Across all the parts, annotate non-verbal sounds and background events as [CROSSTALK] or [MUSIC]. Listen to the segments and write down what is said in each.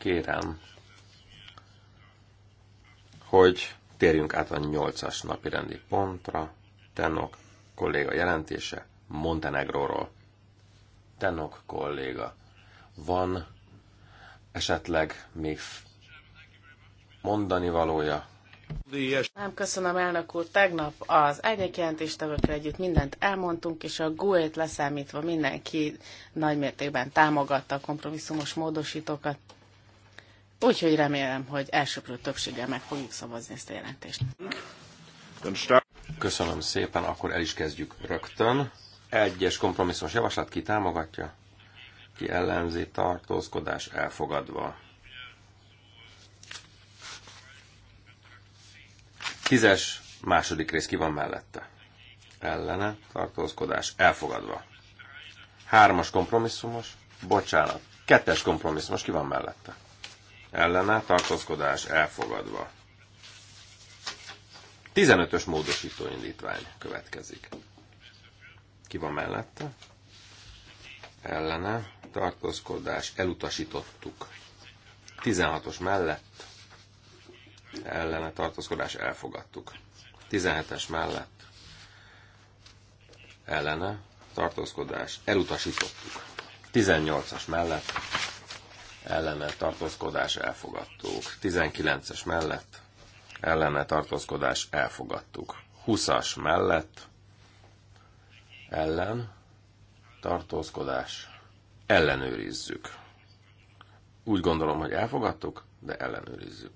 kérem, hogy térjünk át a nyolcas napi rendi pontra. Tenok kolléga jelentése Montenegróról. Tenok kolléga, van esetleg még mondani valója? Nem, köszönöm elnök úr. Tegnap az egyekjelentéstevőkkel együtt mindent elmondtunk, és a GUE-t leszámítva mindenki nagymértékben támogatta a kompromisszumos módosítókat. Úgyhogy remélem, hogy elsőprő többséggel meg fogjuk szavazni ezt a jelentést. Köszönöm szépen, akkor el is kezdjük rögtön. Egyes kompromisszumos javaslat ki támogatja? Ki ellenzi tartózkodás elfogadva? Tízes második rész ki van mellette? Ellene tartózkodás elfogadva. Hármas kompromisszumos? Bocsánat. Kettes kompromisszumos ki van mellette? ellene tartózkodás elfogadva. 15-ös módosító indítvány következik. Ki van mellette? Ellene tartózkodás elutasítottuk. 16-os mellett ellene tartózkodás elfogadtuk. 17-es mellett ellene tartózkodás elutasítottuk. 18-as mellett ellene tartózkodás elfogadtuk. 19-es mellett ellene tartózkodás elfogadtuk. 20-as mellett ellen tartózkodás ellenőrizzük. Úgy gondolom, hogy elfogadtuk, de ellenőrizzük.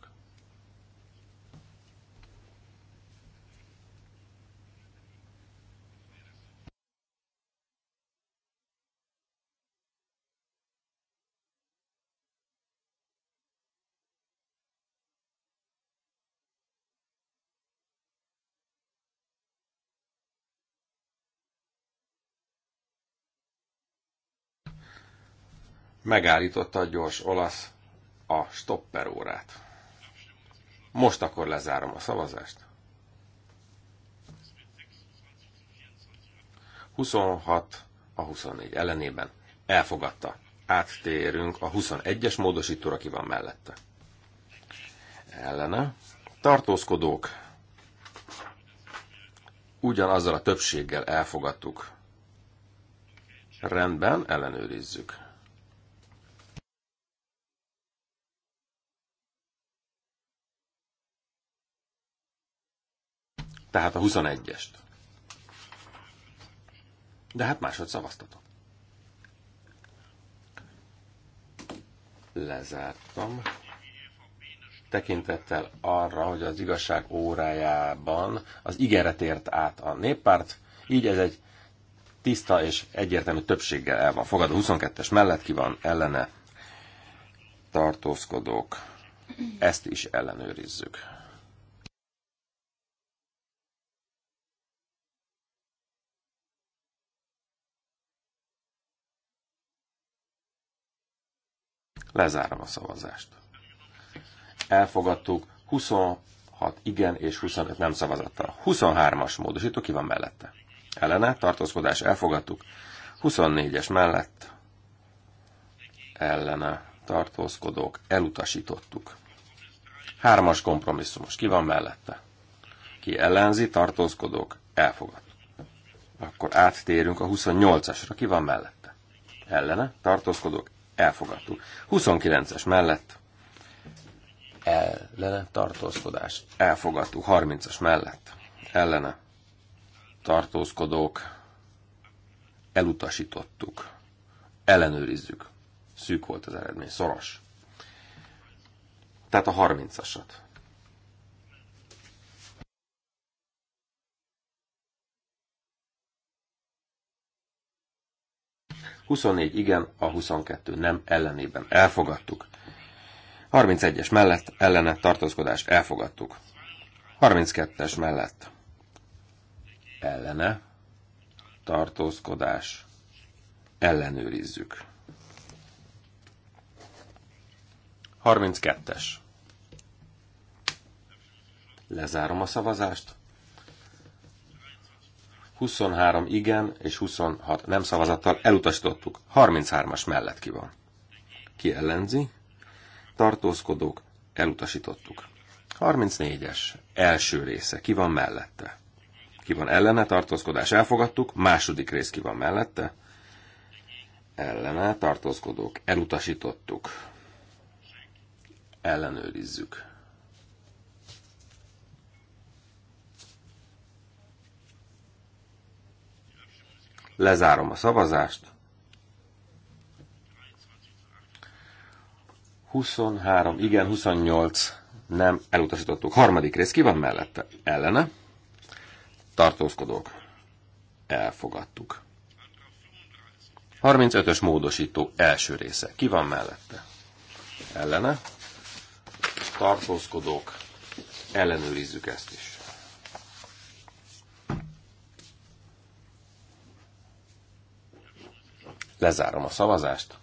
megállította a gyors olasz a stopper órát. Most akkor lezárom a szavazást. 26 a 24 ellenében elfogadta. Áttérünk a 21-es módosítóra, aki van mellette. Ellene. Tartózkodók. Ugyanazzal a többséggel elfogadtuk. Rendben, ellenőrizzük. Tehát a 21-est. De hát másod szavaztatok. Lezártam. Tekintettel arra, hogy az igazság órájában az igere tért át a néppárt, így ez egy tiszta és egyértelmű többséggel el van fogadva. 22-es mellett ki van ellene tartózkodók. Ezt is ellenőrizzük. Lezárom a szavazást. Elfogadtuk 26 igen és 25 nem szavazattal. 23-as módosító ki van mellette? Ellene, tartózkodás, elfogadtuk. 24-es mellett ellene tartózkodók, elutasítottuk. Hármas kompromisszumos, ki van mellette? Ki ellenzi, tartózkodók, elfogad. Akkor áttérünk a 28-asra, ki van mellette? Ellene, tartózkodók, elfogadtuk. 29-es mellett ellene tartózkodás, elfogadtuk. 30-as mellett ellene tartózkodók, elutasítottuk, ellenőrizzük. Szűk volt az eredmény, szoros. Tehát a 30-asat 24 igen, a 22 nem ellenében elfogadtuk. 31-es mellett ellene tartózkodás elfogadtuk. 32-es mellett ellene tartózkodás ellenőrizzük. 32-es. Lezárom a szavazást. 23 igen és 26 nem szavazattal elutasítottuk. 33-as mellett ki van. Ki ellenzi? Tartózkodók, elutasítottuk. 34-es, első része, ki van mellette? Ki van ellene, tartózkodás, elfogadtuk. Második rész ki van mellette? Ellene, tartózkodók, elutasítottuk. Ellenőrizzük. Lezárom a szavazást. 23, igen, 28, nem, elutasítottuk. Harmadik rész, ki van mellette? Ellene. Tartózkodók. Elfogadtuk. 35-ös módosító első része. Ki van mellette? Ellene. Tartózkodók. Ellenőrizzük ezt is. Lezárom a szavazást.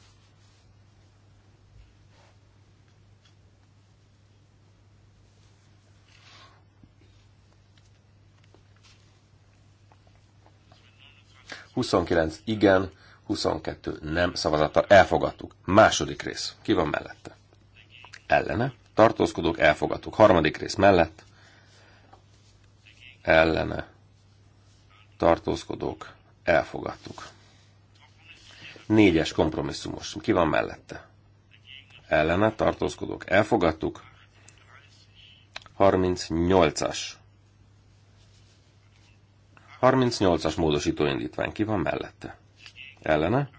Huszonkilenc igen, 22 nem szavazattal elfogadtuk. Második rész. Ki van mellette? Ellene. Tartózkodók elfogadtuk. Harmadik rész mellett. Ellene. Tartózkodók elfogadtuk. Négyes kompromisszumos. Ki van mellette? Ellene tartózkodók. Elfogadtuk. 38-as. 38-as módosító indítvány. Ki van mellette? Ellene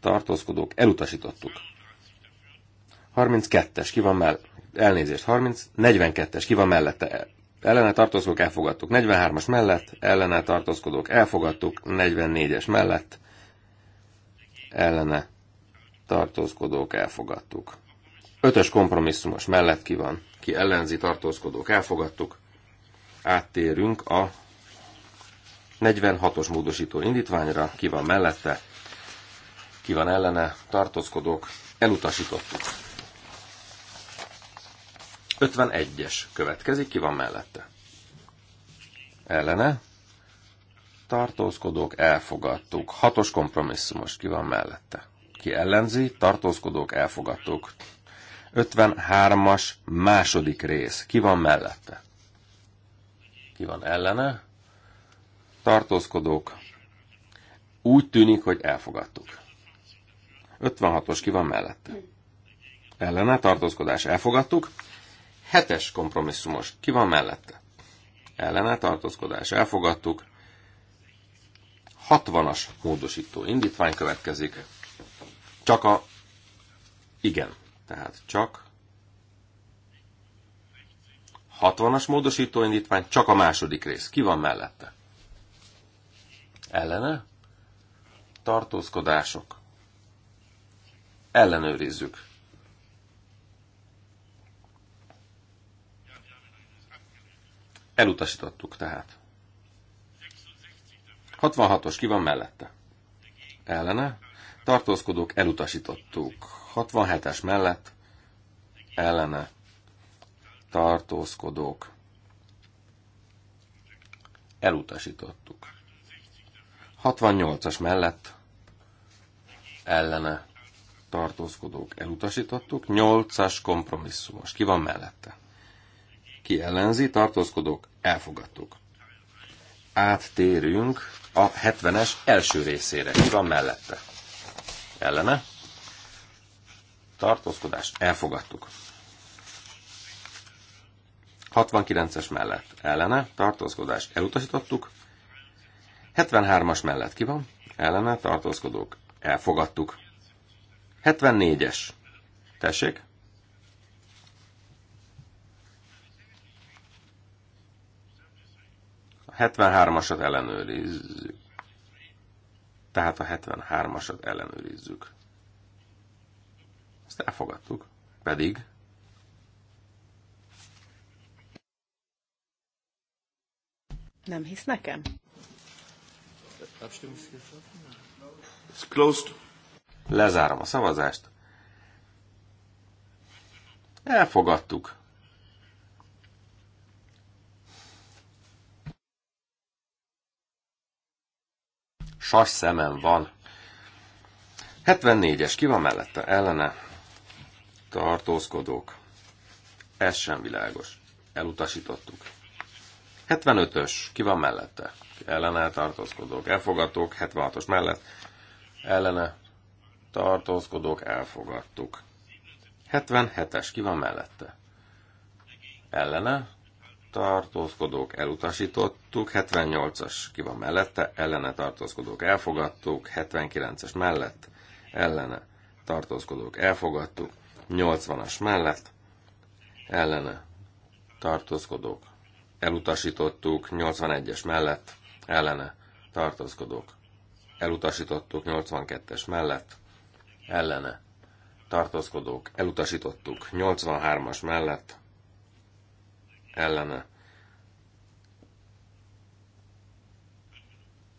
tartózkodók. Elutasítottuk. 32-es. Ki van mellette? Elnézést. 30. 42-es. Ki van mellette? ellene tartózkodók elfogadtuk 43-as mellett, ellene tartózkodók elfogadtuk 44-es mellett, ellene tartózkodók elfogadtuk. Ötös kompromisszumos mellett ki van, ki ellenzi tartózkodók elfogadtuk. Áttérünk a 46-os módosító indítványra, ki van mellette, ki van ellene, tartózkodók, elutasítottuk. 51-es következik, ki van mellette? Ellene, tartózkodók elfogadtuk. Hatos kompromisszumos ki van mellette. Ki ellenzi, tartózkodók elfogadtuk. 53-as második rész. Ki van mellette? Ki van ellene? Tartózkodók. Úgy tűnik, hogy elfogadtuk. 56-os ki van mellette? Ellene tartózkodás elfogadtuk. 7-es kompromisszumos ki van mellette? Ellene tartózkodás elfogadtuk. 60-as módosító indítvány következik. Csak a... Igen, tehát csak 60-as módosító indítvány, csak a második rész. Ki van mellette? Ellene? Tartózkodások. Ellenőrizzük. Elutasítottuk tehát. 66-os ki van mellette? Ellene. Tartózkodók elutasítottuk. 67-es mellett ellene tartózkodók elutasítottuk. 68-as mellett ellene tartózkodók elutasítottuk, 8-as kompromisszumos. Ki van mellette? Ki ellenzi, tartózkodók elfogadtuk áttérünk a 70-es első részére. Mi van mellette? Ellene? Tartózkodás. Elfogadtuk. 69-es mellett ellene, tartózkodás elutasítottuk. 73-as mellett ki van? Ellene, tartózkodók elfogadtuk. 74-es. Tessék? A 73-asat ellenőrizzük. Tehát a 73-asat ellenőrizzük. Ezt elfogadtuk. Pedig Nem hisz nekem? It's closed. Lezárom a szavazást. Elfogadtuk. sas szemem van. 74-es, ki van mellette? Ellene tartózkodók. Ez sem világos. Elutasítottuk. 75-ös, ki van mellette? Ellene tartózkodók, elfogadtuk. 76-os mellett, ellene tartózkodók, elfogadtuk. 77-es, ki van mellette? Ellene tartózkodók elutasítottuk, 78-as ki van mellette, ellene tartózkodók elfogadtuk, 79-es mellett, ellene tartózkodók elfogadtuk, 80-as mellett, ellene tartózkodók elutasítottuk, 81-es mellett, ellene tartózkodók elutasítottuk, 82-es mellett, ellene tartózkodók elutasítottuk, 83-as mellett, ellene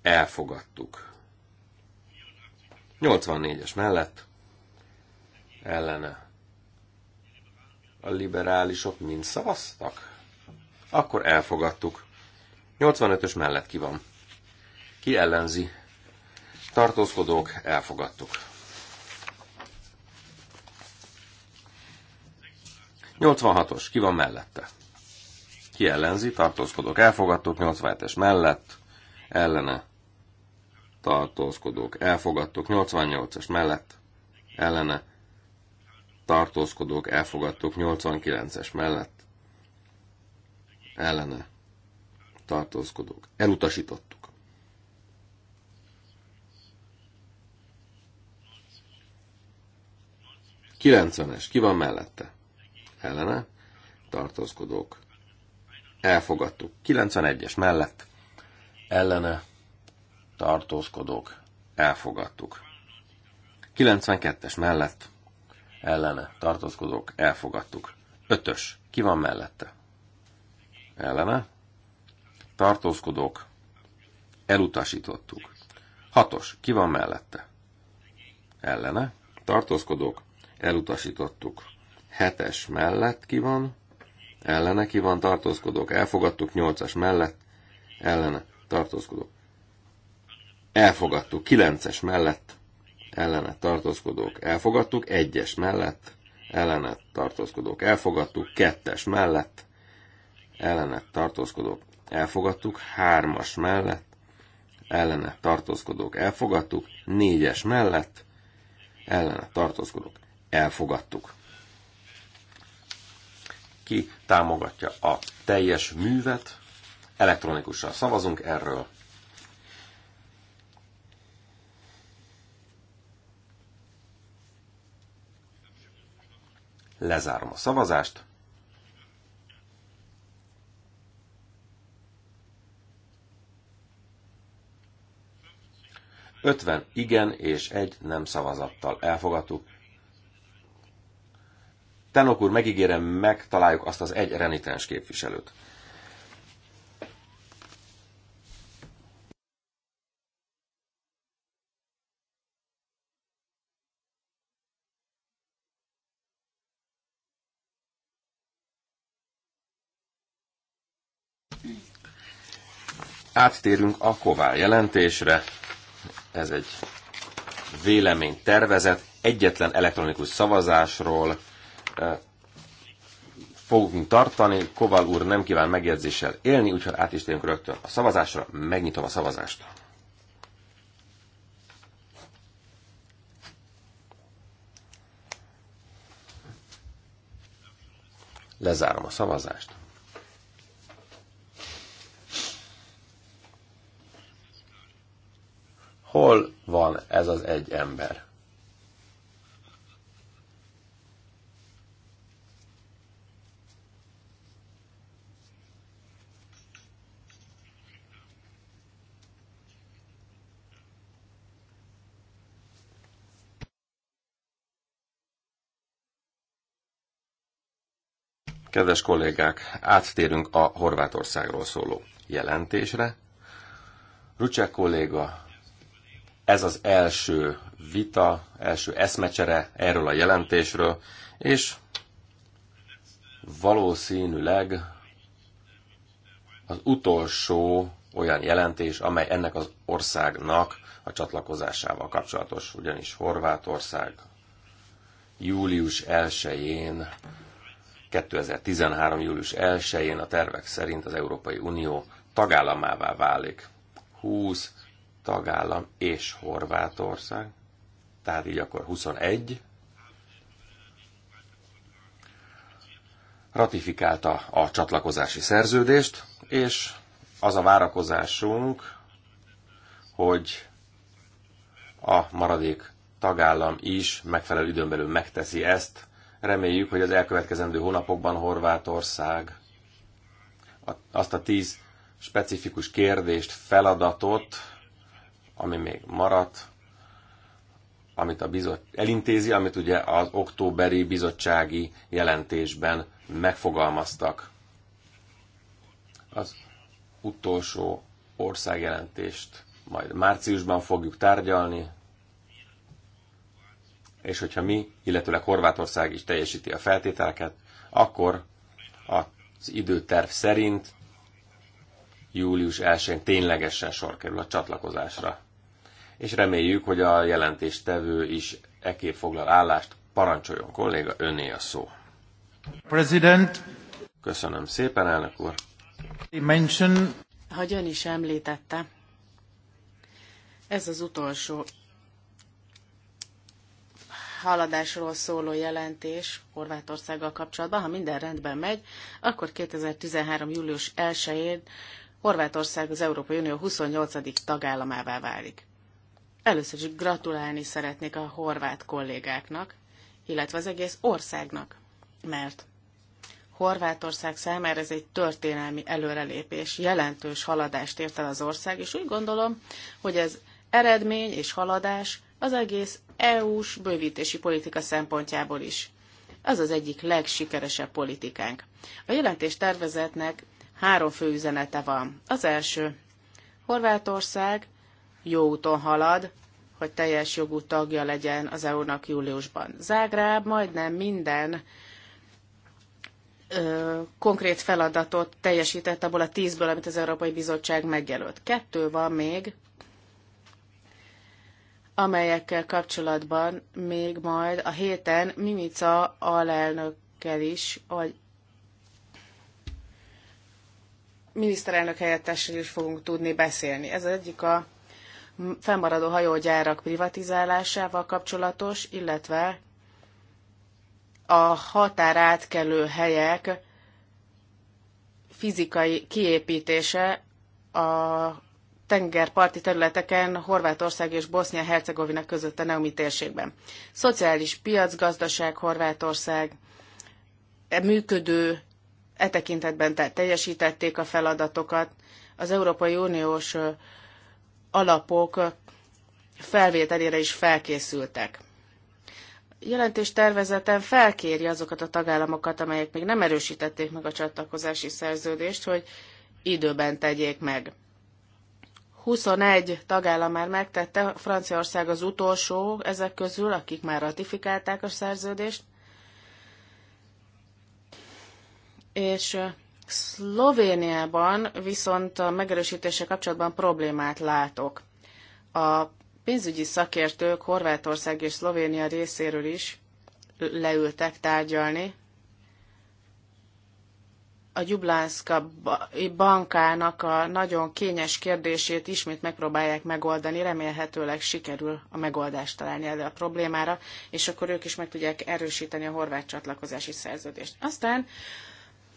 elfogadtuk. 84-es mellett ellene a liberálisok mind szavaztak? Akkor elfogadtuk. 85-ös mellett ki van. Ki ellenzi? Tartózkodók, elfogadtuk. 86-os, ki van mellette? ki ellenzi, tartózkodók elfogadtok, 87-es mellett, ellene, tartózkodók elfogadtok, 88-es mellett, ellene, tartózkodók elfogadtok, 89-es mellett, ellene, tartózkodók elutasítottuk. kilencvenes ki van mellette? Ellene, tartózkodók elfogadtuk. 91-es mellett ellene tartózkodók elfogadtuk. 92-es mellett ellene tartózkodók elfogadtuk. 5-ös ki van mellette? Ellene tartózkodók elutasítottuk. 6-os ki van mellette? Ellene tartózkodók elutasítottuk. 7-es mellett ki van? ellene ki van tartózkodók, elfogadtuk nyolcas mellett, ellene tartózkodók. Elfogadtuk kilences mellett, ellene tartózkodók, elfogadtuk egyes mellett, ellene tartózkodók, elfogadtuk kettes mellett, ellene tartózkodók, elfogadtuk hármas mellett, ellene tartózkodók, elfogadtuk négyes mellett, ellene tartózkodók, elfogadtuk ki támogatja a teljes művet. Elektronikusan szavazunk erről. Lezárom a szavazást. Ötven igen és egy nem szavazattal elfogadtuk. Tenok úr, megígérem, megtaláljuk azt az egy renitens képviselőt. Áttérünk a ková jelentésre. Ez egy vélemény tervezet egyetlen elektronikus szavazásról, fogunk tartani. Koval úr nem kíván megjegyzéssel élni, úgyhogy át is térünk rögtön a szavazásra. Megnyitom a szavazást. Lezárom a szavazást. Hol van ez az egy ember? Kedves kollégák, áttérünk a Horvátországról szóló jelentésre. Rucsek kolléga, ez az első vita, első eszmecsere erről a jelentésről, és valószínűleg az utolsó olyan jelentés, amely ennek az országnak a csatlakozásával kapcsolatos, ugyanis Horvátország július 1-én 2013. július 1-én a tervek szerint az Európai Unió tagállamává válik. 20 tagállam és Horvátország, tehát így akkor 21, ratifikálta a csatlakozási szerződést, és az a várakozásunk, hogy a maradék tagállam is megfelelő időn belül megteszi ezt, Reméljük, hogy az elkövetkezendő hónapokban Horvátország azt a tíz specifikus kérdést, feladatot, ami még maradt, amit a bizot elintézi, amit ugye az októberi bizottsági jelentésben megfogalmaztak. Az utolsó országjelentést majd márciusban fogjuk tárgyalni, és hogyha mi, illetőleg Horvátország is teljesíti a feltételeket, akkor az időterv szerint július 1-én ténylegesen sor kerül a csatlakozásra. És reméljük, hogy a jelentéstevő is ekép foglal állást. Parancsoljon, kolléga, öné a szó. President. Köszönöm szépen, elnök úr. Mention. Ahogy ön is említette, ez az utolsó haladásról szóló jelentés Horvátországgal kapcsolatban, ha minden rendben megy, akkor 2013. július 1-én Horvátország az Európai Unió 28. tagállamává válik. Először is gratulálni szeretnék a horvát kollégáknak, illetve az egész országnak, mert Horvátország számára ez egy történelmi előrelépés, jelentős haladást ért el az ország, és úgy gondolom, hogy ez eredmény és haladás az egész EU-s bővítési politika szempontjából is. Az az egyik legsikeresebb politikánk. A jelentés tervezetnek három fő üzenete van. Az első, Horvátország jó úton halad, hogy teljes jogú tagja legyen az EU-nak júliusban. Zágráb majdnem minden ö, konkrét feladatot teljesített abból a tízből, amit az Európai Bizottság megjelölt. Kettő van még, amelyekkel kapcsolatban még majd a héten Mimica alelnökkel is, vagy miniszterelnök helyettessel is fogunk tudni beszélni. Ez az egyik a fennmaradó hajógyárak privatizálásával kapcsolatos, illetve a határátkelő helyek fizikai kiépítése a tengerparti területeken Horvátország és Bosznia-Hercegovina között a Neumi térségben. Szociális piacgazdaság Horvátország e működő e tekintetben tehát teljesítették a feladatokat. Az Európai Uniós alapok felvételére is felkészültek. Jelentés tervezeten felkéri azokat a tagállamokat, amelyek még nem erősítették meg a csatlakozási szerződést, hogy időben tegyék meg. 21 tagállam már megtette, Franciaország az utolsó ezek közül, akik már ratifikálták a szerződést, és Szlovéniában viszont a megerősítése kapcsolatban problémát látok. A pénzügyi szakértők Horvátország és Szlovénia részéről is leültek tárgyalni, a Jublánszka bankának a nagyon kényes kérdését ismét megpróbálják megoldani, remélhetőleg sikerül a megoldást találni erre a problémára, és akkor ők is meg tudják erősíteni a horvát csatlakozási szerződést. Aztán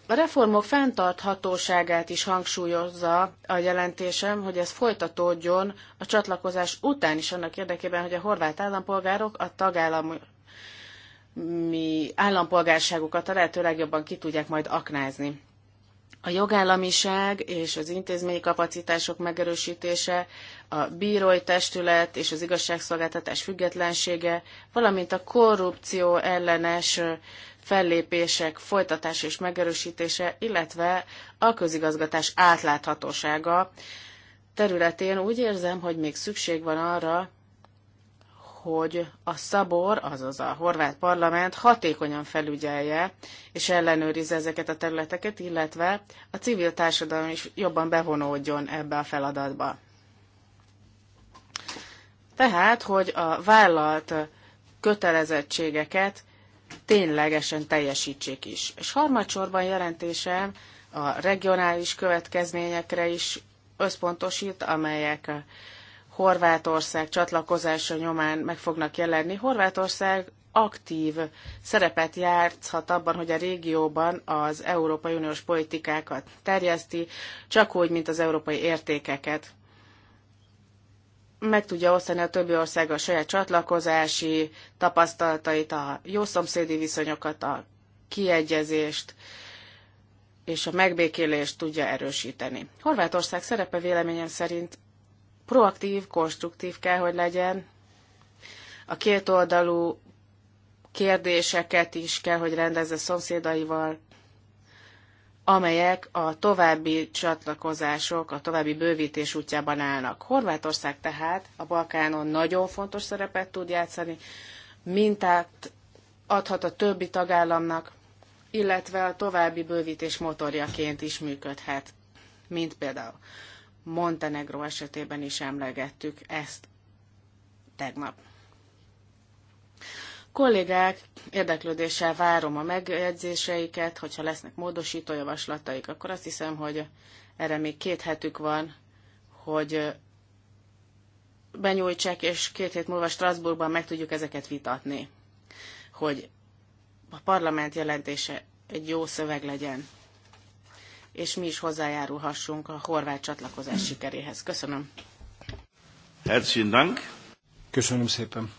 a reformok fenntarthatóságát is hangsúlyozza a jelentésem, hogy ez folytatódjon a csatlakozás után is annak érdekében, hogy a horvát állampolgárok a tagállami mi állampolgárságukat a lehető legjobban ki tudják majd aknázni a jogállamiság és az intézményi kapacitások megerősítése, a bírói testület és az igazságszolgáltatás függetlensége, valamint a korrupció ellenes fellépések folytatása és megerősítése, illetve a közigazgatás átláthatósága területén úgy érzem, hogy még szükség van arra, hogy a szabor, azaz a horvát parlament hatékonyan felügyelje és ellenőrizze ezeket a területeket, illetve a civil társadalom is jobban bevonódjon ebbe a feladatba. Tehát, hogy a vállalt kötelezettségeket ténylegesen teljesítsék is. És harmadsorban jelentésem a regionális következményekre is összpontosít, amelyek Horvátország csatlakozása nyomán meg fognak jelenni. Horvátország aktív szerepet játszhat abban, hogy a régióban az Európai Uniós politikákat terjeszti, csak úgy, mint az európai értékeket. Meg tudja osztani a többi ország a saját csatlakozási tapasztalatait, a jó szomszédi viszonyokat, a kiegyezést és a megbékélést tudja erősíteni. Horvátország szerepe véleményem szerint proaktív, konstruktív kell, hogy legyen. A kétoldalú kérdéseket is kell, hogy rendezze szomszédaival, amelyek a további csatlakozások, a további bővítés útjában állnak. Horvátország tehát a Balkánon nagyon fontos szerepet tud játszani, mintát adhat a többi tagállamnak, illetve a további bővítés motorjaként is működhet, mint például Montenegró esetében is emlegettük ezt tegnap. Kollégák, érdeklődéssel várom a megjegyzéseiket, hogyha lesznek módosító javaslataik, akkor azt hiszem, hogy erre még két hetük van, hogy benyújtsák, és két hét múlva Strasbourgban meg tudjuk ezeket vitatni, hogy a parlament jelentése egy jó szöveg legyen és mi is hozzájárulhassunk a horvát csatlakozás sikeréhez. Köszönöm. Herzlichen Dank. Köszönöm szépen.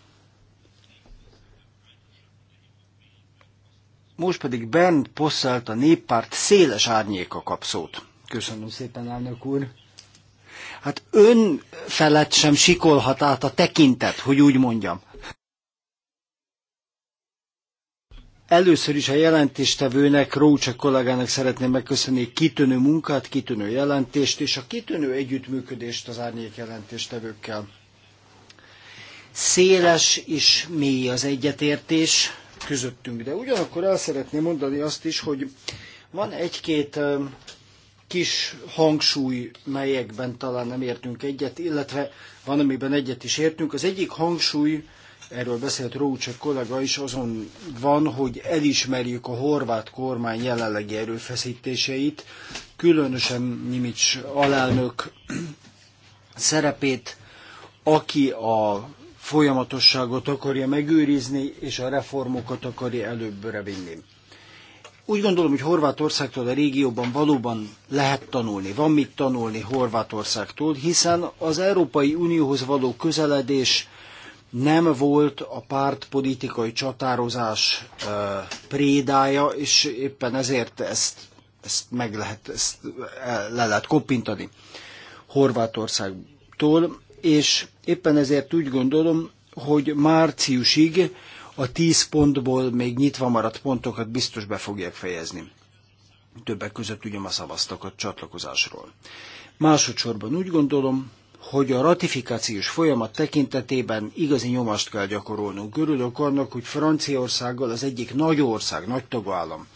Most pedig Bernd Posselt a néppárt széles árnyéka kap szót. Köszönöm szépen, elnök úr. Hát ön felett sem sikolhat át a tekintet, hogy úgy mondjam. Először is a jelentéstevőnek, Rócsa kollégának szeretném megköszönni kitűnő munkát, kitűnő jelentést és a kitűnő együttműködést az árnyék jelentéstevőkkel. Széles és mély az egyetértés közöttünk, de ugyanakkor el szeretném mondani azt is, hogy van egy-két kis hangsúly, melyekben talán nem értünk egyet, illetve van, amiben egyet is értünk. Az egyik hangsúly erről beszélt Rócsek kollega is, azon van, hogy elismerjük a horvát kormány jelenlegi erőfeszítéseit, különösen Nimics alelnök szerepét, aki a folyamatosságot akarja megőrizni, és a reformokat akarja előbbre vinni. Úgy gondolom, hogy Horvátországtól a régióban valóban lehet tanulni, van mit tanulni Horvátországtól, hiszen az Európai Unióhoz való közeledés nem volt a pártpolitikai csatározás e, prédája, és éppen ezért ezt, ezt meg lehet, ezt le lehet koppintani Horvátországtól, és éppen ezért úgy gondolom, hogy márciusig a tíz pontból még nyitva maradt pontokat biztos be fogják fejezni. Többek között ugye ma szavaztak a csatlakozásról. Másodszorban úgy gondolom, hogy a ratifikációs folyamat tekintetében igazi nyomást kell gyakorolnunk. Örülök annak, hogy Franciaországgal az egyik nagy ország, nagy tagállam,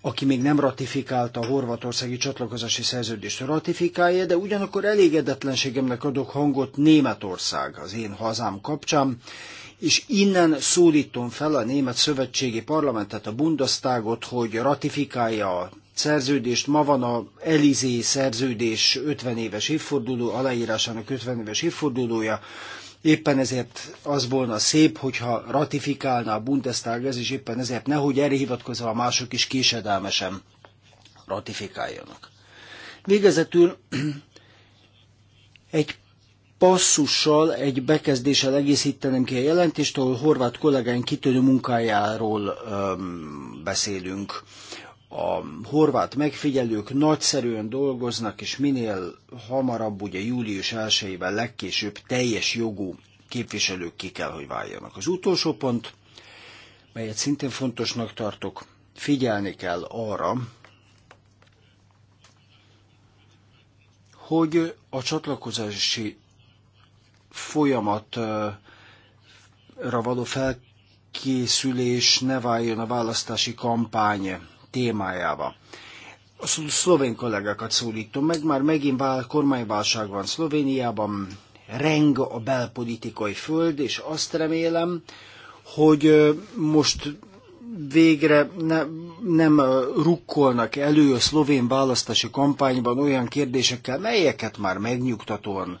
aki még nem ratifikálta a horvatországi csatlakozási szerződést ratifikálja, de ugyanakkor elégedetlenségemnek adok hangot Németország az én hazám kapcsán, és innen szólítom fel a Német Szövetségi Parlamentet, a Bundestagot, hogy ratifikálja a szerződést, ma van a Elizé szerződés 50 éves évforduló, aláírásának 50 éves évfordulója, Éppen ezért az volna szép, hogyha ratifikálná a Bundestag ez, és éppen ezért nehogy erre hivatkozva a mások is késedelmesen ratifikáljanak. Végezetül egy passzussal, egy bekezdéssel egészítenem ki a jelentést, ahol horvát kollégáink kitörő munkájáról öm, beszélünk a horvát megfigyelők nagyszerűen dolgoznak, és minél hamarabb, ugye július 1 legkésőbb teljes jogú képviselők ki kell, hogy váljanak. Az utolsó pont, melyet szintén fontosnak tartok, figyelni kell arra, hogy a csatlakozási folyamatra való felkészülés ne váljon a választási kampány témájába. A szlovén kollégákat szólítom meg, már megint vál, kormányválság van Szlovéniában, reng a belpolitikai föld, és azt remélem, hogy most végre ne, nem rukkolnak elő a szlovén választási kampányban olyan kérdésekkel, melyeket már megnyugtatóan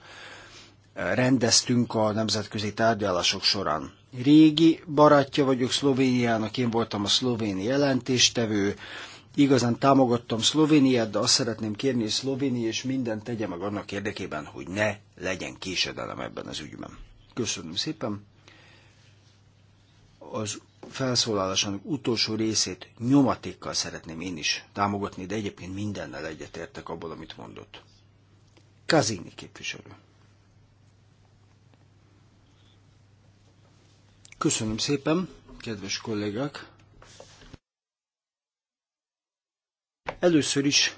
rendeztünk a nemzetközi tárgyalások során régi barátja vagyok Szlovéniának, én voltam a szlovén jelentéstevő, igazán támogattam Szlovéniát, de azt szeretném kérni, hogy Szlovénia és minden tegye meg annak érdekében, hogy ne legyen késedelem ebben az ügyben. Köszönöm szépen. Az felszólalásának utolsó részét nyomatékkal szeretném én is támogatni, de egyébként mindennel egyetértek abból, amit mondott. Kazini képviselő. Köszönöm szépen, kedves kollégák! Először is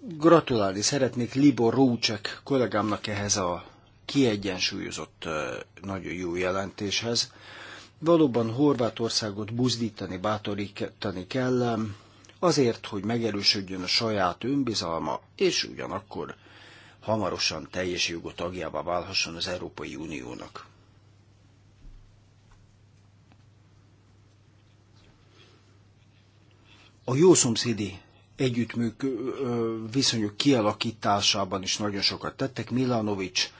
gratulálni szeretnék Libor Rócsek kollégámnak ehhez a kiegyensúlyozott, nagyon jó jelentéshez. Valóban Horvátországot buzdítani, bátorítani kell, azért, hogy megerősödjön a saját önbizalma, és ugyanakkor hamarosan teljes jogú tagjává válhasson az Európai Uniónak. A jó szomszédi együttműk viszonyok kialakításában is nagyon sokat tettek. Milanovic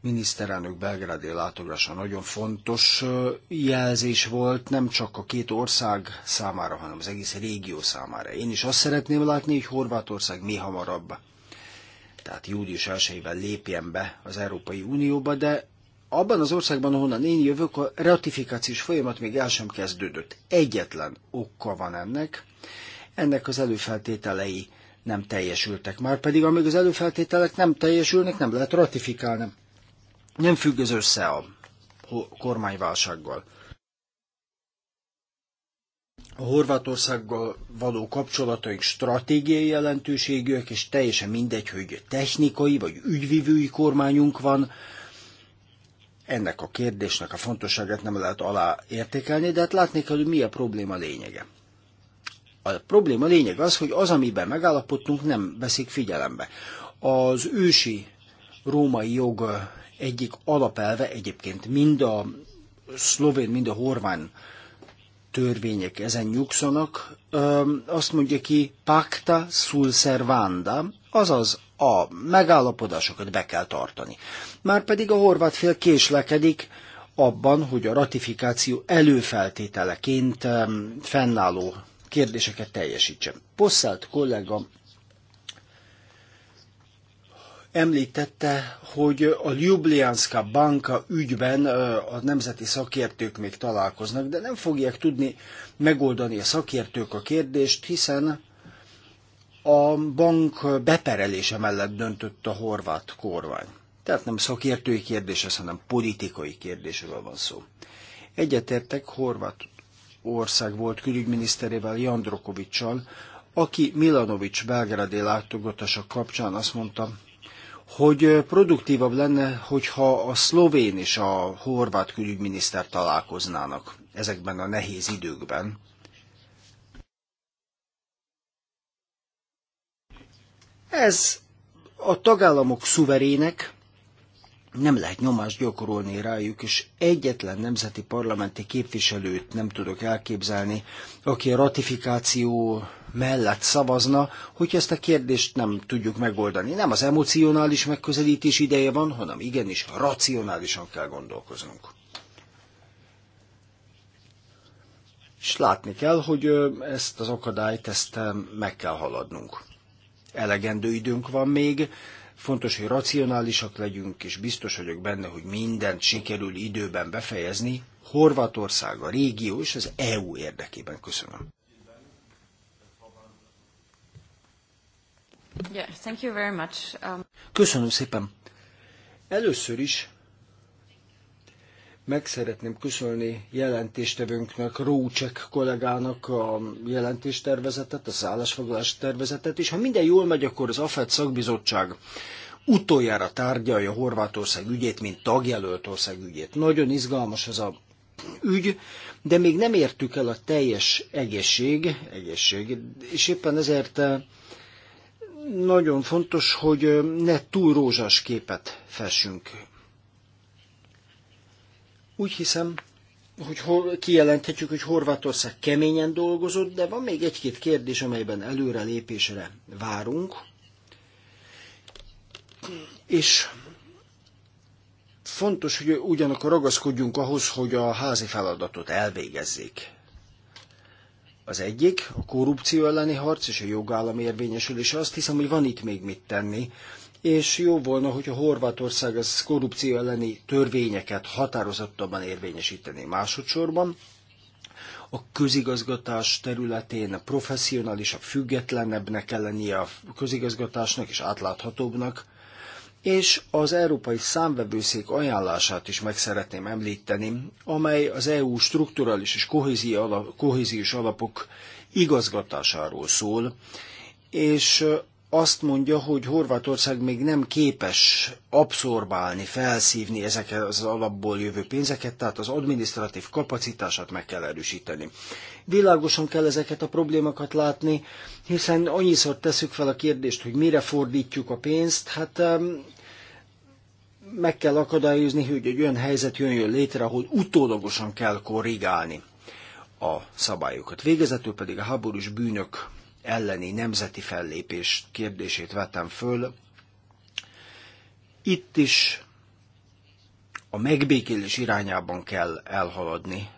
miniszterelnök belgrádi látogása nagyon fontos jelzés volt, nem csak a két ország számára, hanem az egész régió számára. Én is azt szeretném látni, hogy Horvátország mi hamarabb tehát július 1 lépjen be az Európai Unióba, de abban az országban, ahonnan én jövök, a ratifikációs folyamat még el sem kezdődött. Egyetlen oka van ennek, ennek az előfeltételei nem teljesültek. Már pedig, amíg az előfeltételek nem teljesülnek, nem lehet ratifikálni. Nem függ ez össze a kormányválsággal a Horvátországgal való kapcsolataink stratégiai jelentőségűek, és teljesen mindegy, hogy technikai vagy ügyvivői kormányunk van, ennek a kérdésnek a fontosságát nem lehet aláértékelni, de hát látni kell, hogy mi a probléma lényege. A probléma lényeg az, hogy az, amiben megállapodtunk, nem veszik figyelembe. Az ősi római jog egyik alapelve egyébként mind a szlovén, mind a horván törvények ezen nyugszanak, azt mondja ki pacta sul servanda, azaz a megállapodásokat be kell tartani. Márpedig a horvát fél késlekedik abban, hogy a ratifikáció előfeltételeként fennálló kérdéseket teljesítsen. Posszált kollega említette, hogy a Ljubljanska Banka ügyben a nemzeti szakértők még találkoznak, de nem fogják tudni megoldani a szakértők a kérdést, hiszen a bank beperelése mellett döntött a horvát kormány. Tehát nem szakértői kérdés hanem politikai kérdésről van szó. Egyetértek horvát ország volt külügyminiszterével Jandrokovicsal, aki Milanovics belgrádi látogatása kapcsán azt mondta, hogy produktívabb lenne, hogyha a szlovén és a horvát külügyminiszter találkoznának ezekben a nehéz időkben. Ez a tagállamok szuverének, nem lehet nyomást gyakorolni rájuk, és egyetlen nemzeti parlamenti képviselőt nem tudok elképzelni, aki a ratifikáció mellett szavazna, hogy ezt a kérdést nem tudjuk megoldani. Nem az emocionális megközelítés ideje van, hanem igenis racionálisan kell gondolkoznunk. És látni kell, hogy ezt az akadályt, ezt meg kell haladnunk. Elegendő időnk van még, Fontos, hogy racionálisak legyünk, és biztos vagyok benne, hogy mindent sikerül időben befejezni, Horvátország, a régió és az EU érdekében. Köszönöm. Um, Köszönöm szépen. Először is meg szeretném köszönni jelentéstevőnknek, Rócsek kollégának a jelentéstervezetet, a szállásfoglalás tervezetet, és ha minden jól megy, akkor az AFED szakbizottság utoljára tárgyalja Horvátország ügyét, mint tagjelölt ország ügyét. Nagyon izgalmas ez a ügy, de még nem értük el a teljes egészség, egészség és éppen ezért eh, nagyon fontos, hogy eh, ne túl rózsás képet fessünk úgy hiszem, hogy kijelenthetjük, hogy Horvátország keményen dolgozott, de van még egy-két kérdés, amelyben előrelépésre várunk. És fontos, hogy ugyanakkor ragaszkodjunk ahhoz, hogy a házi feladatot elvégezzék. Az egyik, a korrupció elleni harc és a jogállam érvényesülése. Azt hiszem, hogy van itt még mit tenni és jó volna, hogyha Horvátország az korrupció elleni törvényeket határozottabban érvényesíteni másodszorban, a közigazgatás területén professzionálisabb, függetlenebbnek kell lennie a közigazgatásnak és átláthatóbbnak, és az Európai Számvevőszék ajánlását is meg szeretném említeni, amely az EU strukturális és kohéziós alapok igazgatásáról szól, és azt mondja, hogy Horvátország még nem képes abszorbálni, felszívni ezeket az alapból jövő pénzeket, tehát az adminisztratív kapacitását meg kell erősíteni. Világosan kell ezeket a problémákat látni, hiszen annyiszor tesszük fel a kérdést, hogy mire fordítjuk a pénzt, hát meg kell akadályozni, hogy egy olyan helyzet jönjön létre, ahol utólagosan kell korrigálni a szabályokat. Végezetül pedig a háborús bűnök elleni nemzeti fellépés kérdését vettem föl. Itt is a megbékélés irányában kell elhaladni.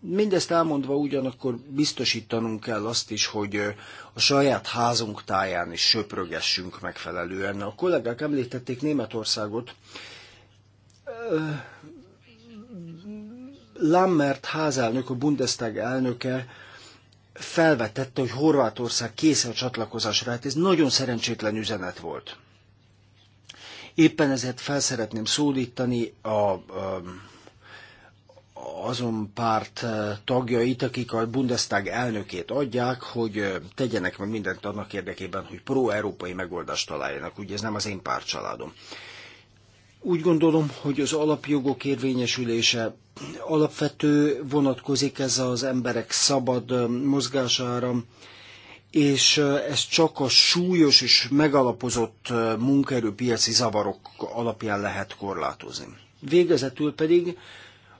Mindezt elmondva ugyanakkor biztosítanunk kell azt is, hogy a saját házunk táján is söprögessünk megfelelően. A kollégák említették Németországot. Lammert házelnök, a Bundestag elnöke felvetette, hogy Horvátország kész a csatlakozásra. Hát ez nagyon szerencsétlen üzenet volt. Éppen ezért szeretném szólítani a, a azon párt e, tagjait, akik a Bundestag elnökét adják, hogy e, tegyenek meg mindent annak érdekében, hogy pro-európai megoldást találjanak. Ugye ez nem az én pártcsaládom. családom. Úgy gondolom, hogy az alapjogok érvényesülése alapvető vonatkozik ez az emberek szabad mozgására, és ez csak a súlyos és megalapozott munkaerőpiaci zavarok alapján lehet korlátozni. Végezetül pedig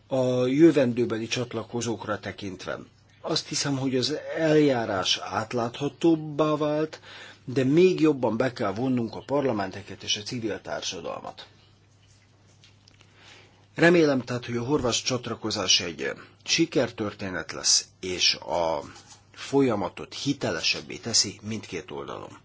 a jövendőbeli csatlakozókra tekintve. Azt hiszem, hogy az eljárás átláthatóbbá vált, de még jobban be kell vonnunk a parlamenteket és a civil társadalmat. Remélem tehát, hogy a horvát csatlakozás egy sikertörténet lesz, és a folyamatot hitelesebbé teszi mindkét oldalon.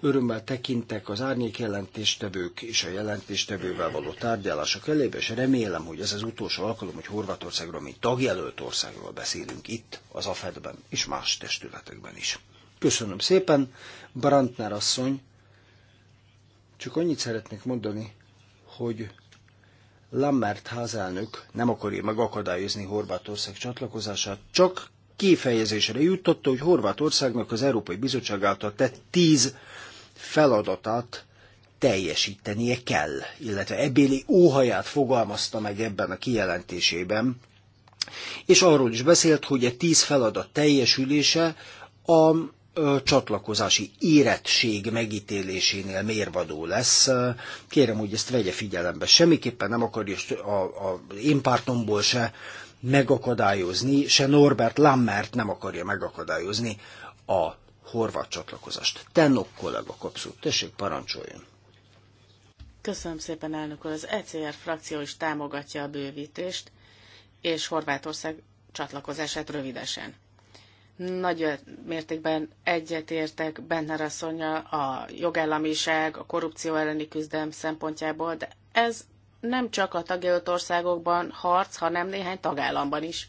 Örömmel tekintek az árnyék jelentéstevők és a jelentéstevővel való tárgyalások elébe, és remélem, hogy ez az utolsó alkalom, hogy Horvátországról, mint tagjelölt országról beszélünk itt, az AFED-ben és más testületekben is. Köszönöm szépen, Brandner asszony, csak annyit szeretnék mondani, hogy Lambert házelnök nem akarja megakadályozni Horvátország csatlakozását, csak kifejezésre jutott, hogy Horvátországnak az Európai Bizottság által tett tíz feladatát teljesítenie kell, illetve ebéli óhaját fogalmazta meg ebben a kijelentésében, és arról is beszélt, hogy a e tíz feladat teljesülése a csatlakozási érettség megítélésénél mérvadó lesz. Kérem, hogy ezt vegye figyelembe. Semmiképpen nem akarja a, a én pártomból se megakadályozni, se Norbert Lammert nem akarja megakadályozni a horvát csatlakozást. Tennok kollega kapszult, tessék parancsoljon. Köszönöm szépen, elnök úr. Az ECR frakció is támogatja a bővítést és Horvátország csatlakozását rövidesen nagy mértékben egyetértek Benner asszonya a jogállamiság, a korrupció elleni küzdelem szempontjából, de ez nem csak a tagjelölt országokban harc, hanem néhány tagállamban is.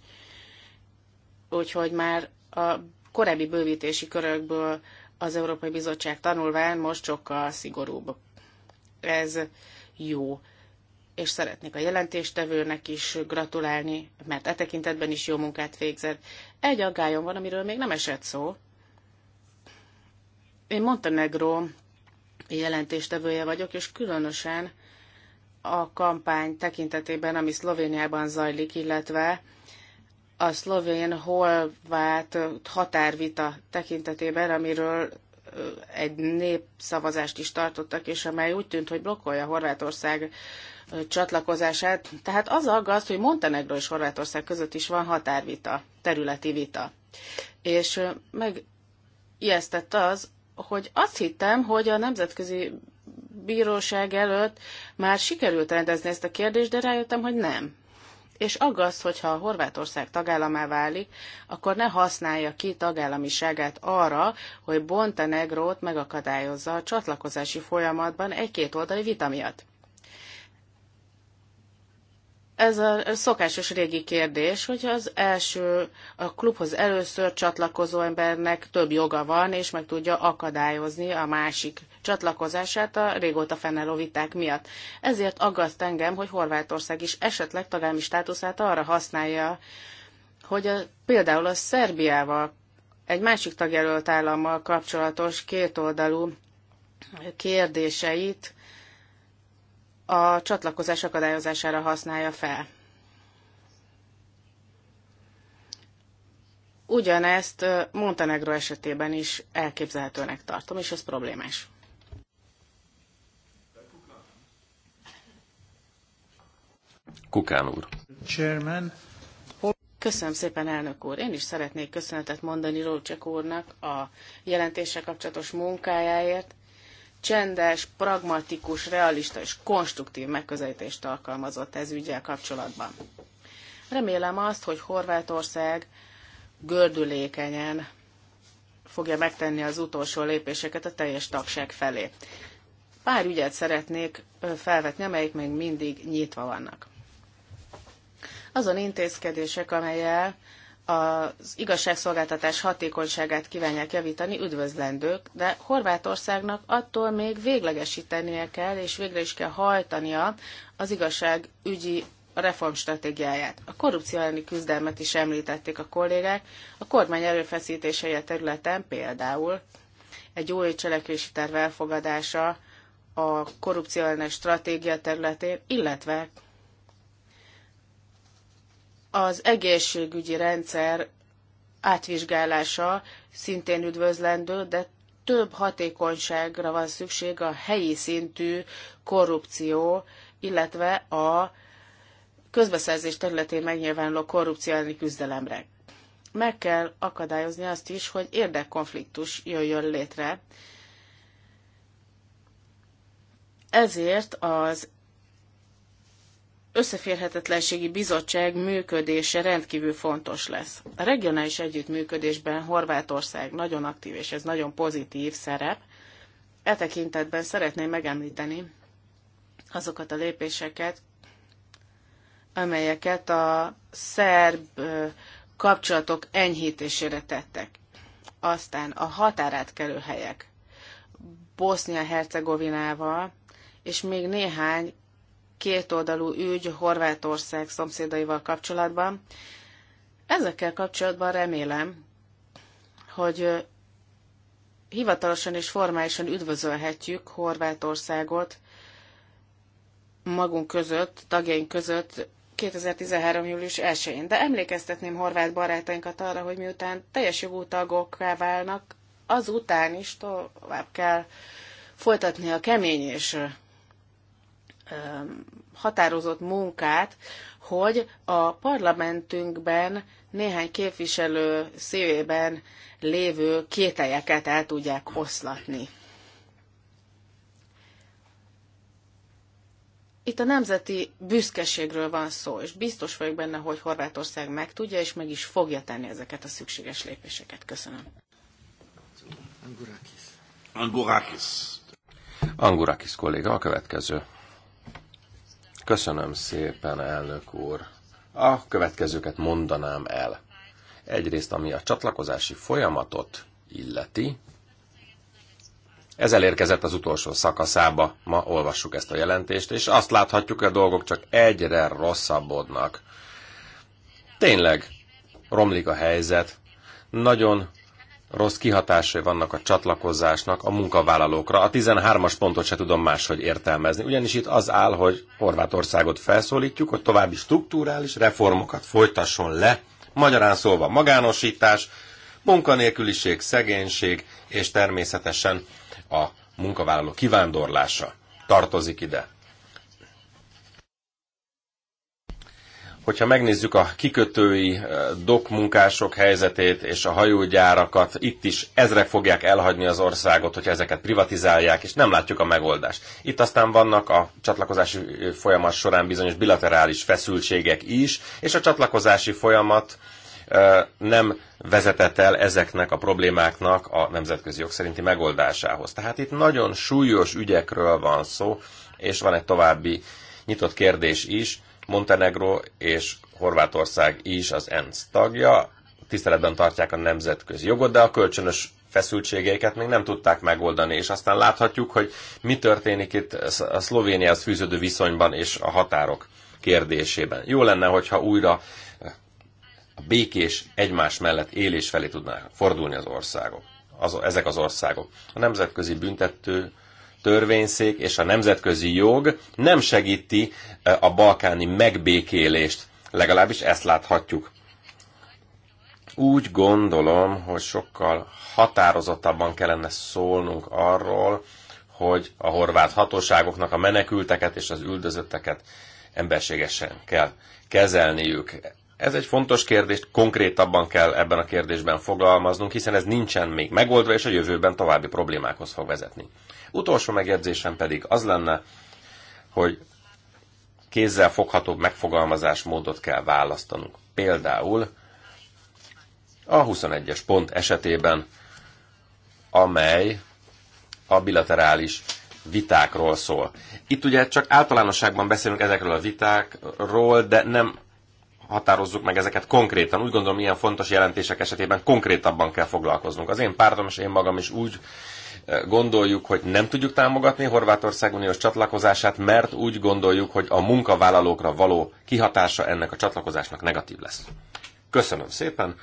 Úgyhogy már a korábbi bővítési körökből az Európai Bizottság tanulván most sokkal szigorúbb. Ez jó és szeretnék a jelentéstevőnek is gratulálni, mert e tekintetben is jó munkát végzett. Egy aggályom van, amiről még nem esett szó. Én Montenegro jelentéstevője vagyok, és különösen a kampány tekintetében, ami Szlovéniában zajlik, illetve a szlovén-holvát határvita tekintetében, amiről egy népszavazást is tartottak, és amely úgy tűnt, hogy blokkolja Horvátország csatlakozását. Tehát az aggaszt, hogy Montenegro és Horvátország között is van határvita, területi vita. És meg ijesztett az, hogy azt hittem, hogy a nemzetközi bíróság előtt már sikerült rendezni ezt a kérdést, de rájöttem, hogy nem. És aggaszt, hogyha a Horvátország tagállamá válik, akkor ne használja ki tagállamiságát arra, hogy Montenegrót megakadályozza a csatlakozási folyamatban egy-két oldali vita miatt ez a szokásos régi kérdés, hogy az első, a klubhoz először csatlakozó embernek több joga van, és meg tudja akadályozni a másik csatlakozását a régóta fennálló viták miatt. Ezért aggaszt engem, hogy Horvátország is esetleg tagállami státuszát arra használja, hogy a, például a Szerbiával, egy másik tagjelölt állammal kapcsolatos kétoldalú kérdéseit a csatlakozás akadályozására használja fel. Ugyanezt Montenegro esetében is elképzelhetőnek tartom, és ez problémás. Kukán úr. Chairman. Köszönöm szépen, elnök úr. Én is szeretnék köszönetet mondani Rócsek úrnak a jelentéssel kapcsolatos munkájáért csendes, pragmatikus, realista és konstruktív megközelítést alkalmazott ez ügyel kapcsolatban. Remélem azt, hogy Horvátország gördülékenyen fogja megtenni az utolsó lépéseket a teljes tagság felé. Pár ügyet szeretnék felvetni, amelyek még mindig nyitva vannak. Azon intézkedések, amelyel az igazságszolgáltatás hatékonyságát kívánják javítani, üdvözlendők, de Horvátországnak attól még véglegesítenie kell, és végre is kell hajtania az igazságügyi reformstratégiáját. A korrupció elleni küzdelmet is említették a kollégák, a kormány erőfeszítései a területen például egy új cselekvési terv elfogadása a korrupció ellenes stratégia területén, illetve az egészségügyi rendszer átvizsgálása szintén üdvözlendő, de több hatékonyságra van szükség a helyi szintű korrupció, illetve a közbeszerzés területén megnyilvánuló korrupció elleni küzdelemre. Meg kell akadályozni azt is, hogy érdekkonfliktus jöjjön létre. Ezért az összeférhetetlenségi bizottság működése rendkívül fontos lesz. A regionális együttműködésben Horvátország nagyon aktív, és ez nagyon pozitív szerep. E tekintetben szeretném megemlíteni azokat a lépéseket, amelyeket a szerb kapcsolatok enyhítésére tettek. Aztán a határátkelő helyek Bosznia-Hercegovinával, és még néhány kétoldalú ügy Horvátország szomszédaival kapcsolatban. Ezekkel kapcsolatban remélem, hogy hivatalosan és formálisan üdvözölhetjük Horvátországot magunk között, tagjaink között 2013. július 1-én. De emlékeztetném horvát barátainkat arra, hogy miután teljes jogú tagokká válnak, azután is tovább kell folytatni a kemény és határozott munkát, hogy a parlamentünkben néhány képviselő szívében lévő kételyeket el tudják oszlatni. Itt a nemzeti büszkeségről van szó, és biztos vagyok benne, hogy Horvátország meg tudja, és meg is fogja tenni ezeket a szükséges lépéseket. Köszönöm. Angurakis. Angurakis. Angurakis kolléga a következő. Köszönöm szépen, elnök úr. A következőket mondanám el. Egyrészt, ami a csatlakozási folyamatot illeti, ez elérkezett az utolsó szakaszába, ma olvassuk ezt a jelentést, és azt láthatjuk, hogy a dolgok csak egyre rosszabbodnak. Tényleg romlik a helyzet, nagyon rossz kihatásai vannak a csatlakozásnak a munkavállalókra. A 13-as pontot se tudom máshogy értelmezni. Ugyanis itt az áll, hogy Horvátországot felszólítjuk, hogy további struktúrális reformokat folytasson le, magyarán szólva magánosítás, munkanélküliség, szegénység és természetesen a munkavállaló kivándorlása tartozik ide. Hogyha megnézzük a kikötői eh, dokmunkások helyzetét és a hajógyárakat, itt is ezrek fogják elhagyni az országot, hogyha ezeket privatizálják, és nem látjuk a megoldást. Itt aztán vannak a csatlakozási eh, folyamat során bizonyos bilaterális feszültségek is, és a csatlakozási folyamat eh, nem vezetett el ezeknek a problémáknak a nemzetközi jog szerinti megoldásához. Tehát itt nagyon súlyos ügyekről van szó, és van egy további nyitott kérdés is, Montenegro és Horvátország is az ENSZ tagja, tiszteletben tartják a nemzetközi jogot, de a kölcsönös feszültségeiket még nem tudták megoldani, és aztán láthatjuk, hogy mi történik itt a Szlovéniához fűződő viszonyban és a határok kérdésében. Jó lenne, hogyha újra a békés egymás mellett élés felé tudnának fordulni az országok. Az, ezek az országok. A nemzetközi büntető törvényszék és a nemzetközi jog nem segíti eh, a balkáni megbékélést. Legalábbis ezt láthatjuk. Úgy gondolom, hogy sokkal határozottabban kellene szólnunk arról, hogy a horvát hatóságoknak a menekülteket és az üldözötteket emberségesen kell kezelniük. Ez egy fontos kérdés, konkrétabban kell ebben a kérdésben fogalmaznunk, hiszen ez nincsen még megoldva, és a jövőben további problémákhoz fog vezetni. Utolsó megjegyzésem pedig az lenne, hogy kézzel foghatóbb megfogalmazásmódot kell választanunk. Például a 21-es pont esetében, amely a bilaterális vitákról szól. Itt ugye csak általánosságban beszélünk ezekről a vitákról, de nem határozzuk meg ezeket konkrétan. Úgy gondolom, ilyen fontos jelentések esetében konkrétabban kell foglalkoznunk. Az én pártom és én magam is úgy eh, gondoljuk, hogy nem tudjuk támogatni Horvátország uniós csatlakozását, mert úgy gondoljuk, hogy a munkavállalókra való kihatása ennek a csatlakozásnak negatív lesz. Köszönöm szépen!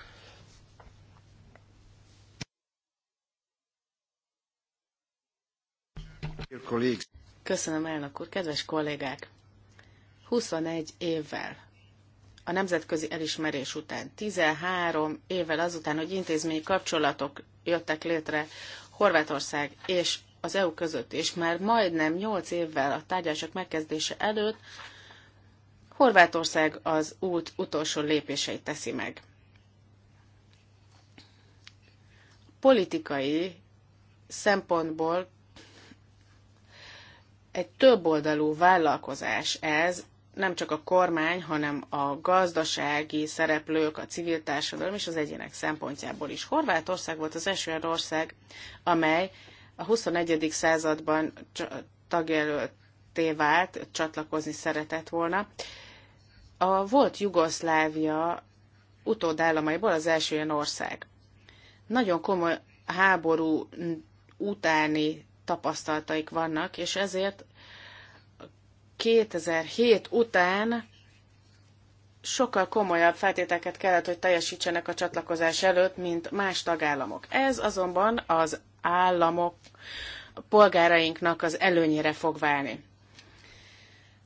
Köszönöm, elnök úr. Kedves kollégák! 21 évvel a nemzetközi elismerés után, 13 évvel azután, hogy intézményi kapcsolatok jöttek létre Horvátország és az EU között, és már majdnem 8 évvel a tárgyalások megkezdése előtt Horvátország az út utolsó lépéseit teszi meg. Politikai szempontból egy többoldalú vállalkozás ez, nem csak a kormány, hanem a gazdasági szereplők, a civil társadalom és az egyének szempontjából is. Horvátország volt az első ország, amely a 21. században tagjelölté vált, csatlakozni szeretett volna. A volt Jugoszlávia utódállamaiból az első ilyen ország. Nagyon komoly háború utáni tapasztalataik vannak, és ezért 2007 után sokkal komolyabb feltételeket kellett, hogy teljesítsenek a csatlakozás előtt, mint más tagállamok. Ez azonban az államok polgárainknak az előnyére fog válni.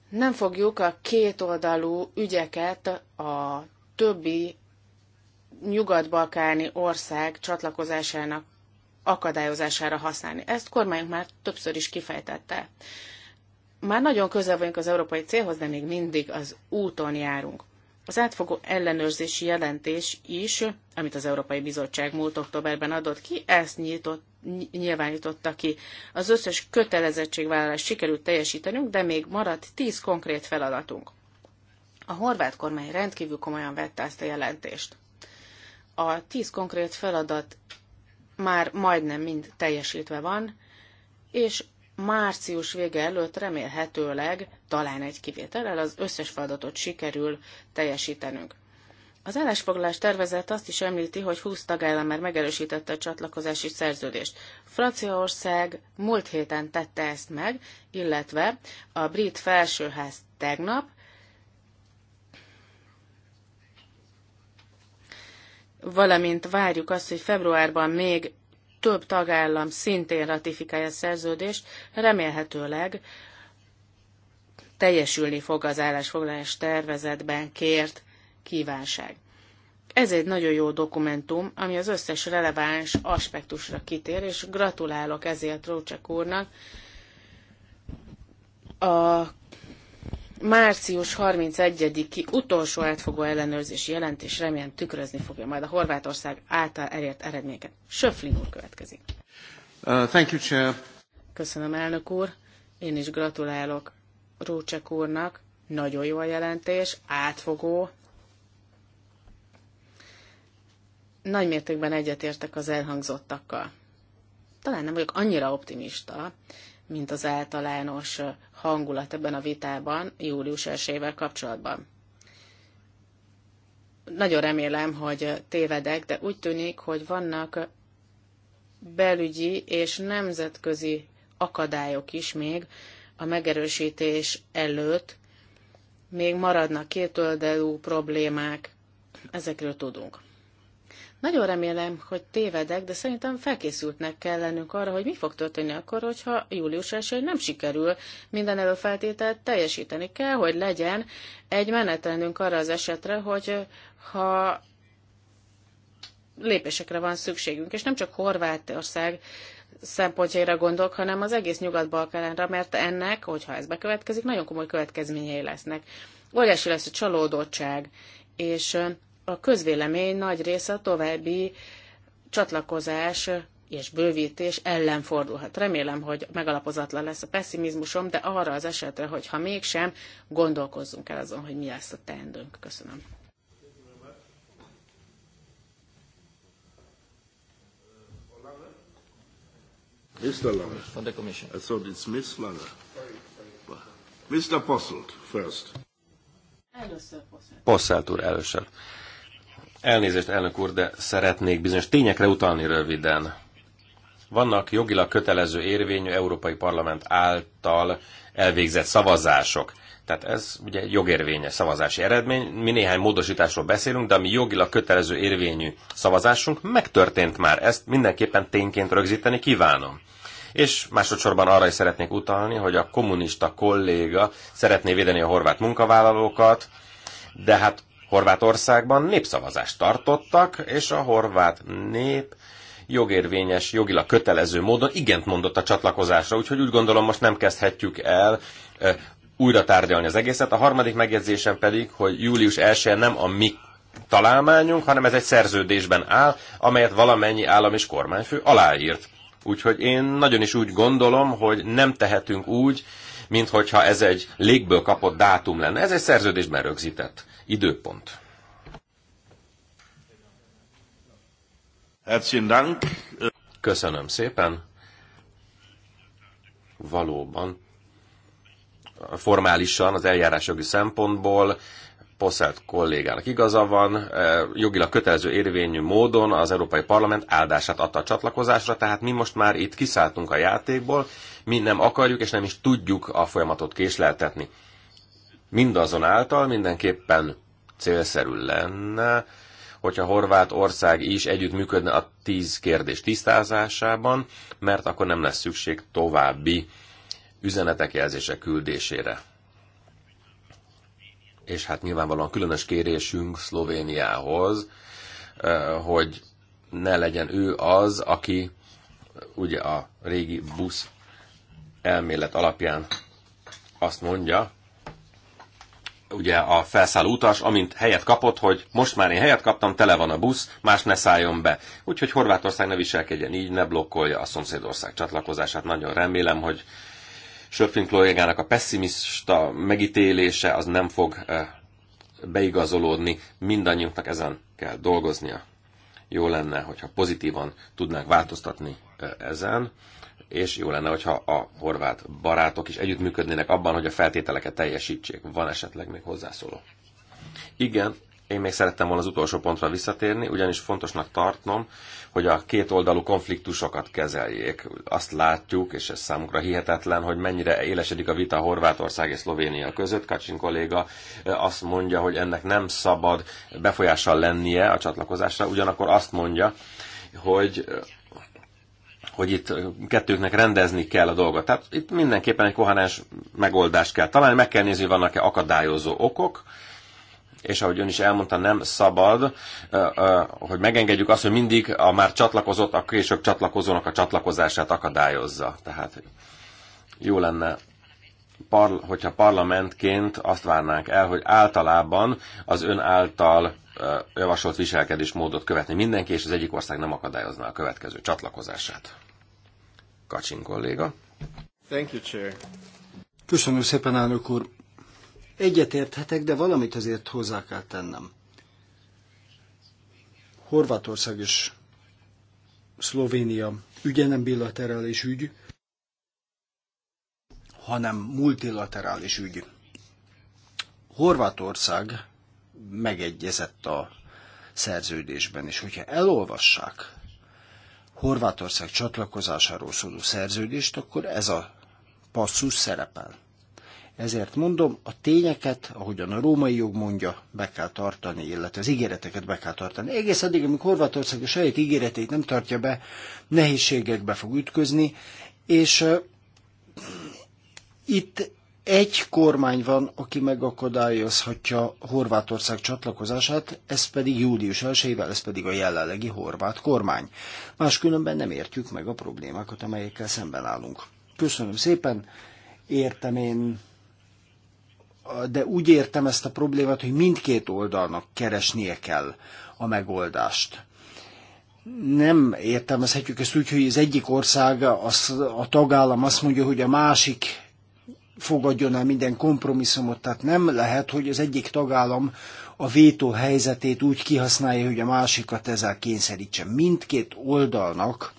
Nem fogjuk a kétoldalú ügyeket a többi nyugat-balkáni ország csatlakozásának akadályozására használni. Ezt kormányunk már többször is kifejtette. Már nagyon közel vagyunk az európai célhoz, de még mindig az úton járunk. Az átfogó ellenőrzési jelentés is, amit az Európai Bizottság múlt októberben adott ki, ezt nyitott, nyilvánította ki. Az összes kötelezettségvállalást sikerült teljesítenünk, de még maradt tíz konkrét feladatunk. A horvát kormány rendkívül komolyan vette ezt a jelentést. A tíz konkrét feladat már majdnem mind teljesítve van, és március vége előtt remélhetőleg, talán egy kivétellel, az összes feladatot sikerül teljesítenünk. Az állásfoglalás tervezet azt is említi, hogy 20 tagállam már megerősítette a csatlakozási szerződést. Franciaország múlt héten tette ezt meg, illetve a brit felsőház tegnap valamint várjuk azt, hogy februárban még több tagállam szintén ratifikálja a szerződést, remélhetőleg teljesülni fog az állásfoglalás tervezetben kért kívánság. Ez egy nagyon jó dokumentum, ami az összes releváns aspektusra kitér, és gratulálok ezért Rócsek úrnak. A március 31-i utolsó átfogó ellenőrzési jelentés remélem tükrözni fogja majd a Horvátország által elért eredményeket. Söfling úr következik. Uh, thank you, Chair. Köszönöm, elnök úr. Én is gratulálok Rócsek úrnak. Nagyon jó a jelentés, átfogó. Nagy mértékben egyetértek az elhangzottakkal. Talán nem vagyok annyira optimista, mint az általános hangulat ebben a vitában július 1 kapcsolatban. Nagyon remélem, hogy tévedek, de úgy tűnik, hogy vannak belügyi és nemzetközi akadályok is még a megerősítés előtt. Még maradnak kétoldalú problémák, ezekről tudunk. Nagyon remélem, hogy tévedek, de szerintem felkészültnek kell lennünk arra, hogy mi fog történni akkor, hogyha július 1 nem sikerül minden előfeltételt teljesíteni kell, hogy legyen egy menetrendünk arra az esetre, hogy ha lépésekre van szükségünk, és nem csak Horvátország szempontjaira gondolok, hanem az egész Nyugat-Balkánra, mert ennek, hogyha ez bekövetkezik, nagyon komoly következményei lesznek. Óriási lesz a csalódottság, és a közvélemény nagy része további csatlakozás és bővítés ellen fordulhat. Remélem, hogy megalapozatlan lesz a pessimizmusom, de arra az esetre, hogy ha mégsem, gondolkozzunk el azon, hogy mi lesz a teendőnk. Köszönöm. Mr. Lange. From the Commission. I thought it's Miss Lange. Mr. Posselt first. Először Posselt. Posselt úr először. Elnézést, elnök úr, de szeretnék bizonyos tényekre utalni röviden. Vannak jogilag kötelező érvényű Európai Parlament által elvégzett szavazások. Tehát ez ugye jogérvénye szavazási eredmény. Mi néhány módosításról beszélünk, de ami jogilag kötelező érvényű szavazásunk megtörtént már. Ezt mindenképpen tényként rögzíteni kívánom. És másodszorban arra is szeretnék utalni, hogy a kommunista kolléga szeretné védeni a horvát munkavállalókat, de hát Horvátországban népszavazást tartottak, és a horvát nép jogérvényes, jogilag kötelező módon igent mondott a csatlakozásra, úgyhogy úgy gondolom most nem kezdhetjük el újra tárgyalni az egészet. A harmadik megjegyzésem pedig, hogy július 1 nem a mi találmányunk, hanem ez egy szerződésben áll, amelyet valamennyi állam és kormányfő aláírt. Úgyhogy én nagyon is úgy gondolom, hogy nem tehetünk úgy, mint hogyha ez egy légből kapott dátum lenne. Ez egy szerződésben rögzített. Időpont. Köszönöm szépen. Valóban. Formálisan az eljárásjogi szempontból Poszelt kollégának igaza van, e, jogilag kötelező érvényű módon az Európai Parlament áldását adta a csatlakozásra, tehát mi most már itt kiszálltunk a játékból, mi nem akarjuk és nem is tudjuk a folyamatot késleltetni. Mindazonáltal mindenképpen célszerű lenne, hogyha Horvátország is együttműködne a tíz kérdés tisztázásában, mert akkor nem lesz szükség további üzenetek jelzése küldésére. És hát nyilvánvalóan különös kérésünk Szlovéniához, hogy ne legyen ő az, aki ugye a régi busz elmélet alapján azt mondja, ugye a felszálló utas, amint helyet kapott, hogy most már én helyet kaptam, tele van a busz, más ne szálljon be. Úgyhogy Horvátország ne viselkedjen így, ne blokkolja a szomszédország csatlakozását. Nagyon remélem, hogy Sörfin kollégának a pessimista megítélése az nem fog eh, beigazolódni. Mindannyiunknak ezen kell dolgoznia. Jó lenne, hogyha pozitívan tudnánk változtatni eh, ezen és jó lenne, hogyha a horvát barátok is együttműködnének abban, hogy a feltételeket teljesítsék. Van esetleg még hozzászóló? Igen, én még szerettem volna az utolsó pontra visszatérni, ugyanis fontosnak tartnom, hogy a két oldalú konfliktusokat kezeljék. Azt látjuk, és ez számukra hihetetlen, hogy mennyire élesedik a vita Horvátország és Szlovénia között. Kacsin kolléga eh, azt mondja, hogy ennek nem szabad befolyással lennie a csatlakozásra, ugyanakkor azt mondja, hogy eh, hogy itt kettőknek rendezni kell a dolgot. Tehát itt mindenképpen egy koherens megoldást kell találni, meg kell nézni, hogy vannak-e akadályozó okok, és ahogy ön is elmondta, nem szabad, hogy megengedjük azt, hogy mindig a már csatlakozott, a később csatlakozónak a csatlakozását akadályozza. Tehát jó lenne, hogyha parlamentként azt várnánk el, hogy általában az ön által javasolt viselkedésmódot követni mindenki, és az egyik ország nem akadályozná a következő csatlakozását. Kacsin kolléga. Thank you, Chair. Köszönöm szépen, elnök úr. Egyetérthetek, de valamit azért hozzá kell tennem. Horvátország és Szlovénia ügye nem bilaterális ügy, hanem multilaterális ügy. Horvátország megegyezett a szerződésben. És hogyha elolvassák Horvátország csatlakozásáról szóló szerződést, akkor ez a passzus szerepel. Ezért mondom, a tényeket, ahogyan a római jog mondja, be kell tartani, illetve az ígéreteket be kell tartani. Egész addig, amíg Horvátország a saját ígéreteit nem tartja be, nehézségekbe fog ütközni, és itt egy kormány van, aki megakadályozhatja Horvátország csatlakozását, ez pedig július 1 ez pedig a jelenlegi horvát kormány. Máskülönben nem értjük meg a problémákat, amelyekkel szemben állunk. Köszönöm szépen, értem én, de úgy értem ezt a problémát, hogy mindkét oldalnak keresnie kell a megoldást nem értelmezhetjük ezt úgy, hogy az egyik ország, az, a tagállam azt mondja, hogy a másik fogadjon el minden kompromisszumot, tehát nem lehet, hogy az egyik tagállam a vétó helyzetét úgy kihasználja, hogy a másikat ezzel kényszerítse. Mindkét oldalnak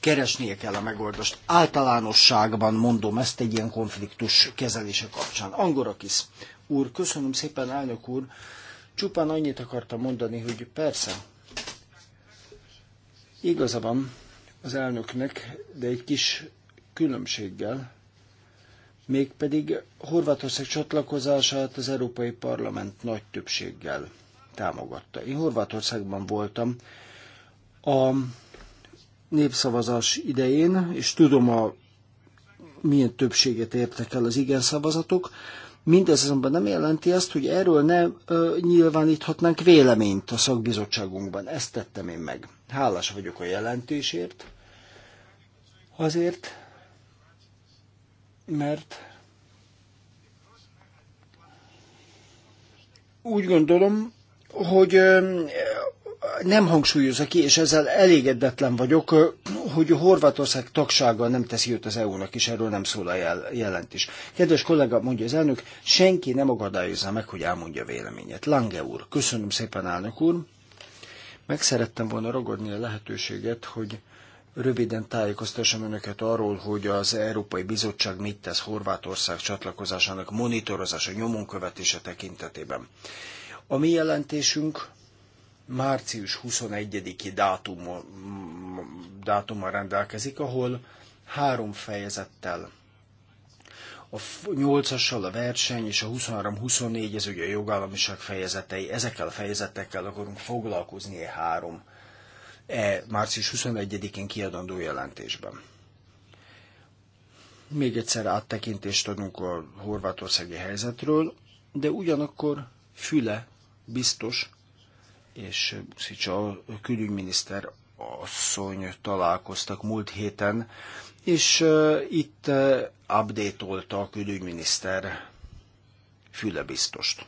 keresnie kell a megoldást. Általánosságban mondom ezt egy ilyen konfliktus kezelése kapcsán. Angorakis úr, köszönöm szépen, elnök úr. Csupán annyit akartam mondani, hogy persze, igaza van az elnöknek, de egy kis különbséggel, mégpedig Horvátország csatlakozását az Európai Parlament nagy többséggel támogatta. Én Horvátországban voltam a népszavazás idején, és tudom a milyen többséget értek el az igen szavazatok. Mindez azonban nem jelenti azt, hogy erről ne ö, nyilváníthatnánk véleményt a szakbizottságunkban. Ezt tettem én meg. Hálás vagyok a jelentésért, azért, mert úgy gondolom, hogy nem hangsúlyozza ki, és ezzel elégedetlen vagyok, hogy a Horvátország tagsága nem teszi őt az EU-nak, és erről nem szól a jel- jelentés. Kedves kollega, mondja az elnök, senki nem akadályozza meg, hogy elmondja véleményét. Lange úr, köszönöm szépen, elnök úr. Meg szerettem volna ragadni a lehetőséget, hogy Röviden tájékoztassam önöket arról, hogy az Európai Bizottság mit tesz Horvátország csatlakozásának monitorozása, nyomon követése tekintetében. A mi jelentésünk március 21-i dátum, dátummal rendelkezik, ahol három fejezettel a 8-assal a verseny és a 23-24, ez ugye a jogállamiság fejezetei, ezekkel a fejezetekkel akarunk foglalkozni e három e március 21-én kiadandó jelentésben. Még egyszer áttekintést adunk a horvátországi helyzetről, de ugyanakkor Füle biztos, és Szicsa a külügyminiszter asszony találkoztak múlt héten, és uh, itt uh, update-olta a külügyminiszter Füle biztost.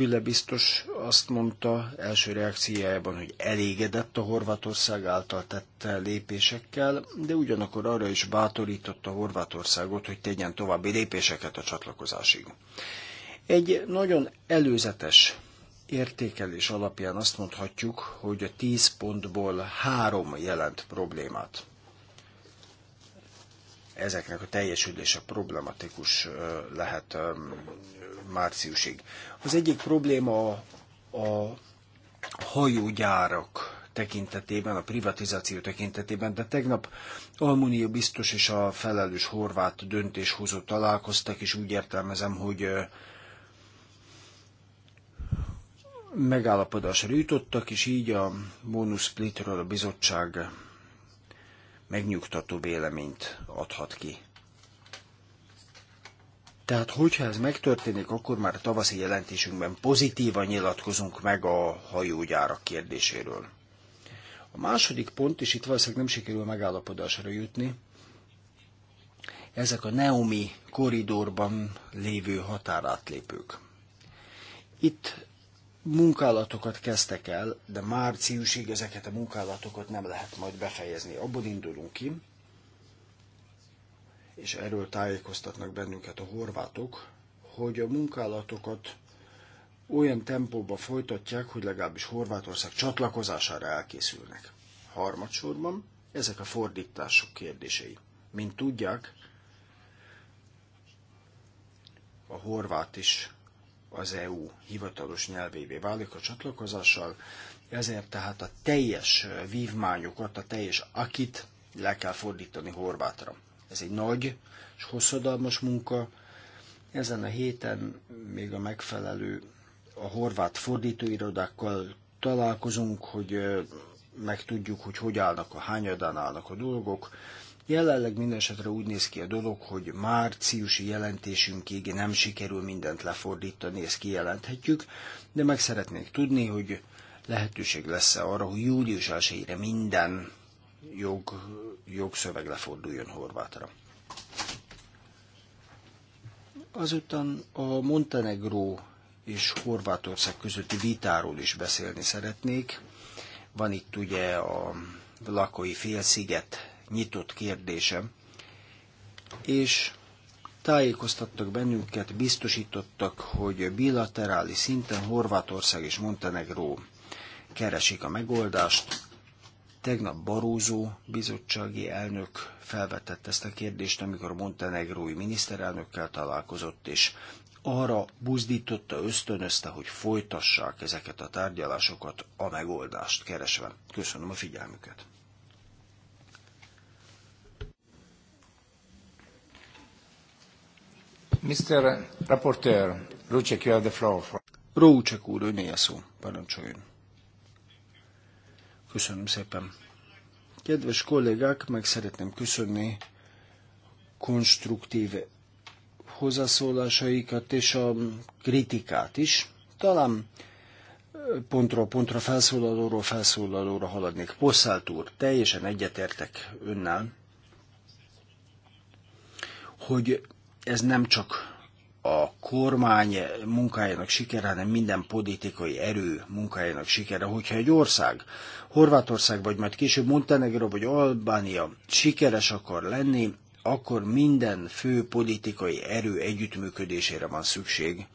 Füle biztos azt mondta első reakciójában, hogy elégedett a Horvátország által tett lépésekkel, de ugyanakkor arra is bátorította Horvátországot, hogy tegyen további lépéseket a csatlakozásig. Egy nagyon előzetes értékelés alapján azt mondhatjuk, hogy a 10 pontból három jelent problémát. Ezeknek a teljesülése problematikus lehet márciusig. Az egyik probléma a, a hajógyárak tekintetében, a privatizáció tekintetében, de tegnap Almunia biztos és a felelős horvát döntéshozó találkoztak, és úgy értelmezem, hogy megállapodásra jutottak, és így a bónusz splitről a bizottság megnyugtató véleményt adhat ki. Tehát, hogyha ez megtörténik, akkor már a tavaszi jelentésünkben pozitívan nyilatkozunk meg a hajógyárak kérdéséről. A második pont, és itt valószínűleg nem sikerül megállapodásra jutni, ezek a Neomi koridorban lévő határátlépők. Itt munkálatokat kezdtek el, de márciusig ezeket a munkálatokat nem lehet majd befejezni. Abból indulunk ki, és erről tájékoztatnak bennünket a horvátok, hogy a munkálatokat olyan tempóba folytatják, hogy legalábbis Horvátország csatlakozására elkészülnek. Harmadsorban ezek a fordítások kérdései. Mint tudják, a horvát is az EU hivatalos nyelvévé válik a csatlakozással, ezért tehát a teljes vívmányokat, a teljes akit le kell fordítani horvátra. Ez egy nagy és hosszadalmas munka. Ezen a héten még a megfelelő a horvát fordítóirodákkal találkozunk, hogy megtudjuk, hogy hogy állnak a hányadán állnak a dolgok. Jelenleg minden esetre úgy néz ki a dolog, hogy márciusi jelentésünkig nem sikerül mindent lefordítani, ezt kijelenthetjük, de meg szeretnék tudni, hogy lehetőség lesz-e arra, hogy július 1 minden jog, jogszöveg leforduljon Horvátra. Azután a Montenegró és Horvátország közötti vitáról is beszélni szeretnék. Van itt ugye a lakói félsziget nyitott kérdése, és tájékoztattak bennünket, biztosítottak, hogy bilaterális szinten Horvátország és Montenegró keresik a megoldást, Tegnap Barózó bizottsági elnök felvetett ezt a kérdést, amikor Montenegrói miniszterelnökkel találkozott, és arra buzdította, ösztönözte, hogy folytassák ezeket a tárgyalásokat a megoldást keresve. Köszönöm a figyelmüket! Mr. Rapporteur, Rucek, you have the floor. For... Rócsek úr, öné szó, parancsoljon. Köszönöm szépen. Kedves kollégák, meg szeretném köszönni konstruktív hozzászólásaikat és a kritikát is. Talán pontról pontra felszólalóról felszólalóra haladnék. Posszált úr, teljesen egyetértek önnel, hogy ez nem csak a kormány munkájának sikere, hanem minden politikai erő munkájának sikere. Hogyha egy ország, Horvátország, vagy majd később Montenegro, vagy Albánia sikeres akar lenni, akkor minden fő politikai erő együttműködésére van szükség.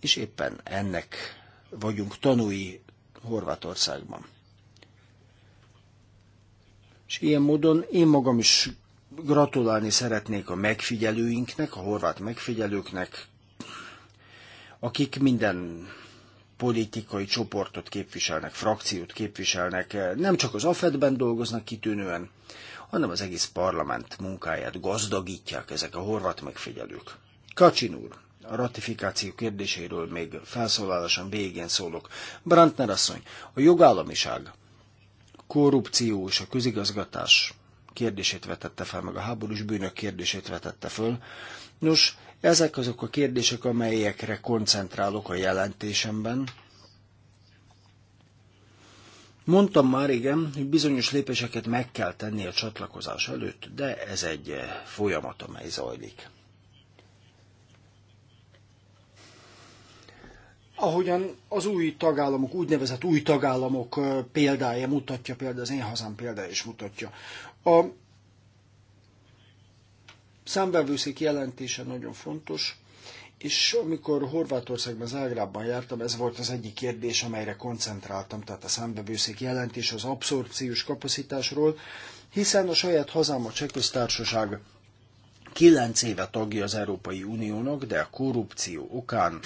És éppen ennek vagyunk tanúi Horvátországban. És ilyen módon én magam is Gratulálni szeretnék a megfigyelőinknek, a horvát megfigyelőknek, akik minden politikai csoportot képviselnek, frakciót képviselnek, nem csak az AFED-ben dolgoznak kitűnően, hanem az egész parlament munkáját gazdagítják ezek a horvát megfigyelők. Kacsin úr, a ratifikáció kérdéséről még felszólalásom végén szólok. Brandner asszony, a jogállamiság, korrupció és a közigazgatás kérdését vetette fel, meg a háborús bűnök kérdését vetette föl. Nos, ezek azok a kérdések, amelyekre koncentrálok a jelentésemben. Mondtam már igen, hogy bizonyos lépéseket meg kell tenni a csatlakozás előtt, de ez egy folyamat, amely zajlik. ahogyan az új tagállamok, úgynevezett új tagállamok példája mutatja, például az én hazám példája is mutatja. A számbevőszék jelentése nagyon fontos, és amikor Horvátországban, Zágrában jártam, ez volt az egyik kérdés, amelyre koncentráltam, tehát a számbevőszék jelentés az abszorpciós kapacitásról, hiszen a saját hazám a Csehköztársaság 9 éve tagja az Európai Uniónak, de a korrupció okán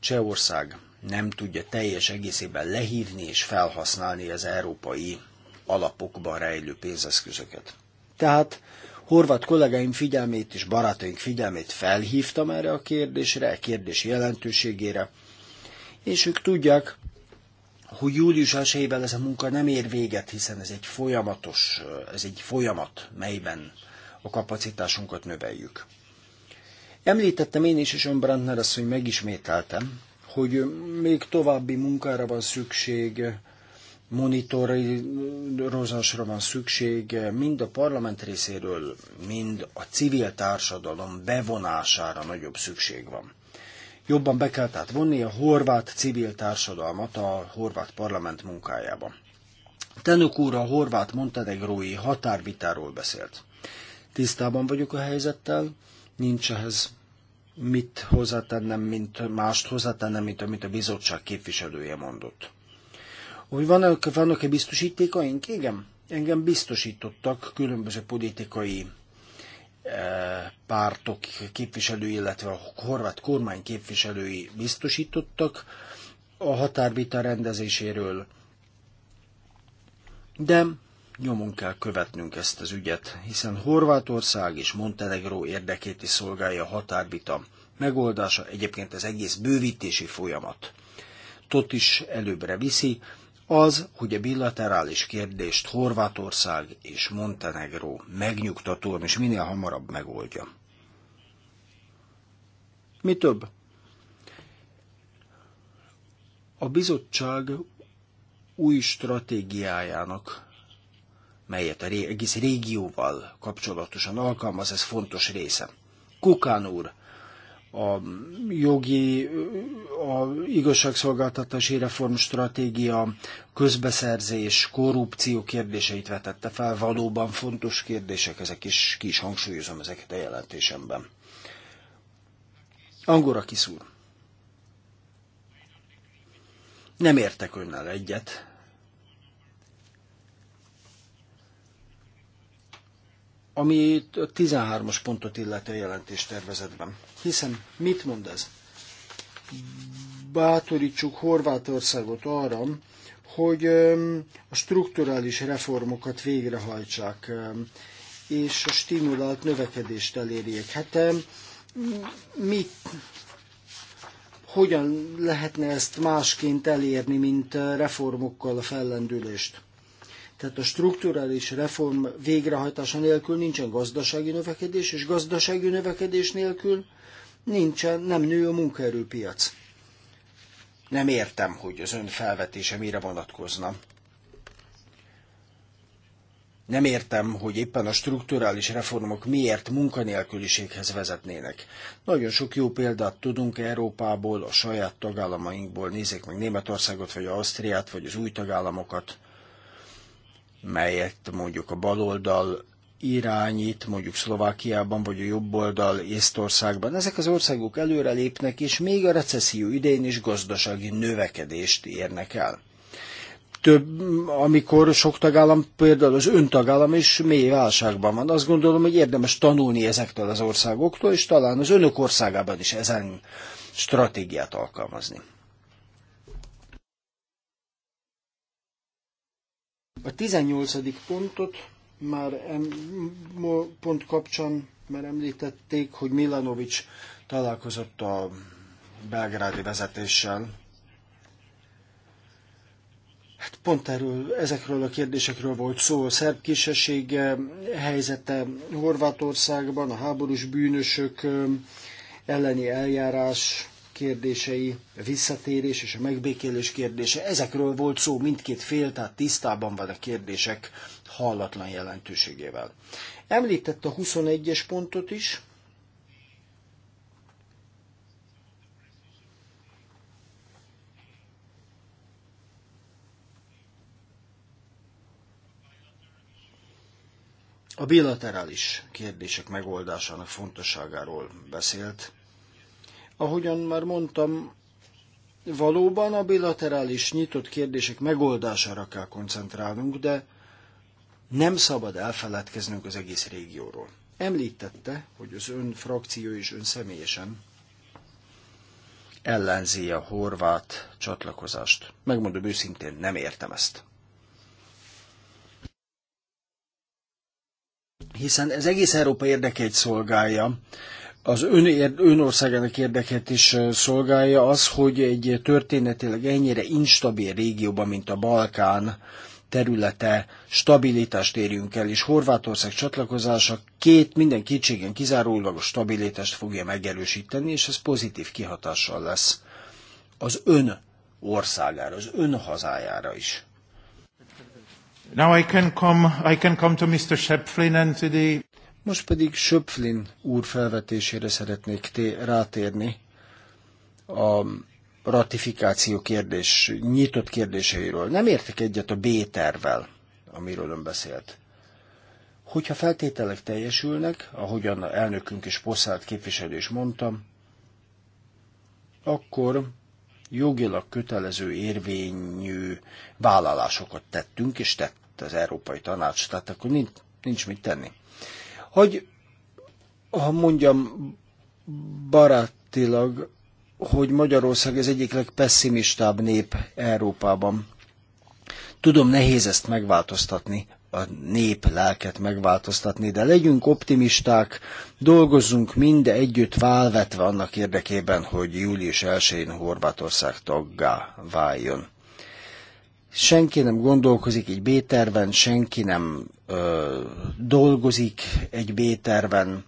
Csehország nem tudja teljes egészében lehívni és felhasználni az európai alapokban rejlő pénzeszközöket. Tehát Horvát kollégáim figyelmét és barátaink figyelmét felhívtam erre a kérdésre, a e kérdés jelentőségére, és ők tudják, hogy július 1 ez a munka nem ér véget, hiszen ez egy folyamatos, ez egy folyamat, melyben a kapacitásunkat növeljük. Említettem én is, és ön Brandner azt, hogy megismételtem, hogy még további munkára van szükség, monitorozásra van szükség, mind a parlament részéről, mind a civil társadalom bevonására nagyobb szükség van. Jobban be kell tehát vonni a horvát civil társadalmat a horvát parlament munkájába. Tenök úr a horvát montenegrói határvitáról beszélt. Tisztában vagyok a helyzettel, Nincs ehhez mit hozzátennem, mint mást hozzátennem, mint amit a bizottság képviselője mondott. Hogy vannak, vannak-e biztosítékaink? Igen, engem biztosítottak különböző politikai eh, pártok képviselői, illetve a horvát kormány képviselői biztosítottak a határvita rendezéséről. De nyomon kell követnünk ezt az ügyet, hiszen Horvátország és Montenegró érdekét is szolgálja a határvita megoldása, egyébként az egész bővítési folyamat. Tot is előbbre viszi, az, hogy a bilaterális kérdést Horvátország és Montenegró megnyugtatóan és minél hamarabb megoldja. Mi több? A bizottság új stratégiájának melyet a egész régióval kapcsolatosan alkalmaz, ez fontos része. Kukán úr, a jogi, a igazságszolgáltatási reformstratégia, közbeszerzés, korrupció kérdéseit vetette fel, valóban fontos kérdések, ezek is ki is hangsúlyozom ezeket a jelentésemben. Angora kiszúr. Nem értek önnel egyet, ami 13-as pontot illeti a jelentéstervezetben. Hiszen mit mond ez? Bátorítsuk Horvátországot arra, hogy a strukturális reformokat végrehajtsák, és a stimulált növekedést elérjék. Hát mit, hogyan lehetne ezt másként elérni, mint reformokkal a fellendülést? Tehát a strukturális reform végrehajtása nélkül nincsen gazdasági növekedés, és gazdasági növekedés nélkül nincsen, nem nő a munkaerőpiac. Nem értem, hogy az ön felvetése mire vonatkozna. Nem értem, hogy éppen a strukturális reformok miért munkanélküliséghez vezetnének. Nagyon sok jó példát tudunk Európából, a saját tagállamainkból, nézzék meg Németországot, vagy Ausztriát, vagy az új tagállamokat – melyet mondjuk a baloldal irányít, mondjuk Szlovákiában, vagy a jobb oldal Észtországban. Ezek az országok előrelépnek, és még a recesszió idején is gazdasági növekedést érnek el. Több, amikor sok tagállam, például az öntagállam is mély válságban van, azt gondolom, hogy érdemes tanulni ezektől az országoktól, és talán az önök országában is ezen stratégiát alkalmazni. A 18. pontot már em, pont kapcsán már említették, hogy Milanovic találkozott a belgrádi vezetéssel. Hát pont erről, ezekről a kérdésekről volt szó. A szerb kisesség helyzete Horvátországban, a háborús bűnösök elleni eljárás, kérdései, a visszatérés és a megbékélés kérdése, ezekről volt szó mindkét fél, tehát tisztában van a kérdések hallatlan jelentőségével. Említett a 21-es pontot is, A bilaterális kérdések megoldásának fontosságáról beszélt. Ahogyan már mondtam, valóban a bilaterális nyitott kérdések megoldására kell koncentrálnunk, de nem szabad elfeledkeznünk az egész régióról. Említette, hogy az ön frakció és ön személyesen ellenzi a horvát csatlakozást. Megmondom őszintén, nem értem ezt. Hiszen ez egész Európa érdekeit szolgálja, az ön, ér, ön országának érdeket is szolgálja az, hogy egy történetileg ennyire instabil régióban, mint a Balkán területe stabilitást érjünk el, és Horvátország csatlakozása két minden kétségen kizárólag a stabilitást fogja megerősíteni, és ez pozitív kihatással lesz az ön országára, az ön hazájára is. Now I can come, I can come to Mr. Shepflin and to the most pedig Söpflin úr felvetésére szeretnék té rátérni a ratifikáció kérdés, nyitott kérdéseiről. Nem értek egyet a B-tervel, amiről ön beszélt. Hogyha feltételek teljesülnek, ahogyan a elnökünk és poszált képviselő is mondta, akkor jogilag kötelező érvényű vállalásokat tettünk, és tett az Európai Tanács, tehát akkor nincs, nincs mit tenni. Hogy, ha mondjam barátilag, hogy Magyarország az egyik legpesszimistább nép Európában. Tudom, nehéz ezt megváltoztatni, a nép lelket megváltoztatni, de legyünk optimisták, dolgozzunk mind együtt válvetve annak érdekében, hogy július 1-én Horvátország taggá váljon. Senki nem gondolkozik egy B-terven, senki nem ö, dolgozik egy B-terven.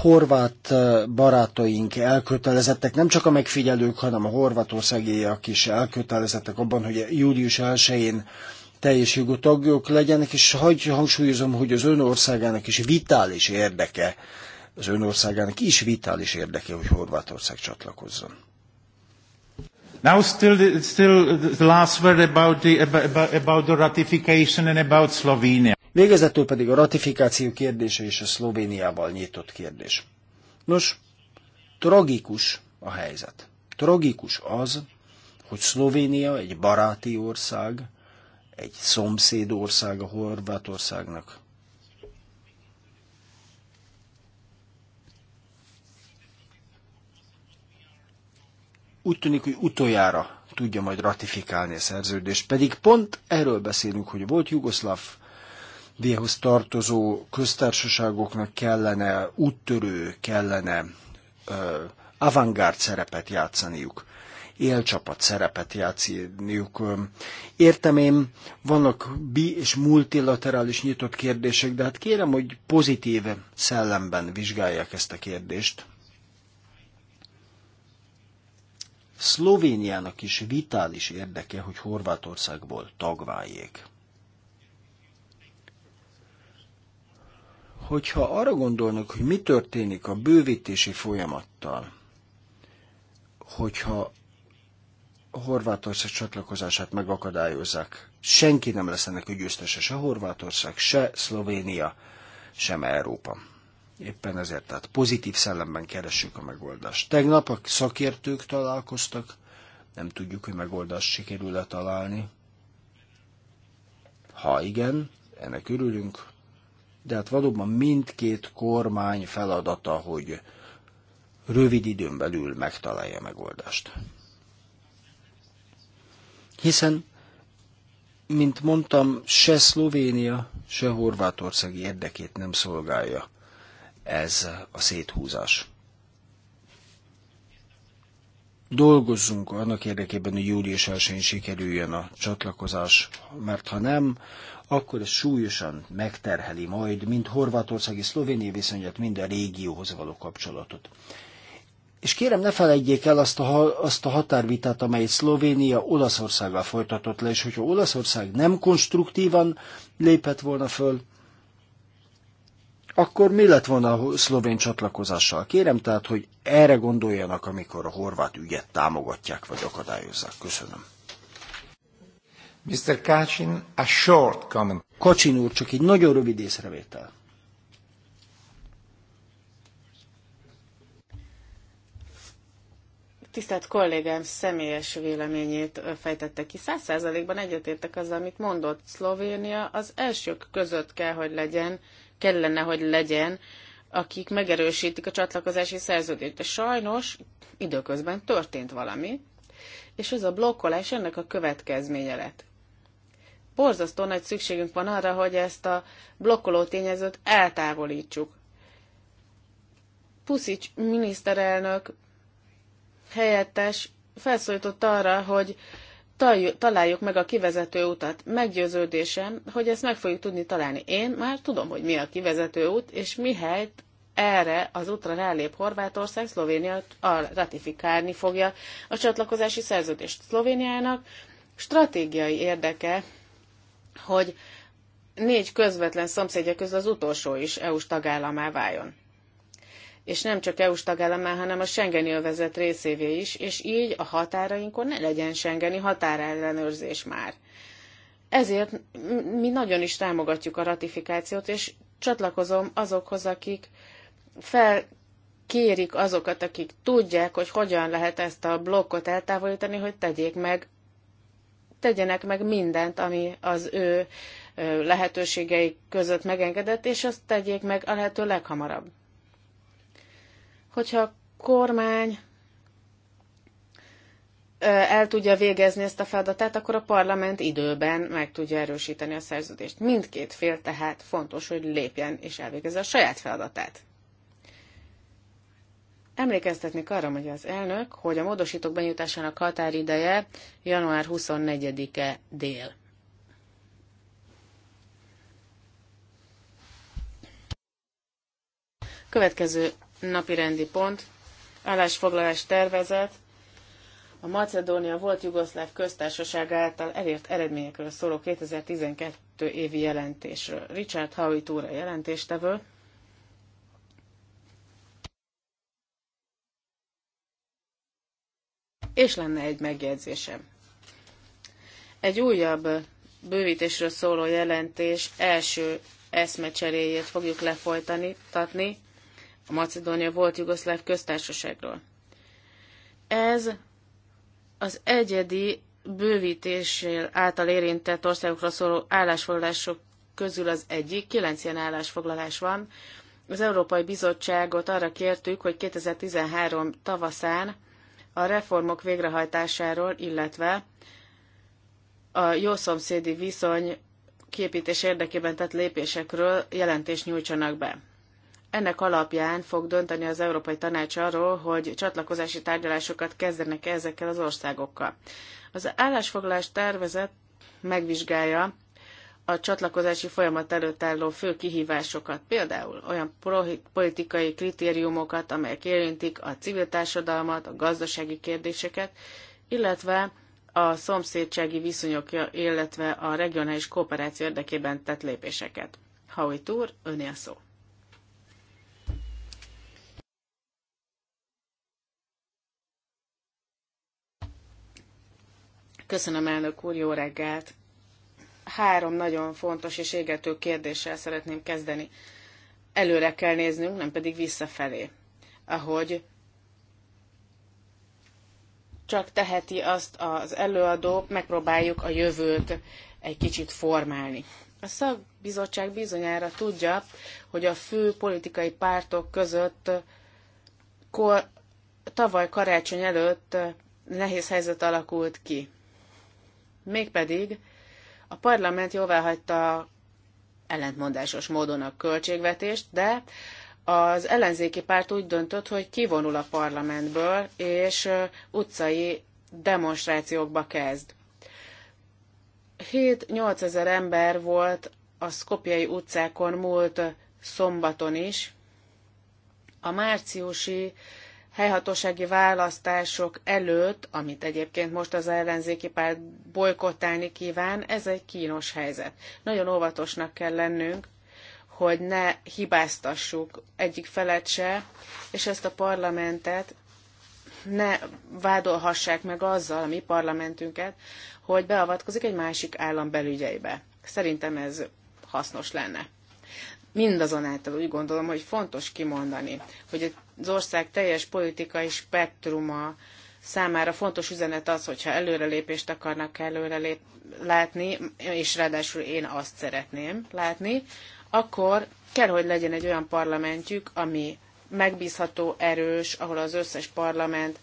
Horvát barátaink elkötelezettek, nem csak a megfigyelők, hanem a horvátországiak is elkötelezettek abban, hogy július 1-én teljes jogú tagok legyenek, és hagy hangsúlyozom, hogy az ön országának is vitális érdeke, az ön országának is vitális érdeke, hogy Horvátország csatlakozzon. Now still, the, still the last word about the, about, about the ratification and about Slovenia. Végezetül pedig a ratifikáció kérdése és a Szlovéniával nyitott kérdés. Nos, tragikus a helyzet. Tragikus az, hogy Szlovénia egy baráti ország, egy szomszéd ország a Horvátországnak. úgy tűnik, hogy utoljára tudja majd ratifikálni a szerződést. Pedig pont erről beszélünk, hogy volt Jugoszláv Déhoz tartozó köztársaságoknak kellene úttörő, kellene uh, avantgárd szerepet játszaniuk, élcsapat szerepet játszaniuk. Értem én, vannak bi- és multilaterális nyitott kérdések, de hát kérem, hogy pozitív szellemben vizsgálják ezt a kérdést, Szlovéniának is vitális érdeke, hogy Horvátországból tagváljék. Hogyha arra gondolnak, hogy mi történik a bővítési folyamattal, hogyha Horvátország csatlakozását megakadályozzák, senki nem lesz ennek a győztese, se Horvátország, se Szlovénia, sem Európa. Éppen ezért, tehát pozitív szellemben keressük a megoldást. Tegnap a szakértők találkoztak, nem tudjuk, hogy megoldást sikerül-e találni. Ha igen, ennek örülünk, de hát valóban mindkét kormány feladata, hogy rövid időn belül megtalálja a megoldást. Hiszen, mint mondtam, se Szlovénia, se Horvátország érdekét nem szolgálja ez a széthúzás. Dolgozzunk annak érdekében, hogy július 1 sikerüljön a csatlakozás, mert ha nem, akkor ez súlyosan megterheli majd mind horvátországi szlovénia viszonyat, mind a régióhoz való kapcsolatot. És kérem, ne felejtjék el azt a, azt a határvitát, amelyet Szlovénia Olaszországgal folytatott le, és hogyha Olaszország nem konstruktívan lépett volna föl, akkor mi lett volna a szlovén csatlakozással? Kérem tehát, hogy erre gondoljanak, amikor a horvát ügyet támogatják vagy akadályozzák. Köszönöm. Mr. Kacin, a short comment. Kacin úr, csak egy nagyon rövid észrevétel. Tisztelt kollégám személyes véleményét fejtette ki. Száz százalékban egyetértek azzal, amit mondott. Szlovénia az elsők között kell, hogy legyen, kellene, hogy legyen, akik megerősítik a csatlakozási szerződést. De sajnos időközben történt valami, és ez a blokkolás ennek a következménye lett. Borzasztó nagy szükségünk van arra, hogy ezt a blokkoló tényezőt eltávolítsuk. Puszics miniszterelnök helyettes felszólított arra, hogy találjuk meg a kivezető utat. Meggyőződésem, hogy ezt meg fogjuk tudni találni. Én már tudom, hogy mi a kivezető út, és mihelyt erre az útra rálép Horvátország, Szlovénia ratifikálni fogja a csatlakozási szerződést. Szlovéniának stratégiai érdeke, hogy négy közvetlen szomszédja közül az utolsó is EU-s tagállamá váljon és nem csak EU-s tagállammá, hanem a Schengeni övezet részévé is, és így a határainkon ne legyen Schengeni határellenőrzés már. Ezért mi nagyon is támogatjuk a ratifikációt, és csatlakozom azokhoz, akik felkérik azokat, akik tudják, hogy hogyan lehet ezt a blokkot eltávolítani, hogy tegyék meg, tegyenek meg mindent, ami az ő lehetőségeik között megengedett, és azt tegyék meg a lehető leghamarabb hogyha a kormány el tudja végezni ezt a feladatát, akkor a parlament időben meg tudja erősíteni a szerződést. Mindkét fél tehát fontos, hogy lépjen és elvégezze a saját feladatát. Emlékeztetnék arra, hogy az elnök, hogy a módosítók benyújtásának határideje január 24-e dél. Következő napirendi pont, állásfoglalás tervezet, a Macedónia volt Jugoszláv köztársaság által elért eredményekről szóló 2012 évi jelentésről. Richard Howitt úr a jelentéstevő. És lenne egy megjegyzésem. Egy újabb bővítésről szóló jelentés első eszmecseréjét fogjuk lefolytani, tatni, a Macedónia volt Jugoszláv köztársaságról. Ez az egyedi bővítéssel által érintett országokra szóló állásfoglalások közül az egyik, kilenc ilyen állásfoglalás van. Az Európai Bizottságot arra kértük, hogy 2013 tavaszán a reformok végrehajtásáról, illetve a szomszédi viszony képítés érdekében tett lépésekről jelentést nyújtsanak be. Ennek alapján fog dönteni az Európai Tanács arról, hogy csatlakozási tárgyalásokat kezdenek -e ezekkel az országokkal. Az állásfoglalás tervezet megvizsgálja a csatlakozási folyamat előtt álló fő kihívásokat, például olyan politikai kritériumokat, amelyek érintik a civil társadalmat, a gazdasági kérdéseket, illetve a szomszédsági viszonyok, illetve a regionális kooperáció érdekében tett lépéseket. Howitt úr, a szó. Köszönöm, elnök úr, jó reggelt! Három nagyon fontos és égető kérdéssel szeretném kezdeni. Előre kell néznünk, nem pedig visszafelé. Ahogy csak teheti azt az előadó, megpróbáljuk a jövőt egy kicsit formálni. A szakbizottság bizonyára tudja, hogy a fő politikai pártok között kor, tavaly karácsony előtt nehéz helyzet alakult ki. Mégpedig a parlament jóváhagyta ellentmondásos módon a költségvetést, de az ellenzéki párt úgy döntött, hogy kivonul a parlamentből, és utcai demonstrációkba kezd. 7-8 ezer ember volt a szkopjai utcákon múlt szombaton is. A márciusi helyhatósági választások előtt, amit egyébként most az ellenzéki párt bolykottálni kíván, ez egy kínos helyzet. Nagyon óvatosnak kell lennünk, hogy ne hibáztassuk egyik felet se, és ezt a parlamentet ne vádolhassák meg azzal, a mi parlamentünket, hogy beavatkozik egy másik állam belügyeibe. Szerintem ez hasznos lenne. Mindazonáltal úgy gondolom, hogy fontos kimondani, hogy az ország teljes politikai spektruma számára fontos üzenet az, hogyha előrelépést akarnak előrelép látni, és ráadásul én azt szeretném látni, akkor kell, hogy legyen egy olyan parlamentjük, ami megbízható, erős, ahol az összes parlament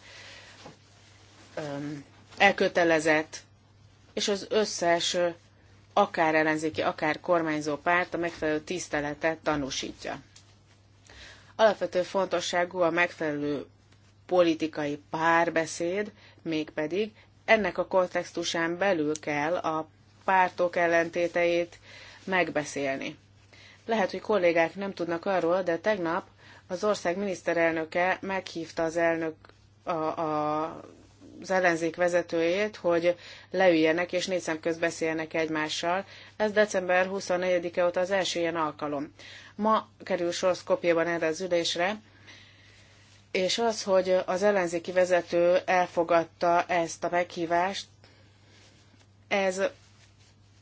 öm, elkötelezett, és az összes akár ellenzéki, akár kormányzó párt a megfelelő tiszteletet tanúsítja. Alapvető fontosságú a megfelelő politikai párbeszéd, mégpedig ennek a kontextusán belül kell a pártok ellentéteit megbeszélni. Lehet, hogy kollégák nem tudnak arról, de tegnap az ország miniszterelnöke meghívta az elnök a, a az ellenzék vezetőjét, hogy leüljenek és négy szem közt beszéljenek egymással. Ez december 24-e óta az első ilyen alkalom. Ma kerül sor Skopjeban erre az ülésre, és az, hogy az ellenzéki vezető elfogadta ezt a meghívást, ez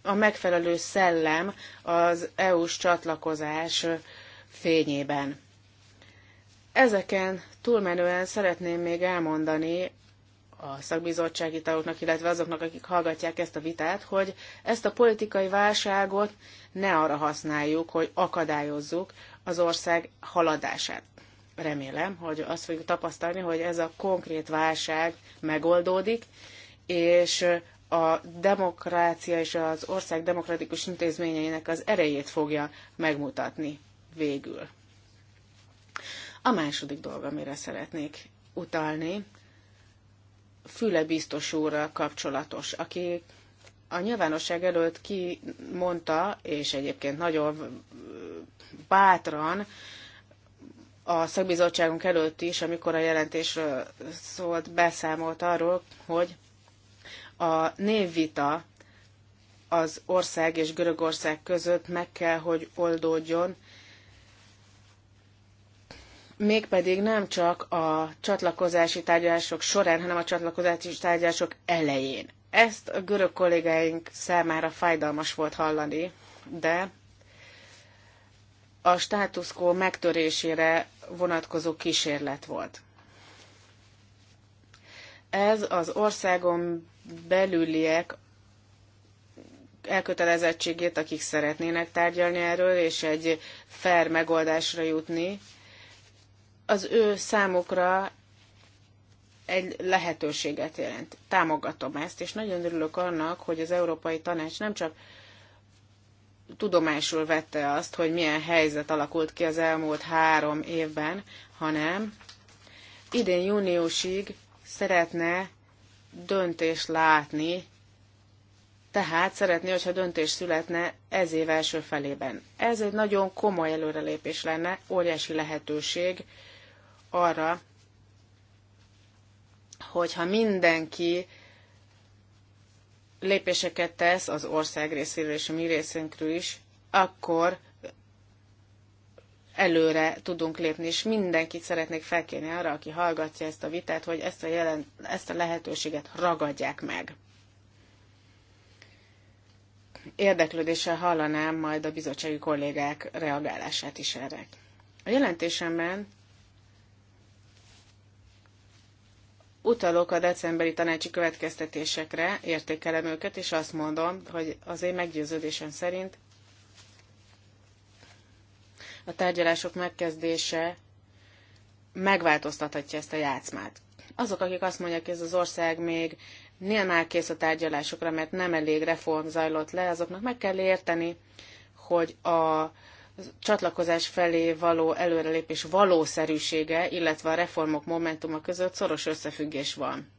a megfelelő szellem az EU-s csatlakozás fényében. Ezeken túlmenően szeretném még elmondani a szakbizottsági tagoknak, illetve azoknak, akik hallgatják ezt a vitát, hogy ezt a politikai válságot ne arra használjuk, hogy akadályozzuk az ország haladását. Remélem, hogy azt fogjuk tapasztalni, hogy ez a konkrét válság megoldódik, és a demokrácia és az ország demokratikus intézményeinek az erejét fogja megmutatni végül. A második dolog, amire szeretnék utalni, Füle biztos úrral kapcsolatos, aki a nyilvánosság előtt kimondta, és egyébként nagyon bátran a szakbizottságunk előtt is, amikor a jelentésről szólt, beszámolt arról, hogy a névvita az ország és Görögország között meg kell, hogy oldódjon, mégpedig nem csak a csatlakozási tárgyalások során, hanem a csatlakozási tárgyalások elején. Ezt a görög kollégáink számára fájdalmas volt hallani, de a státuszkó megtörésére vonatkozó kísérlet volt. Ez az országon belüliek elkötelezettségét, akik szeretnének tárgyalni erről, és egy fair megoldásra jutni, az ő számukra egy lehetőséget jelent. Támogatom ezt, és nagyon örülök annak, hogy az Európai Tanács nem csak tudomásul vette azt, hogy milyen helyzet alakult ki az elmúlt három évben, hanem idén júniusig szeretne döntést látni, tehát szeretné, hogyha döntés születne ez év első felében. Ez egy nagyon komoly előrelépés lenne, óriási lehetőség, arra, hogyha mindenki lépéseket tesz az ország részéről és a mi részünkről is, akkor előre tudunk lépni, és mindenkit szeretnék felkérni arra, aki hallgatja ezt a vitát, hogy ezt a, jelen, ezt a lehetőséget ragadják meg. Érdeklődéssel hallanám majd a bizottsági kollégák reagálását is erre. A jelentésemben utalok a decemberi tanácsi következtetésekre, értékelem őket, és azt mondom, hogy az én meggyőződésem szerint a tárgyalások megkezdése megváltoztathatja ezt a játszmát. Azok, akik azt mondják, hogy ez az ország még nem áll kész a tárgyalásokra, mert nem elég reform zajlott le, azoknak meg kell érteni, hogy a csatlakozás felé való előrelépés valószerűsége, illetve a reformok momentuma között szoros összefüggés van.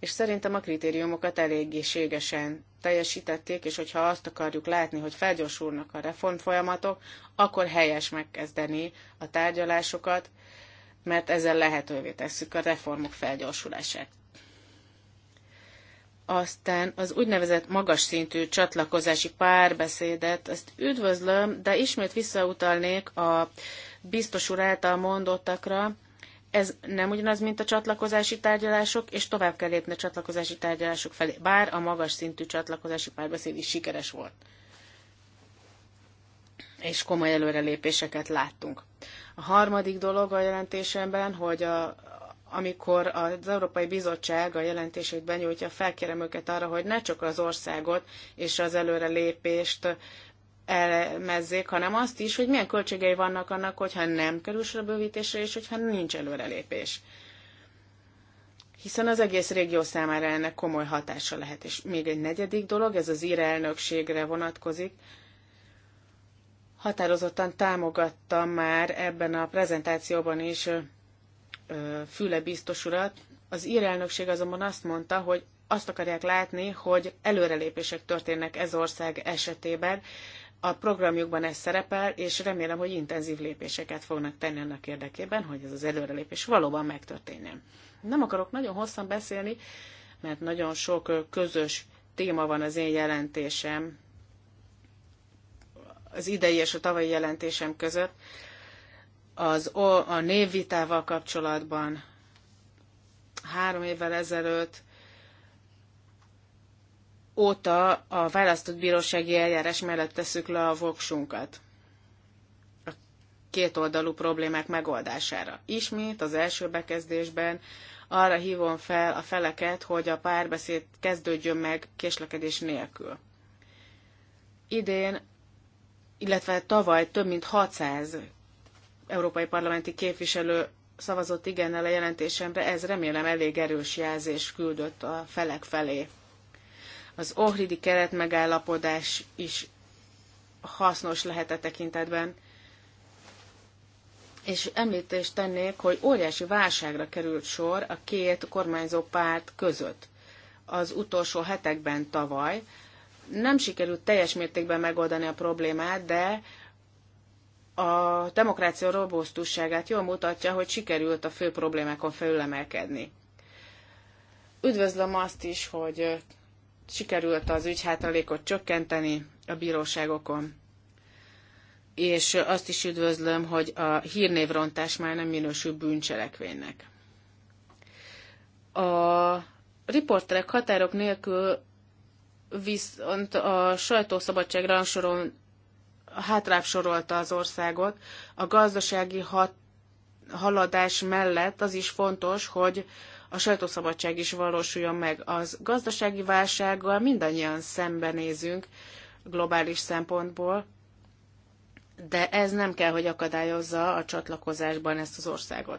És szerintem a kritériumokat eléggéségesen teljesítették, és hogyha azt akarjuk látni, hogy felgyorsulnak a reformfolyamatok, akkor helyes megkezdeni a tárgyalásokat, mert ezzel lehetővé tesszük a reformok felgyorsulását. Aztán az úgynevezett magas szintű csatlakozási párbeszédet, ezt üdvözlöm, de ismét visszautalnék a biztos úr által mondottakra, ez nem ugyanaz, mint a csatlakozási tárgyalások, és tovább kell lépni a csatlakozási tárgyalások felé, bár a magas szintű csatlakozási párbeszéd is sikeres volt. És komoly előrelépéseket láttunk. A harmadik dolog a jelentésemben, hogy a, amikor az Európai Bizottság a jelentését benyújtja, felkérem őket arra, hogy ne csak az országot és az előrelépést elemezzék, hanem azt is, hogy milyen költségei vannak annak, hogyha nem kerül sor a bővítésre, és hogyha nincs előrelépés. Hiszen az egész régió számára ennek komoly hatása lehet. És még egy negyedik dolog, ez az ír elnökségre vonatkozik, határozottan támogatta már ebben a prezentációban is Füle biztos urat. Az ír elnökség azonban azt mondta, hogy azt akarják látni, hogy előrelépések történnek ez ország esetében. A programjukban ez szerepel, és remélem, hogy intenzív lépéseket fognak tenni annak érdekében, hogy ez az előrelépés valóban megtörténjen. Nem akarok nagyon hosszan beszélni, mert nagyon sok közös téma van az én jelentésem, az idei és a tavalyi jelentésem között az, a névvitával kapcsolatban három évvel ezelőtt óta a választott bírósági eljárás mellett teszük le a voksunkat a kétoldalú problémák megoldására. Ismét az első bekezdésben arra hívom fel a feleket, hogy a párbeszéd kezdődjön meg késlekedés nélkül. Idén, illetve tavaly több mint 600 európai parlamenti képviselő szavazott igennel a jelentésemre, ez remélem elég erős jelzés küldött a felek felé. Az Ohridi keretmegállapodás is hasznos lehet e tekintetben, és említést tennék, hogy óriási válságra került sor a két kormányzó párt között az utolsó hetekben tavaly. Nem sikerült teljes mértékben megoldani a problémát, de a demokrácia robusztusságát jól mutatja, hogy sikerült a fő problémákon felülemelkedni. Üdvözlöm azt is, hogy sikerült az ügyhátralékot csökkenteni a bíróságokon. És azt is üdvözlöm, hogy a hírnévrontás már nem minősül bűncselekvénynek. A riporterek határok nélkül viszont a sajtószabadság rangsoron hátrább sorolta az országot. A gazdasági hat, haladás mellett az is fontos, hogy a sajtószabadság is valósuljon meg. Az gazdasági válsággal mindannyian szembenézünk globális szempontból, de ez nem kell, hogy akadályozza a csatlakozásban ezt az országot.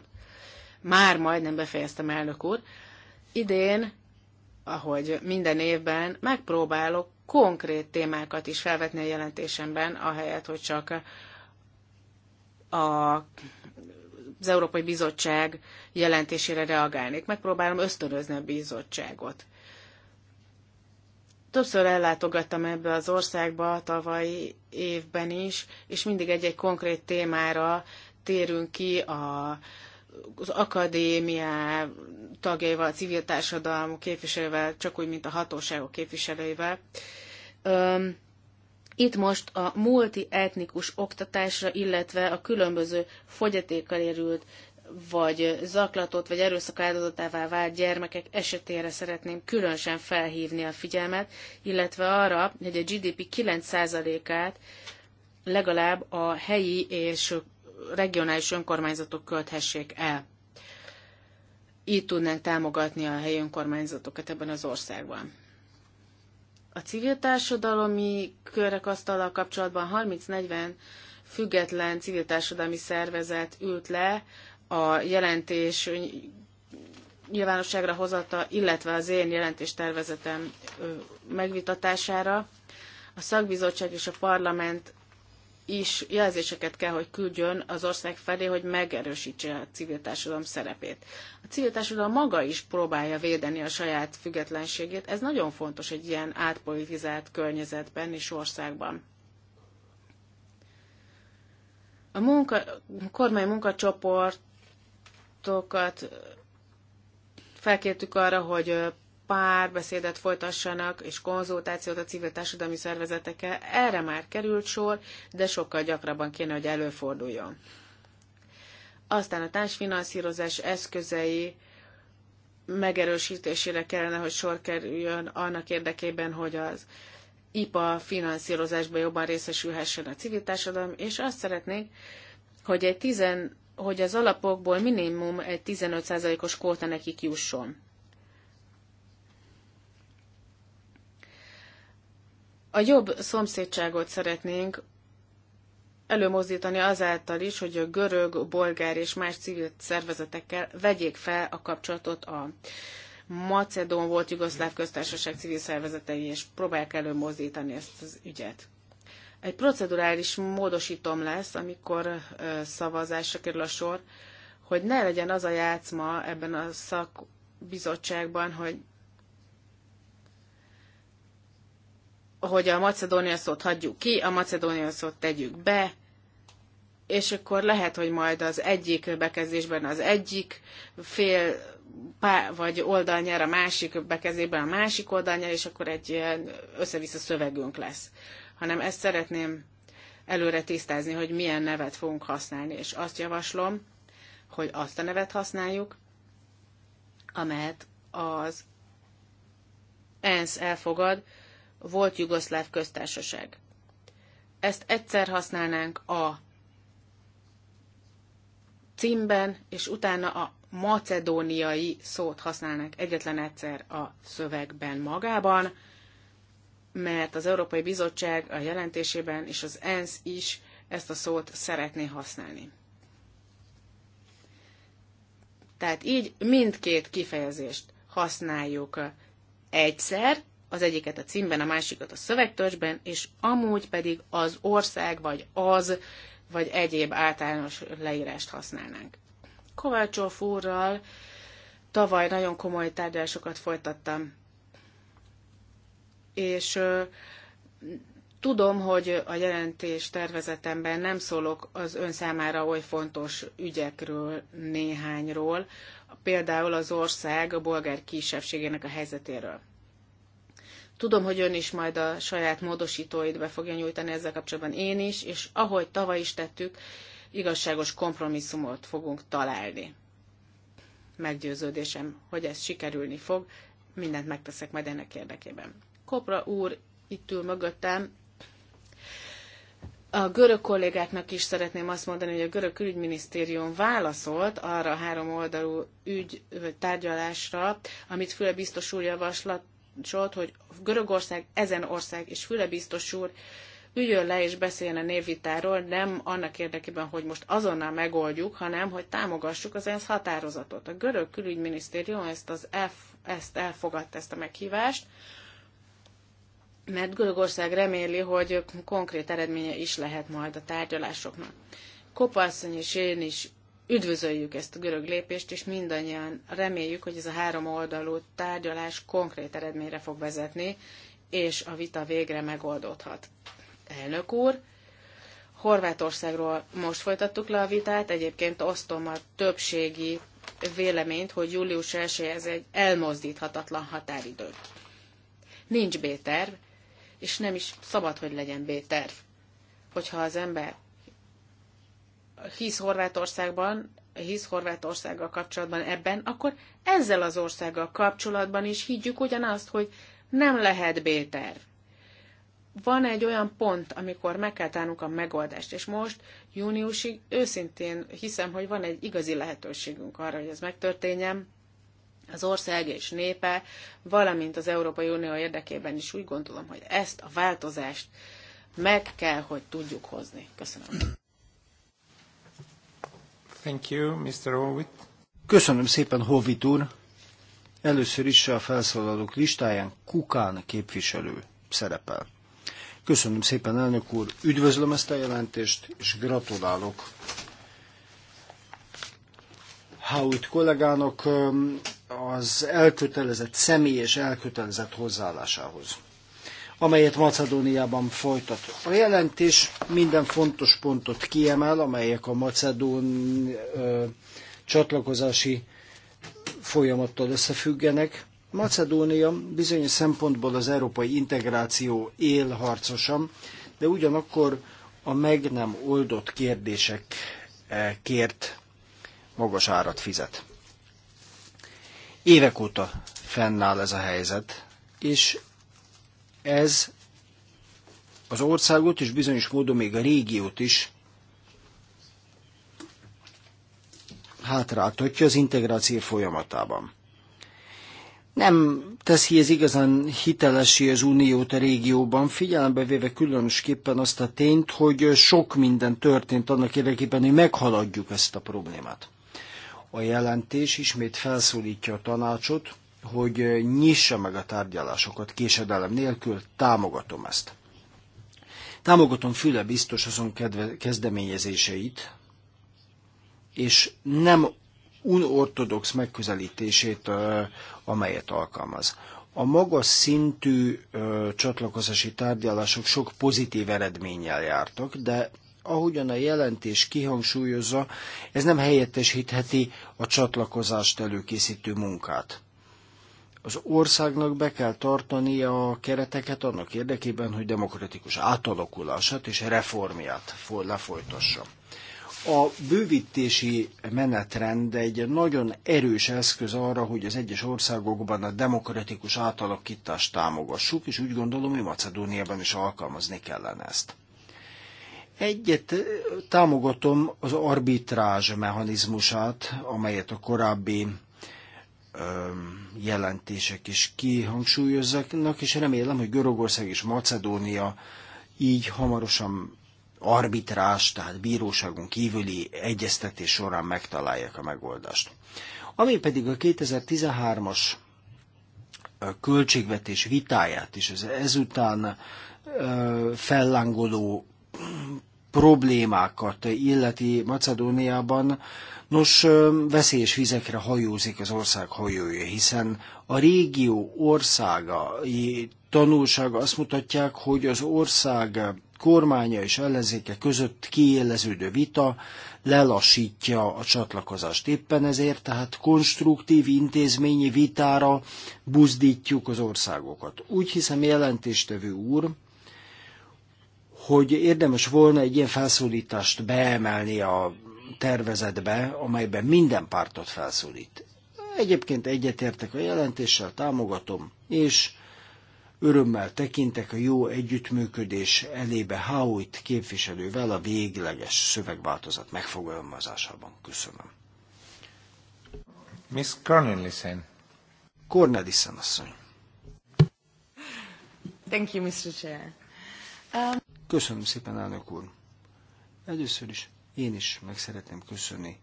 Már majdnem befejeztem, elnök úr. Idén, ahogy minden évben, megpróbálok konkrét témákat is felvetni a jelentésemben, ahelyett, hogy csak a, az Európai Bizottság jelentésére reagálnék. Megpróbálom ösztönözni a bizottságot. Többször ellátogattam ebbe az országba a tavalyi évben is, és mindig egy-egy konkrét témára térünk ki a az akadémia tagjaival, a civil társadalom képviselővel, csak úgy, mint a hatóságok képviselőivel. Itt most a multietnikus oktatásra, illetve a különböző fogyatékkal érült vagy zaklatott, vagy erőszak áldozatává vált gyermekek esetére szeretném különösen felhívni a figyelmet, illetve arra, hogy a GDP 9%-át legalább a helyi és regionális önkormányzatok költhessék el. Így tudnánk támogatni a helyi önkormányzatokat ebben az országban. A civil társadalmi körekasztallal kapcsolatban 30-40 független civil társadalmi szervezet ült le a jelentés nyilvánosságra hozata, illetve az én jelentéstervezetem megvitatására. A szakbizottság és a parlament is jelzéseket kell, hogy küldjön az ország felé, hogy megerősítse a civil társadalom szerepét. A civil társadalom maga is próbálja védeni a saját függetlenségét. Ez nagyon fontos egy ilyen átpolitizált környezetben és országban. A munka, a kormány munkacsoportokat felkértük arra, hogy párbeszédet folytassanak és konzultációt a civil társadalmi szervezetekkel. Erre már került sor, de sokkal gyakrabban kéne, hogy előforduljon. Aztán a társfinanszírozás eszközei megerősítésére kellene, hogy sor kerüljön annak érdekében, hogy az IPA finanszírozásban jobban részesülhessen a civil társadalom, és azt szeretnék, hogy, egy tizen, hogy az alapokból minimum egy 15%-os kóta nekik jusson. A jobb szomszédságot szeretnénk előmozdítani azáltal is, hogy a görög, bolgár és más civil szervezetekkel vegyék fel a kapcsolatot a Macedón volt Jugoszláv köztársaság civil szervezetei, és próbálják előmozdítani ezt az ügyet. Egy procedurális módosítom lesz, amikor szavazásra kerül a sor, hogy ne legyen az a játszma ebben a szakbizottságban, hogy hogy a macedónia szót hagyjuk ki, a macedónia szót tegyük be, és akkor lehet, hogy majd az egyik bekezdésben az egyik fél pá, vagy nyer a másik bekezdésben a másik nyer, és akkor egy ilyen össze-vissza szövegünk lesz. Hanem ezt szeretném előre tisztázni, hogy milyen nevet fogunk használni, és azt javaslom, hogy azt a nevet használjuk, amelyet az ENSZ elfogad, volt Jugoszláv köztársaság. Ezt egyszer használnánk a címben, és utána a macedóniai szót használnánk egyetlen egyszer a szövegben magában, mert az Európai Bizottság a jelentésében és az ENSZ is ezt a szót szeretné használni. Tehát így mindkét kifejezést használjuk egyszer, az egyiket a címben, a másikat a szövegtörzsben, és amúgy pedig az ország, vagy az, vagy egyéb általános leírást használnánk. Kovácsov úrral tavaly nagyon komoly tárgyalásokat folytattam, és tudom, hogy a jelentés tervezetemben nem szólok az ön számára oly fontos ügyekről néhányról, például az ország a bolgár kisebbségének a helyzetéről. Tudom, hogy ön is majd a saját módosítóit be fogja nyújtani ezzel kapcsolatban én is, és ahogy tavaly is tettük, igazságos kompromisszumot fogunk találni. Meggyőződésem, hogy ez sikerülni fog, mindent megteszek majd ennek érdekében. Kopra úr itt ül mögöttem. A görög kollégáknak is szeretném azt mondani, hogy a görög külügyminisztérium válaszolt arra a három oldalú ügy tárgyalásra, amit Füle biztos úr javaslat javasolt, hogy Görögország, ezen ország és Füle biztos úr üljön le és beszéljen a névvitáról, nem annak érdekében, hogy most azonnal megoldjuk, hanem hogy támogassuk az ENSZ határozatot. A görög külügyminisztérium ezt, az F, ezt elfogadta, ezt a meghívást, mert Görögország reméli, hogy konkrét eredménye is lehet majd a tárgyalásoknak. Kopasszony és én is Üdvözöljük ezt a görög lépést, és mindannyian reméljük, hogy ez a három oldalú tárgyalás konkrét eredményre fog vezetni, és a vita végre megoldódhat. Elnök úr, Horvátországról most folytattuk le a vitát, egyébként osztom a többségi véleményt, hogy július 1 ez egy elmozdíthatatlan határidő. Nincs B-terv, és nem is szabad, hogy legyen B-terv. Hogyha az ember hisz Horvátországban, hisz Horvátországgal kapcsolatban ebben, akkor ezzel az országgal kapcsolatban is higgyük ugyanazt, hogy nem lehet béter. Van egy olyan pont, amikor meg kell tárnunk a megoldást, és most júniusig őszintén hiszem, hogy van egy igazi lehetőségünk arra, hogy ez megtörténjen. Az ország és népe, valamint az Európai Unió érdekében is úgy gondolom, hogy ezt a változást meg kell, hogy tudjuk hozni. Köszönöm. Thank you, Mr. Köszönöm szépen, Howitt úr. Először is a felszólalók listáján Kukán képviselő szerepel. Köszönöm szépen, elnök úr, üdvözlöm ezt a jelentést, és gratulálok Howitt kollégának az elkötelezett, személyes elkötelezett hozzáállásához amelyet Macedóniában folytat. A jelentés minden fontos pontot kiemel, amelyek a macedón ö, csatlakozási folyamattal összefüggenek. Macedónia bizonyos szempontból az európai integráció élharcosan, de ugyanakkor a meg nem oldott kérdések e, kért magas árat fizet. Évek óta fennáll ez a helyzet, és ez az országot és bizonyos módon még a régiót is hátráltatja az integráció folyamatában. Nem teszi ez igazán hitelesi az uniót a régióban, figyelembe véve különösképpen azt a tényt, hogy sok minden történt annak érdekében, hogy meghaladjuk ezt a problémát. A jelentés ismét felszólítja a tanácsot, hogy eh, nyissa meg a tárgyalásokat késedelem nélkül, támogatom ezt. Támogatom Füle biztos azon kedve, kezdeményezéseit, és nem unortodox megközelítését, eh, amelyet alkalmaz. A magas szintű eh, csatlakozási tárgyalások sok pozitív eredménnyel jártak, de ahogyan a jelentés kihangsúlyozza, ez nem helyettesítheti a csatlakozást előkészítő munkát. Az országnak be kell tartani a kereteket annak érdekében, hogy demokratikus átalakulását és reformját lefolytassa. A bővítési menetrend egy nagyon erős eszköz arra, hogy az egyes országokban a demokratikus átalakítást támogassuk, és úgy gondolom, hogy Macedóniában is alkalmazni kellene ezt. Egyet eh, támogatom az arbitrázs mechanizmusát, amelyet a korábbi jelentések is kihangsúlyozzanak, és remélem, hogy Görögország és Macedónia így hamarosan arbitrás, tehát bíróságon kívüli egyeztetés során megtalálják a megoldást. Ami pedig a 2013-as költségvetés vitáját és az ezután fellángoló mm, problémákat illeti Macedóniában, Nos, veszélyes vizekre hajózik az ország hajója, hiszen a régió országai tanulsága azt mutatják, hogy az ország kormánya és ellenzéke között kiéleződő vita lelassítja a csatlakozást. Éppen ezért tehát konstruktív intézményi vitára buzdítjuk az országokat. Úgy hiszem jelentéstevő úr, hogy érdemes volna egy ilyen felszólítást beemelni a tervezetbe, amelyben minden pártot felszólít. Egyébként egyetértek a jelentéssel, támogatom, és örömmel tekintek a jó együttműködés elébe Howitt képviselővel a végleges szövegváltozat megfogalmazásában. Köszönöm. Miss Cornelissen. Cornelissen asszony. Thank you, Mr. Chair. Um... Köszönöm szépen, elnök úr. Először is én is meg szeretném köszönni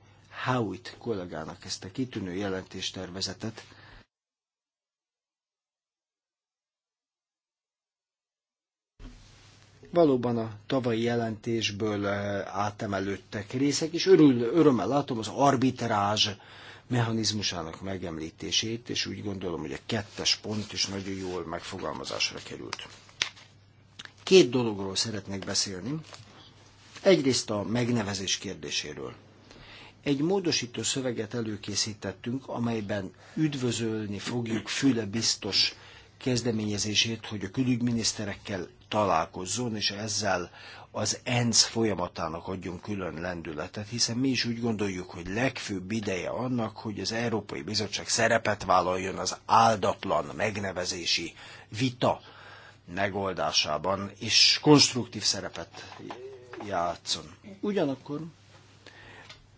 Howitt kollégának ezt a kitűnő jelentéstervezetet. Valóban a tavalyi jelentésből eh, átemelődtek részek, és örül, örömmel látom az arbitrázs mechanizmusának megemlítését, és úgy gondolom, hogy a kettes pont is nagyon jól megfogalmazásra került. Két dologról szeretnék beszélni, Egyrészt a megnevezés kérdéséről. Egy módosító szöveget előkészítettünk, amelyben üdvözölni fogjuk Füle biztos kezdeményezését, hogy a külügyminiszterekkel találkozzon, és ezzel az ENSZ folyamatának adjon külön lendületet, hiszen mi is úgy gondoljuk, hogy legfőbb ideje annak, hogy az Európai Bizottság szerepet vállaljon az áldatlan megnevezési vita megoldásában, és konstruktív szerepet játszon. Ugyanakkor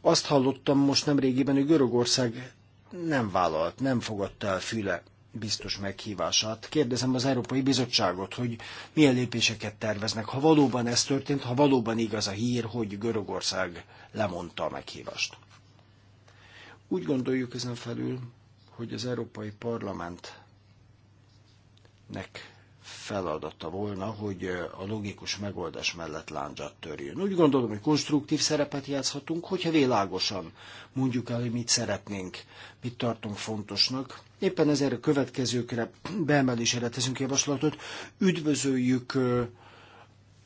azt hallottam most nem régiben, hogy Görögország nem vállalt, nem fogadta el Füle biztos meghívását. Kérdezem az Európai Bizottságot, hogy milyen lépéseket terveznek, ha valóban ez történt, ha valóban igaz a hír, hogy Görögország lemondta a meghívást. Úgy gondoljuk ezen felül, hogy az Európai Parlamentnek feladata volna, hogy a logikus megoldás mellett láncsat törjön. Úgy gondolom, hogy konstruktív szerepet játszhatunk, hogyha világosan mondjuk el, hogy mit szeretnénk, mit tartunk fontosnak. Éppen ezért a következőkre beemelésére teszünk javaslatot. Üdvözöljük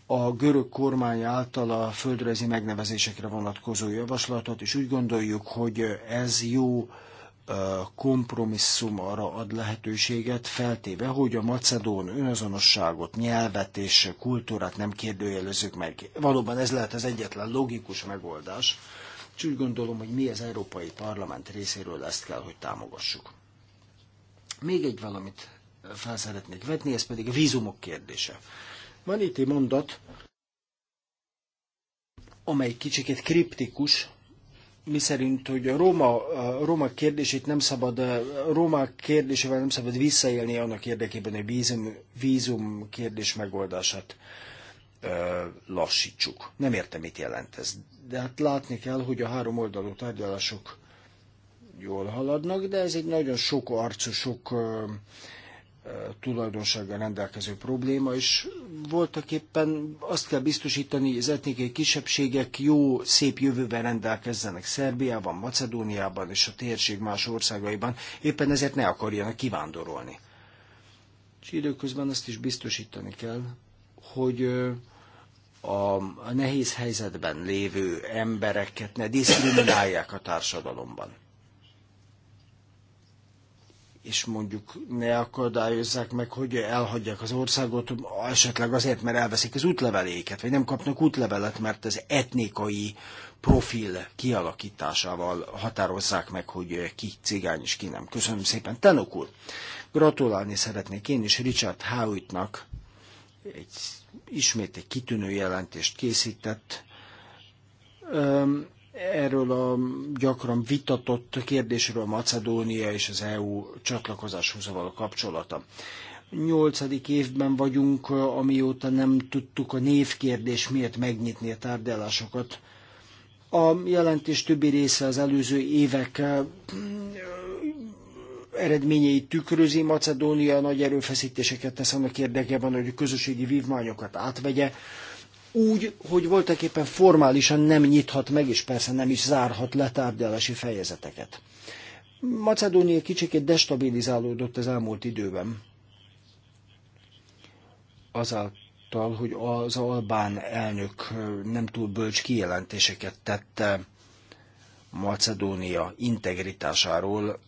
a görög kormány által a földrajzi megnevezésekre vonatkozó javaslatot, és úgy gondoljuk, hogy ez jó kompromisszum arra ad lehetőséget, feltéve, hogy a macedón önazonosságot, nyelvet és kultúrát nem kérdőjelezzük meg. Valóban ez lehet az egyetlen logikus megoldás, és úgy gondolom, hogy mi az Európai Parlament részéről ezt kell, hogy támogassuk. Még egy valamit fel szeretnék vetni, ez pedig a vízumok kérdése. Van itt egy mondat, amely kicsikét kriptikus, miszerint, hogy a Róma, a Róma kérdését nem szabad, a Róma kérdésével nem szabad visszaélni annak érdekében, hogy vízum, vízum kérdés megoldását ö, lassítsuk. Nem értem, mit jelent ez. De hát látni kell, hogy a három oldalú tárgyalások jól haladnak, de ez egy nagyon sok arcú, sok ö, tulajdonsággal rendelkező probléma, és voltak éppen azt kell biztosítani, hogy az etnikai kisebbségek jó, szép jövőben rendelkezzenek Szerbiában, Macedóniában és a térség más országaiban, éppen ezért ne akarjanak kivándorolni. És időközben azt is biztosítani kell, hogy a, nehéz helyzetben lévő embereket ne diszkriminálják a társadalomban és mondjuk ne akadályozzák meg, hogy elhagyják az országot, esetleg azért, mert elveszik az útleveléket, vagy nem kapnak útlevelet, mert az etnikai profil kialakításával határozzák meg, hogy ki cigány és ki nem. Köszönöm szépen, Tenok úr! Gratulálni szeretnék én is Richard Howittnak, egy, ismét egy kitűnő jelentést készített erről a gyakran vitatott kérdésről a Macedónia és az EU csatlakozáshoz való kapcsolata. Nyolcadik évben vagyunk, amióta nem tudtuk a névkérdés miért megnyitni a tárgyalásokat. A jelentés többi része az előző évek eredményeit tükrözi, Macedónia nagy erőfeszítéseket tesz annak érdekében, hogy a közösségi vívmányokat átvegye, úgy, hogy voltak éppen formálisan nem nyithat meg, és persze nem is zárhat le tárgyalási fejezeteket. Macedónia kicsikét destabilizálódott az elmúlt időben. Azáltal, hogy az albán elnök nem túl bölcs kijelentéseket tette Macedónia integritásáról,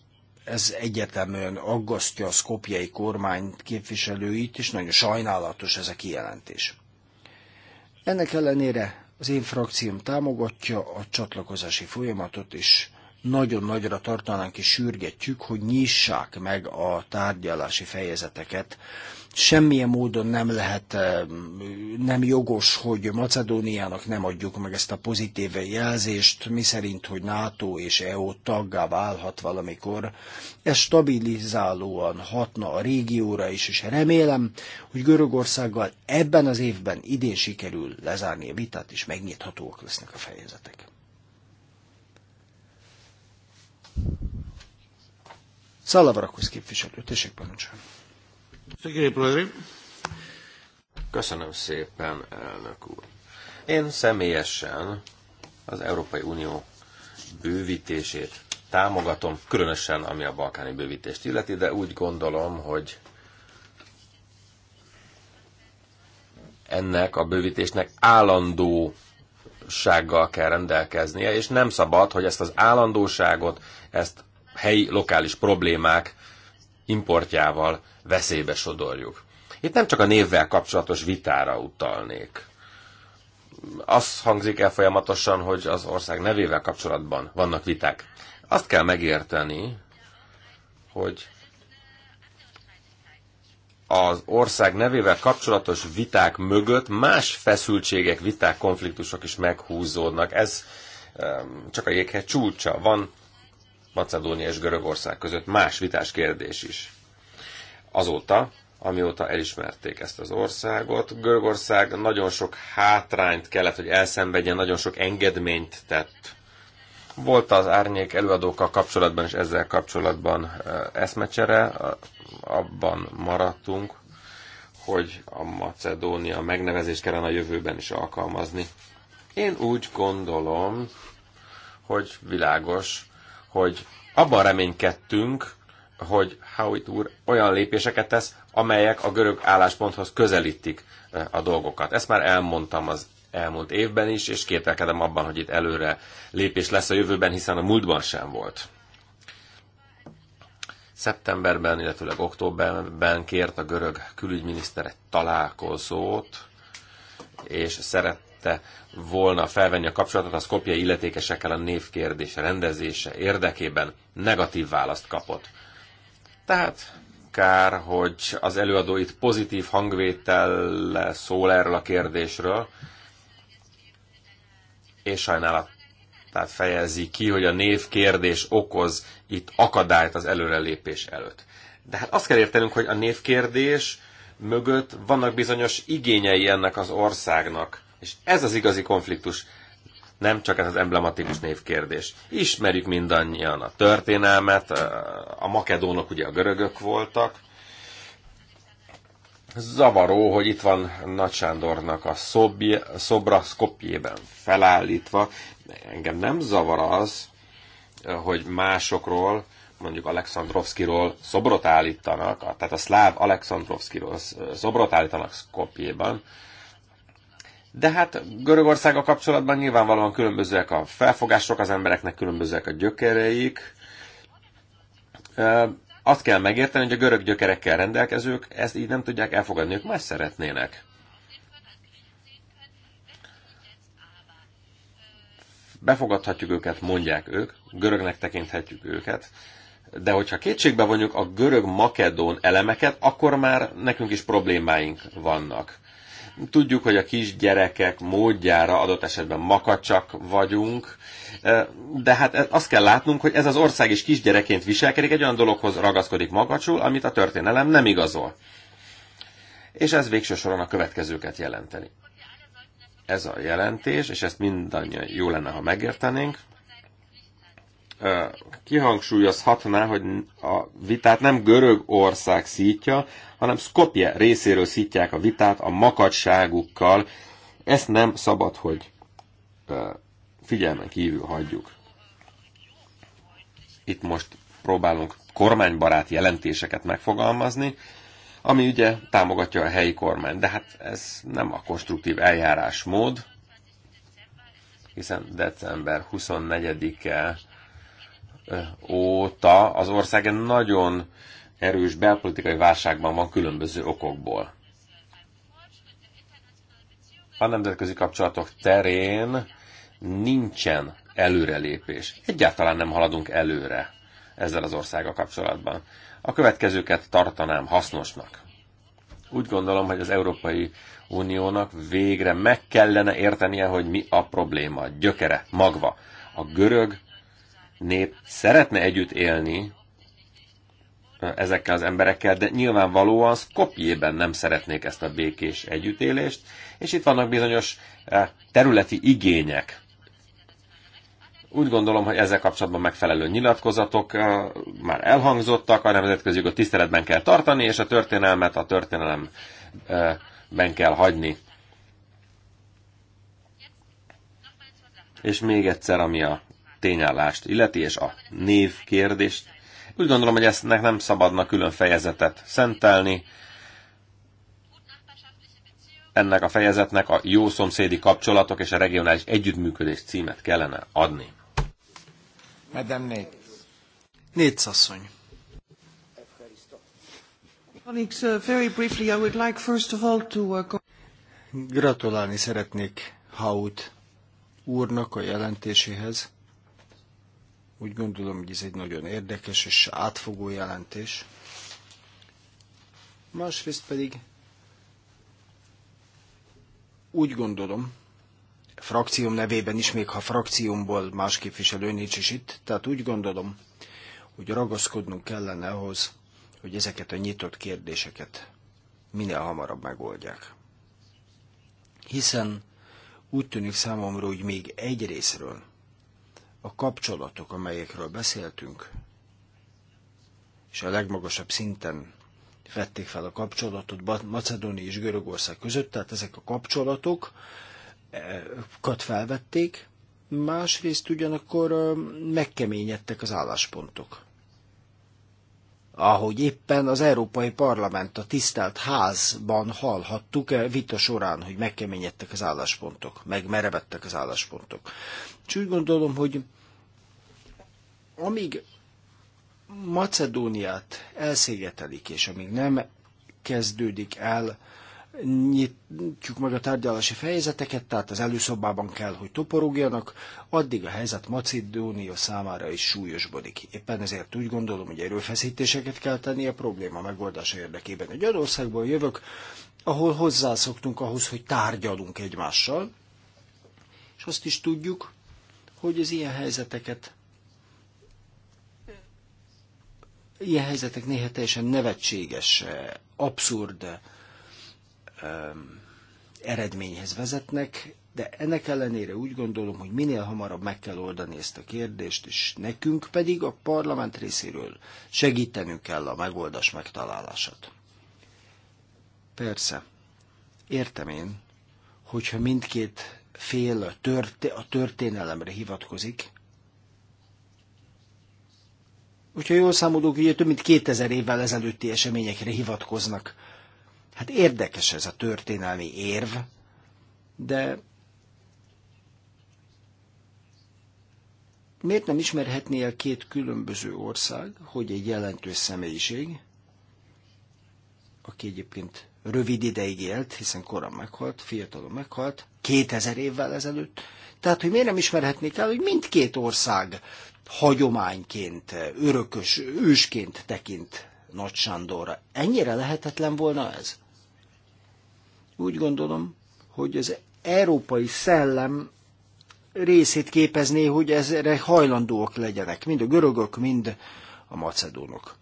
ez egyeteműen aggasztja a szkopjai kormány képviselőit, és nagyon sajnálatos ez a kijelentés. Ennek ellenére az én frakcióm támogatja a csatlakozási folyamatot, és nagyon nagyra tartanánk és sürgetjük, hogy nyissák meg a tárgyalási fejezeteket semmilyen módon nem lehet, eh, nem jogos, hogy Macedóniának nem adjuk meg ezt a pozitív jelzést, miszerint, hogy NATO és EU taggá válhat valamikor. Ez stabilizálóan hatna a régióra is, és remélem, hogy Görögországgal ebben az évben idén sikerül lezárni a vitát, és megnyithatóak lesznek a fejezetek. Szalavrakusz képviselő, tessék parancsolni. Köszönöm szépen, elnök úr. Én személyesen az Európai Unió bővítését támogatom, különösen ami a balkáni bővítést illeti, de úgy gondolom, hogy ennek a bővítésnek állandósággal kell rendelkeznie, és nem szabad, hogy ezt az állandóságot, ezt helyi, lokális problémák importjával veszélybe sodorjuk. Itt nem csak a névvel kapcsolatos vitára utalnék. Az hangzik el folyamatosan, hogy az ország nevével kapcsolatban vannak viták. Azt kell megérteni, hogy az ország nevével kapcsolatos viták mögött más feszültségek, viták, konfliktusok is meghúzódnak. Ez csak a jéghegy csúcsa. Van Macedónia és Görögország között más vitás kérdés is. Azóta, amióta elismerték ezt az országot, Görögország nagyon sok hátrányt kellett, hogy elszenvedjen, nagyon sok engedményt tett. Volt az árnyék előadókkal kapcsolatban és ezzel kapcsolatban eh, eszmecsere, abban maradtunk, hogy a Macedónia megnevezést kellene a jövőben is alkalmazni. Én úgy gondolom, hogy világos, hogy abban reménykedtünk, hogy Howitt úr olyan lépéseket tesz, amelyek a görög állásponthoz közelítik a dolgokat. Ezt már elmondtam az elmúlt évben is, és kételkedem abban, hogy itt előre lépés lesz a jövőben, hiszen a múltban sem volt. Szeptemberben, illetőleg októberben kért a görög külügyminiszter egy találkozót, és szeret, szerette volna felvenni a kapcsolatot, az kopjai illetékesekkel a névkérdés rendezése érdekében negatív választ kapott. Tehát kár, hogy az előadó itt pozitív hangvétel szól erről a kérdésről, és sajnálat tehát fejezi ki, hogy a névkérdés okoz itt akadályt az előrelépés előtt. De hát azt kell értenünk, hogy a névkérdés mögött vannak bizonyos igényei ennek az országnak. És ez az igazi konfliktus, nem csak ez az emblematikus névkérdés. Ismerjük mindannyian a történelmet, a makedónok ugye a görögök voltak. Zavaró, hogy itt van Nagy Sándornak a szobje, szobra szkopjében felállítva. Engem nem zavar az, hogy másokról, mondjuk Alexandrovskiról szobrot állítanak, tehát a szláv Alexandrovskiról szobrot állítanak Skopjéban, de hát Görögország a kapcsolatban nyilvánvalóan különbözőek a felfogások, az embereknek különbözőek a gyökereik. Azt kell megérteni, hogy a görög gyökerekkel rendelkezők ezt így nem tudják elfogadni, ők más szeretnének. Befogadhatjuk őket, mondják ők, görögnek tekinthetjük őket, de hogyha kétségbe vonjuk a görög-makedón elemeket, akkor már nekünk is problémáink vannak Tudjuk, hogy a kisgyerekek módjára adott esetben makacsak vagyunk, e, de hát e, azt kell látnunk, hogy ez az ország is kisgyereként viselkedik, egy olyan dologhoz ragaszkodik magacsul, amit a történelem nem igazol. És ez végső soron a következőket jelenteni. Ez a jelentés, és ezt mindannyian jó lenne, ha megértenénk, kihangsúlyozhatná, hogy a vitát nem Görögország szítja, hanem Skopje részéről szítják a vitát a makadságukkal. Ezt nem szabad, hogy figyelmen kívül hagyjuk. Itt most próbálunk kormánybarát jelentéseket megfogalmazni, ami ugye támogatja a helyi kormány, de hát ez nem a konstruktív eljárásmód, hiszen december 24-e óta az ország nagyon erős belpolitikai válságban van különböző okokból. A nemzetközi kapcsolatok terén nincsen előrelépés. Egyáltalán nem haladunk előre ezzel az országgal kapcsolatban. A következőket tartanám hasznosnak. Úgy gondolom, hogy az Európai Uniónak végre meg kellene értenie, hogy mi a probléma, gyökere, magva. A görög nép szeretne együtt élni ezekkel az emberekkel, de nyilvánvalóan Skopjében nem szeretnék ezt a békés együttélést, és itt vannak bizonyos területi igények. Úgy gondolom, hogy ezzel kapcsolatban megfelelő nyilatkozatok már elhangzottak, a nemzetközi jogot tiszteletben kell tartani, és a történelmet a történelemben kell hagyni. És még egyszer, ami a tényállást illeti, és a név kérdést. Úgy gondolom, hogy ezt nem szabadna külön fejezetet szentelni. Ennek a fejezetnek a jó szomszédi kapcsolatok és a regionális együttműködés címet kellene adni. Medem négy. Négy szasszony. Gratulálni szeretnék Haut úrnak a jelentéséhez. Úgy gondolom, hogy ez egy nagyon érdekes és átfogó jelentés. Másrészt pedig úgy gondolom, frakcióm nevében is, még ha frakciómból más képviselő nincs is itt, tehát úgy gondolom, hogy ragaszkodnunk kellene ahhoz, hogy ezeket a nyitott kérdéseket minél hamarabb megoldják. Hiszen úgy tűnik számomra, hogy még egy részről a kapcsolatok, amelyekről beszéltünk, és a legmagasabb szinten vették fel a kapcsolatot Macedónia és Görögország között, tehát ezek a kapcsolatokat eh, felvették, másrészt ugyanakkor eh, megkeményedtek az álláspontok ahogy éppen az Európai Parlament a tisztelt házban hallhattuk -e vita során, hogy megkeményedtek az álláspontok, merevettek az álláspontok. És úgy gondolom, hogy amíg Macedóniát elszigetelik, és amíg nem kezdődik el nyitjuk meg a tárgyalási fejezeteket, tehát az előszobában kell, hogy toporogjanak, addig a helyzet Macedónia számára is súlyosbodik. Éppen ezért úgy gondolom, hogy erőfeszítéseket kell tenni a probléma megoldása érdekében. Egy olyan országból jövök, ahol hozzászoktunk ahhoz, hogy tárgyalunk egymással, és azt is tudjuk, hogy az ilyen helyzeteket ilyen helyzetek néha teljesen nevetséges, abszurd eredményhez vezetnek, de ennek ellenére úgy gondolom, hogy minél hamarabb meg kell oldani ezt a kérdést, és nekünk pedig a parlament részéről segítenünk kell a megoldás megtalálását. Persze, értem én, hogyha mindkét fél a, történ- a történelemre hivatkozik, Hogyha jól számolok, ugye több mint 2000 évvel ezelőtti eseményekre hivatkoznak Hát érdekes ez a történelmi érv, de miért nem ismerhetné el két különböző ország, hogy egy jelentős személyiség, aki egyébként rövid ideig élt, hiszen korán meghalt, fiatalon meghalt, 2000 évvel ezelőtt. Tehát, hogy miért nem ismerhetnék el, hogy mindkét ország hagyományként, örökös, ősként tekint Nagy Sándorra. Ennyire lehetetlen volna ez? Úgy gondolom, hogy az európai szellem részét képezné, hogy ezre hajlandóak legyenek, mind a görögök, mind a macedónok.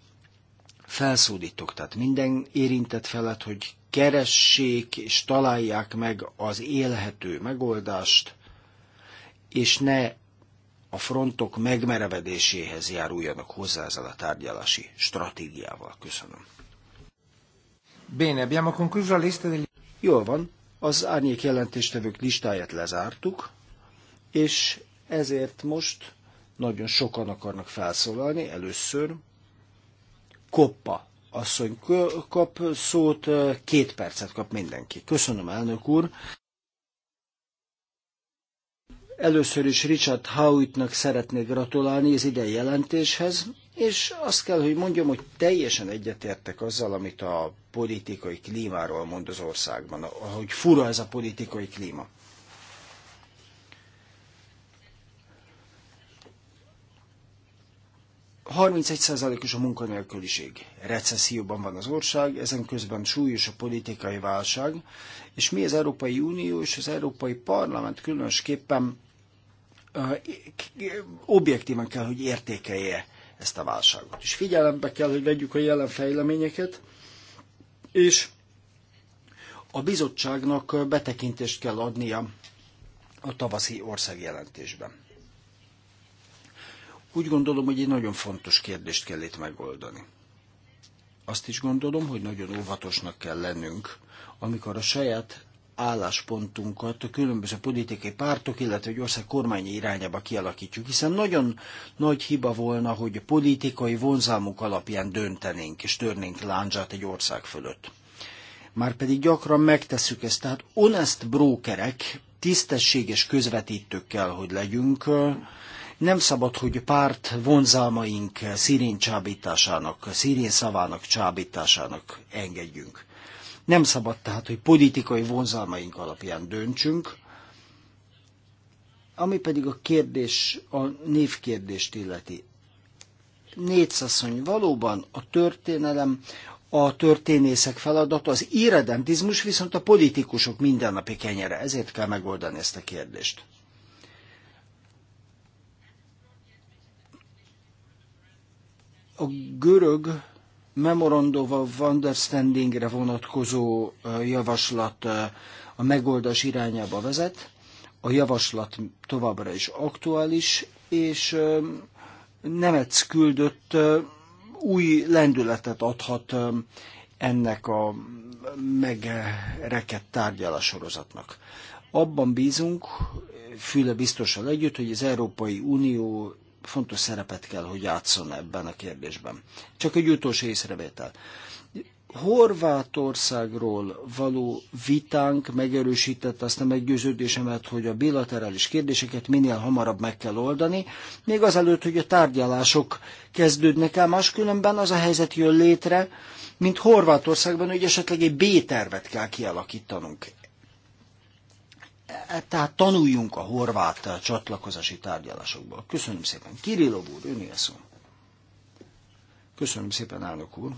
Felszólítok tehát minden érintett felett, hogy keressék és találják meg az élhető megoldást, és ne a frontok megmerevedéséhez járuljanak hozzá ezzel a tárgyalási stratégiával. Köszönöm. Bene, abbiamo concluso la lista degli... Jól van, az árnyék jelentéstevők listáját lezártuk, és ezért most nagyon sokan akarnak felszólalni. Először Koppa asszony kap szót, két percet kap mindenki. Köszönöm, elnök úr. Először is Richard Howittnak szeretnék gratulálni az idei jelentéshez, és azt kell, hogy mondjam, hogy teljesen egyetértek azzal, amit a politikai klímáról mond az országban, hogy fura ez a politikai klíma. os a munkanélküliség. Recesszióban van az ország, ezen közben súlyos a politikai válság, és mi az Európai Unió és az Európai Parlament különösképpen objektíven kell, hogy értékelje ezt a válságot. És figyelembe kell, hogy vegyük a jelen fejleményeket, és a bizottságnak betekintést kell adnia a tavaszi országjelentésben. Úgy gondolom, hogy egy nagyon fontos kérdést kell itt megoldani. Azt is gondolom, hogy nagyon óvatosnak kell lennünk, amikor a saját álláspontunkat a különböző politikai pártok, illetve egy ország kormány irányába kialakítjuk, hiszen nagyon nagy hiba volna, hogy a politikai vonzalmuk alapján döntenénk és törnénk láncsát egy ország fölött. Márpedig gyakran megtesszük ezt, tehát honest brókerek, tisztességes közvetítők kell, hogy legyünk, nem szabad, hogy párt vonzalmaink szírén csábításának, szírén szavának csábításának engedjünk. Nem szabad tehát, hogy politikai vonzalmaink alapján döntsünk, ami pedig a kérdés, a névkérdést illeti. Négyszaszony valóban a történelem, a történészek feladata, az irredentizmus viszont a politikusok mindennapi kenyere, ezért kell megoldani ezt a kérdést. A görög Memorandum of Understandingre vonatkozó javaslat a megoldás irányába vezet, a javaslat továbbra is aktuális, és Nemec küldött új lendületet adhat ennek a megrekedt tárgyalássorozatnak. Abban bízunk, Füle biztosan együtt, hogy az Európai Unió fontos szerepet kell, hogy játszon ebben a kérdésben. Csak egy utolsó észrevétel. Horvátországról való vitánk megerősített azt a meggyőződésemet, hogy a bilaterális kérdéseket minél hamarabb meg kell oldani, még azelőtt, hogy a tárgyalások kezdődnek el, máskülönben az a helyzet jön létre, mint Horvátországban, hogy esetleg egy B-tervet kell kialakítanunk tehát tanuljunk a horvát csatlakozási tárgyalásokból. Köszönöm szépen. Kirillov úr, szó. Köszönöm szépen, elnök úr.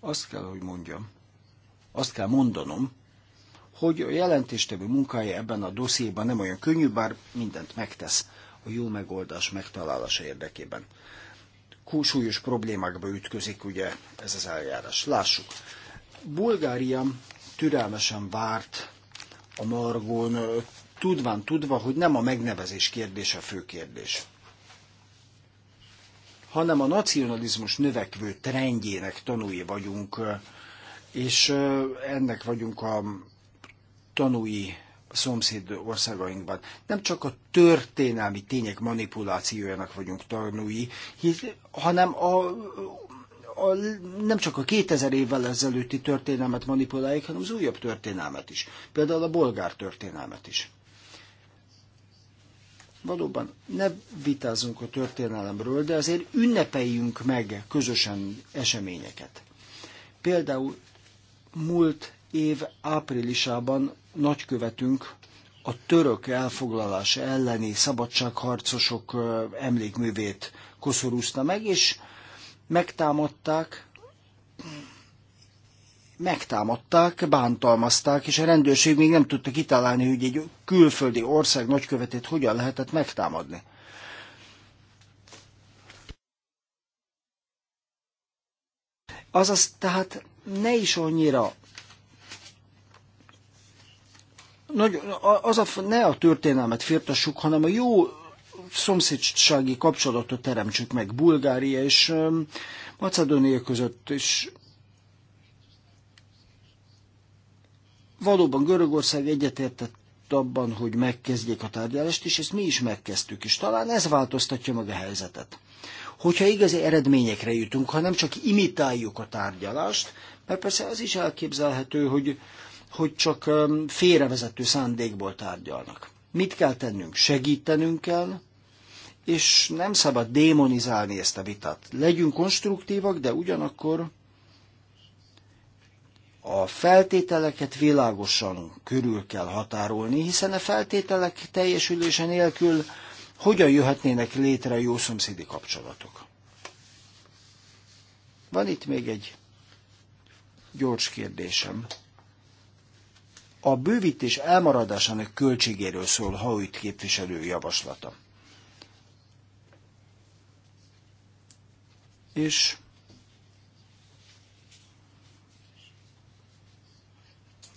Azt kell, hogy mondjam, azt kell mondanom, hogy a jelentéstevő munkája ebben a dossziéban nem olyan könnyű, bár mindent megtesz a jó megoldás megtalálása érdekében. Kúsúlyos problémákba ütközik ugye ez az eljárás. Lássuk. Bulgária türelmesen várt a Margón, tudván tudva, hogy nem a megnevezés kérdése a fő kérdés, hanem a nacionalizmus növekvő trendjének tanúi vagyunk, és ennek vagyunk a tanúi szomszéd országainkban. Nem csak a történelmi tények manipulációjának vagyunk tanúi, hanem a a, nem csak a 2000 évvel ezelőtti történelmet manipulálják, hanem az újabb történelmet is. Például a bolgár történelmet is. Valóban ne vitázunk a történelemről, de azért ünnepeljünk meg közösen eseményeket. Például múlt év áprilisában nagykövetünk a török elfoglalása elleni szabadságharcosok emlékművét koszorúzta meg, és megtámadták, megtámadták, bántalmazták, és a rendőrség még nem tudta kitalálni, hogy egy külföldi ország nagykövetét hogyan lehetett megtámadni. Azaz, tehát ne is annyira nagy, az a, ne a történelmet firtassuk, hanem a jó szomszédsági kapcsolatot teremtsük meg Bulgária és Macedónia között, is. valóban Görögország egyetértett abban, hogy megkezdjék a tárgyalást, és ezt mi is megkezdtük, és talán ez változtatja meg a helyzetet. Hogyha igazi eredményekre jutunk, ha nem csak imitáljuk a tárgyalást, mert persze az is elképzelhető, hogy, hogy csak félrevezető szándékból tárgyalnak. Mit kell tennünk? Segítenünk kell, és nem szabad démonizálni ezt a vitát. Legyünk konstruktívak, de ugyanakkor a feltételeket világosan körül kell határolni, hiszen a feltételek teljesülése nélkül hogyan jöhetnének létre jó szomszédi kapcsolatok. Van itt még egy gyors kérdésem. A bővítés elmaradásának költségéről szól Hauit képviselő javaslata. és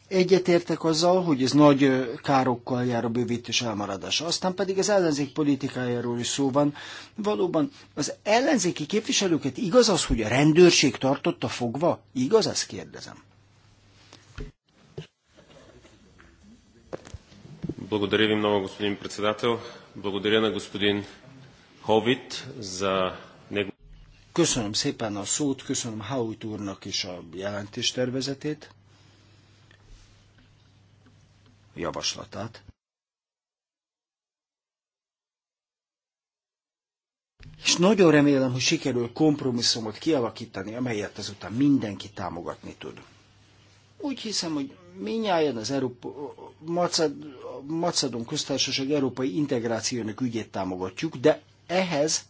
Egyetértek azzal, hogy ez nagy károkkal jár a bővítés elmaradása. Aztán pedig az ellenzék politikájáról is szó van. Valóban az ellenzéki képviselőket igaz az, hogy a rendőrség tartotta fogva? Igaz, ezt kérdezem. Благодаря ви много, господин председател. Благодаря на господин Ховит за Köszönöm szépen a szót, köszönöm Howitt úrnak is a jelentéstervezetét, javaslatát. És nagyon remélem, hogy sikerül kompromisszumot kialakítani, amelyet azután mindenki támogatni tud. Úgy hiszem, hogy minnyáján az Európa, Maced, Macedon köztársaság európai integrációnak ügyét támogatjuk, de ehhez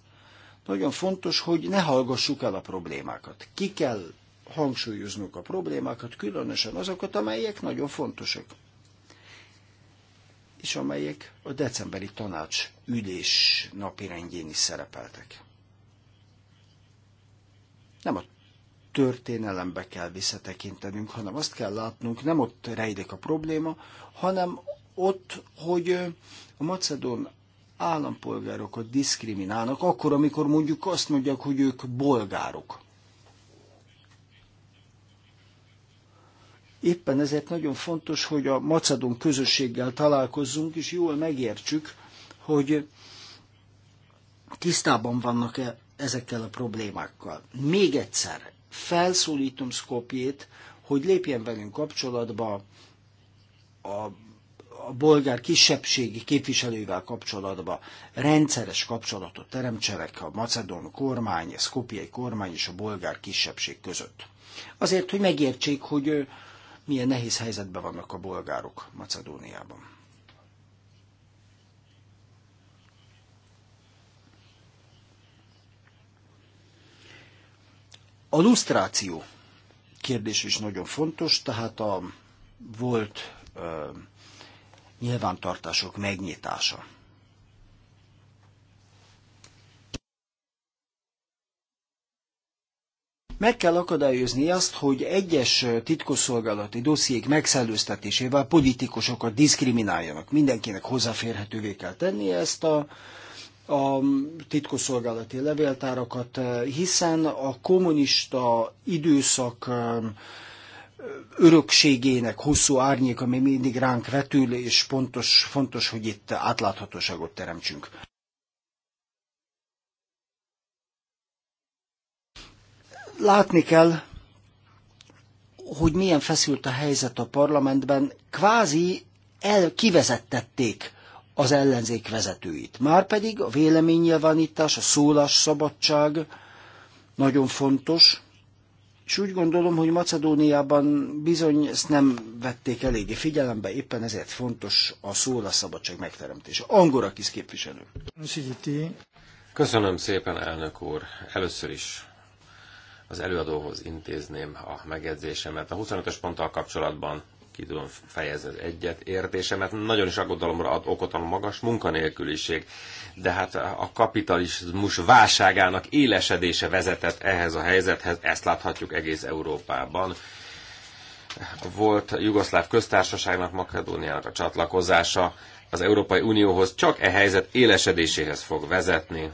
nagyon fontos, hogy ne hallgassuk el a problémákat. Ki kell hangsúlyoznunk a problémákat, különösen azokat, amelyek nagyon fontosak és amelyek a decemberi tanács ülés rendjén is szerepeltek. Nem a történelembe kell visszatekintenünk, hanem azt kell látnunk, nem ott rejlik a probléma, hanem ott, hogy a macedón állampolgárokat diszkriminálnak, akkor, amikor mondjuk azt mondják, hogy ők bolgárok. Éppen ezért nagyon fontos, hogy a macedon közösséggel találkozzunk, és jól megértsük, hogy tisztában vannak-e ezekkel a problémákkal. Még egyszer, felszólítom Skopjét, hogy lépjen velünk kapcsolatba a a bolgár kisebbségi képviselővel kapcsolatban rendszeres kapcsolatot teremtsenek a macedón kormány, a szkopiai kormány és a bolgár kisebbség között. Azért, hogy megértsék, hogy milyen nehéz helyzetben vannak a bolgárok Macedóniában. A lusztráció kérdés is nagyon fontos, tehát a volt nyilvántartások megnyitása. Meg kell akadályozni azt, hogy egyes titkosszolgálati dossziék megszellőztetésével politikusokat diszkrimináljanak. Mindenkinek hozzáférhetővé kell tenni ezt a, a titkosszolgálati levéltárakat, hiszen a kommunista időszak örökségének hosszú árnyék, ami mindig ránk vetül, és pontos, fontos, hogy itt átláthatóságot teremtsünk. Látni kell, hogy milyen feszült a helyzet a parlamentben, kvázi el kivezettették az ellenzék vezetőit. Márpedig a véleménynyilvánítás, a szólásszabadság nagyon fontos, és úgy gondolom, hogy Macedóniában bizony ezt nem vették eléggé figyelembe, éppen ezért fontos a szabadság megteremtése. Angora kis képviselő. Köszönöm szépen, elnök úr. Először is az előadóhoz intézném a megjegyzésemet. A 25-ös ponttal kapcsolatban ki tudom fejezni az egyet értésemet. Nagyon is aggodalomra ad okot a magas munkanélküliség, de hát a kapitalizmus válságának élesedése vezetett ehhez a helyzethez, ezt láthatjuk egész Európában volt Jugoszláv köztársaságnak Makedóniának a csatlakozása az Európai Unióhoz csak e helyzet élesedéséhez fog vezetni.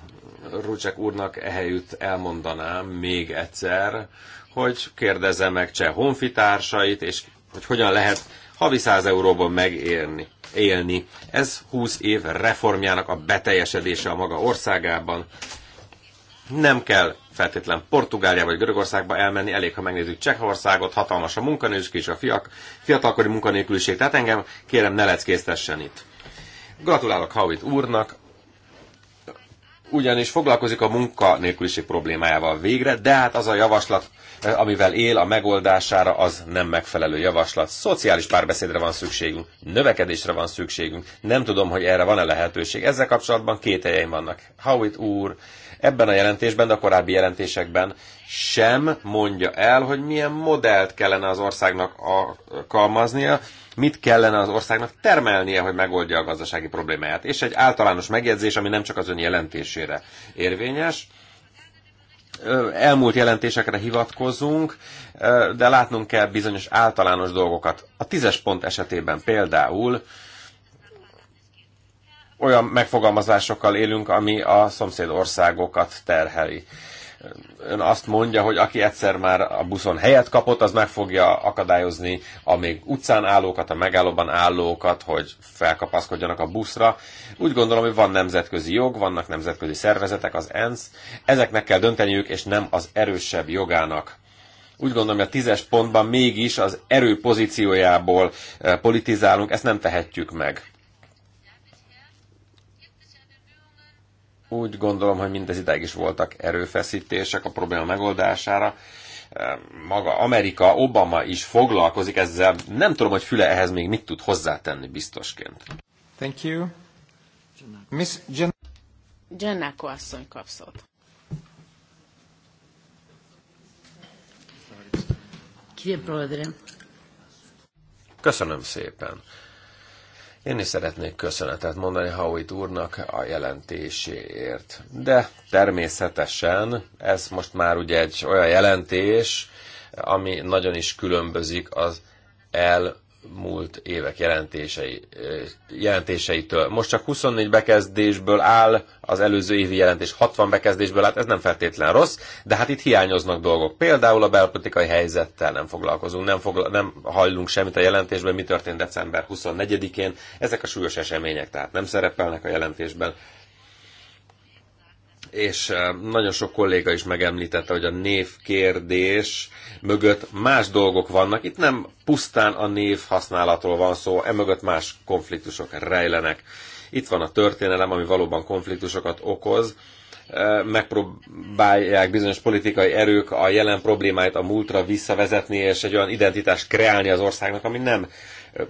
Rucsek úrnak ehelyütt elmondanám még egyszer, hogy kérdezze meg cseh honfitársait, és hogy hogyan lehet havi 100 euróban megélni. élni. Ez 20 év reformjának a beteljesedése a maga országában. Nem kell feltétlen Portugália vagy Görögországba elmenni, elég, ha megnézzük Csehországot, hatalmas a munkanőség és a fiak, fiatalkori munkanélküliség, tehát engem kérem ne leckésztessen itt. Gratulálok Howitt úrnak, ugyanis foglalkozik a munkanélküliség problémájával végre, de hát az a javaslat, eh, amivel él a megoldására, az nem megfelelő javaslat. Szociális párbeszédre van szükségünk, növekedésre van szükségünk. Nem tudom, hogy erre van-e lehetőség. Ezzel kapcsolatban két kételjeim vannak. Howitt úr ebben a jelentésben, de a korábbi jelentésekben sem mondja el, hogy milyen modellt kellene az országnak alkalmaznia, mit kellene az országnak termelnie, hogy megoldja a gazdasági problémáját. És egy általános megjegyzés, ami nem csak az ön jelentésére érvényes, elmúlt jelentésekre hivatkozunk, de látnunk kell bizonyos általános dolgokat. A tízes pont esetében például olyan megfogalmazásokkal élünk, ami a szomszéd országokat terheli ön azt mondja, hogy aki egyszer már a buszon helyet kapott, az meg fogja akadályozni a még utcán állókat, a megállóban állókat, hogy felkapaszkodjanak a buszra. Úgy gondolom, hogy van nemzetközi jog, vannak nemzetközi szervezetek, az ENSZ, ezeknek kell dönteniük, és nem az erősebb jogának. Úgy gondolom, hogy a tízes pontban mégis az erő pozíciójából eh, politizálunk, ezt nem tehetjük meg. Úgy gondolom, hogy mindez ideig is voltak erőfeszítések a probléma megoldására. Maga Amerika, Obama is foglalkozik ezzel. Nem tudom, hogy Füle ehhez még mit tud hozzátenni biztosként. Thank you. Miss Gen- Gennako asszony kap szót. Köszönöm szépen. Én is szeretnék köszönetet mondani Howitt úrnak a jelentéséért. De természetesen ez most már ugye egy olyan jelentés, ami nagyon is különbözik az el múlt évek jelentései, jelentéseitől. Most csak 24 bekezdésből áll, az előző évi jelentés 60 bekezdésből áll, hát ez nem feltétlen rossz, de hát itt hiányoznak dolgok. Például a belpolitikai helyzettel nem foglalkozunk, nem, fogla- nem hallunk semmit a jelentésben, mi történt december 24-én. Ezek a súlyos események, tehát nem szerepelnek a jelentésben és nagyon sok kolléga is megemlítette, hogy a névkérdés mögött más dolgok vannak. Itt nem pusztán a név használatról van szó, emögött más konfliktusok rejlenek. Itt van a történelem, ami valóban konfliktusokat okoz, megpróbálják bizonyos politikai erők a jelen problémáit a múltra visszavezetni, és egy olyan identitást kreálni az országnak, ami nem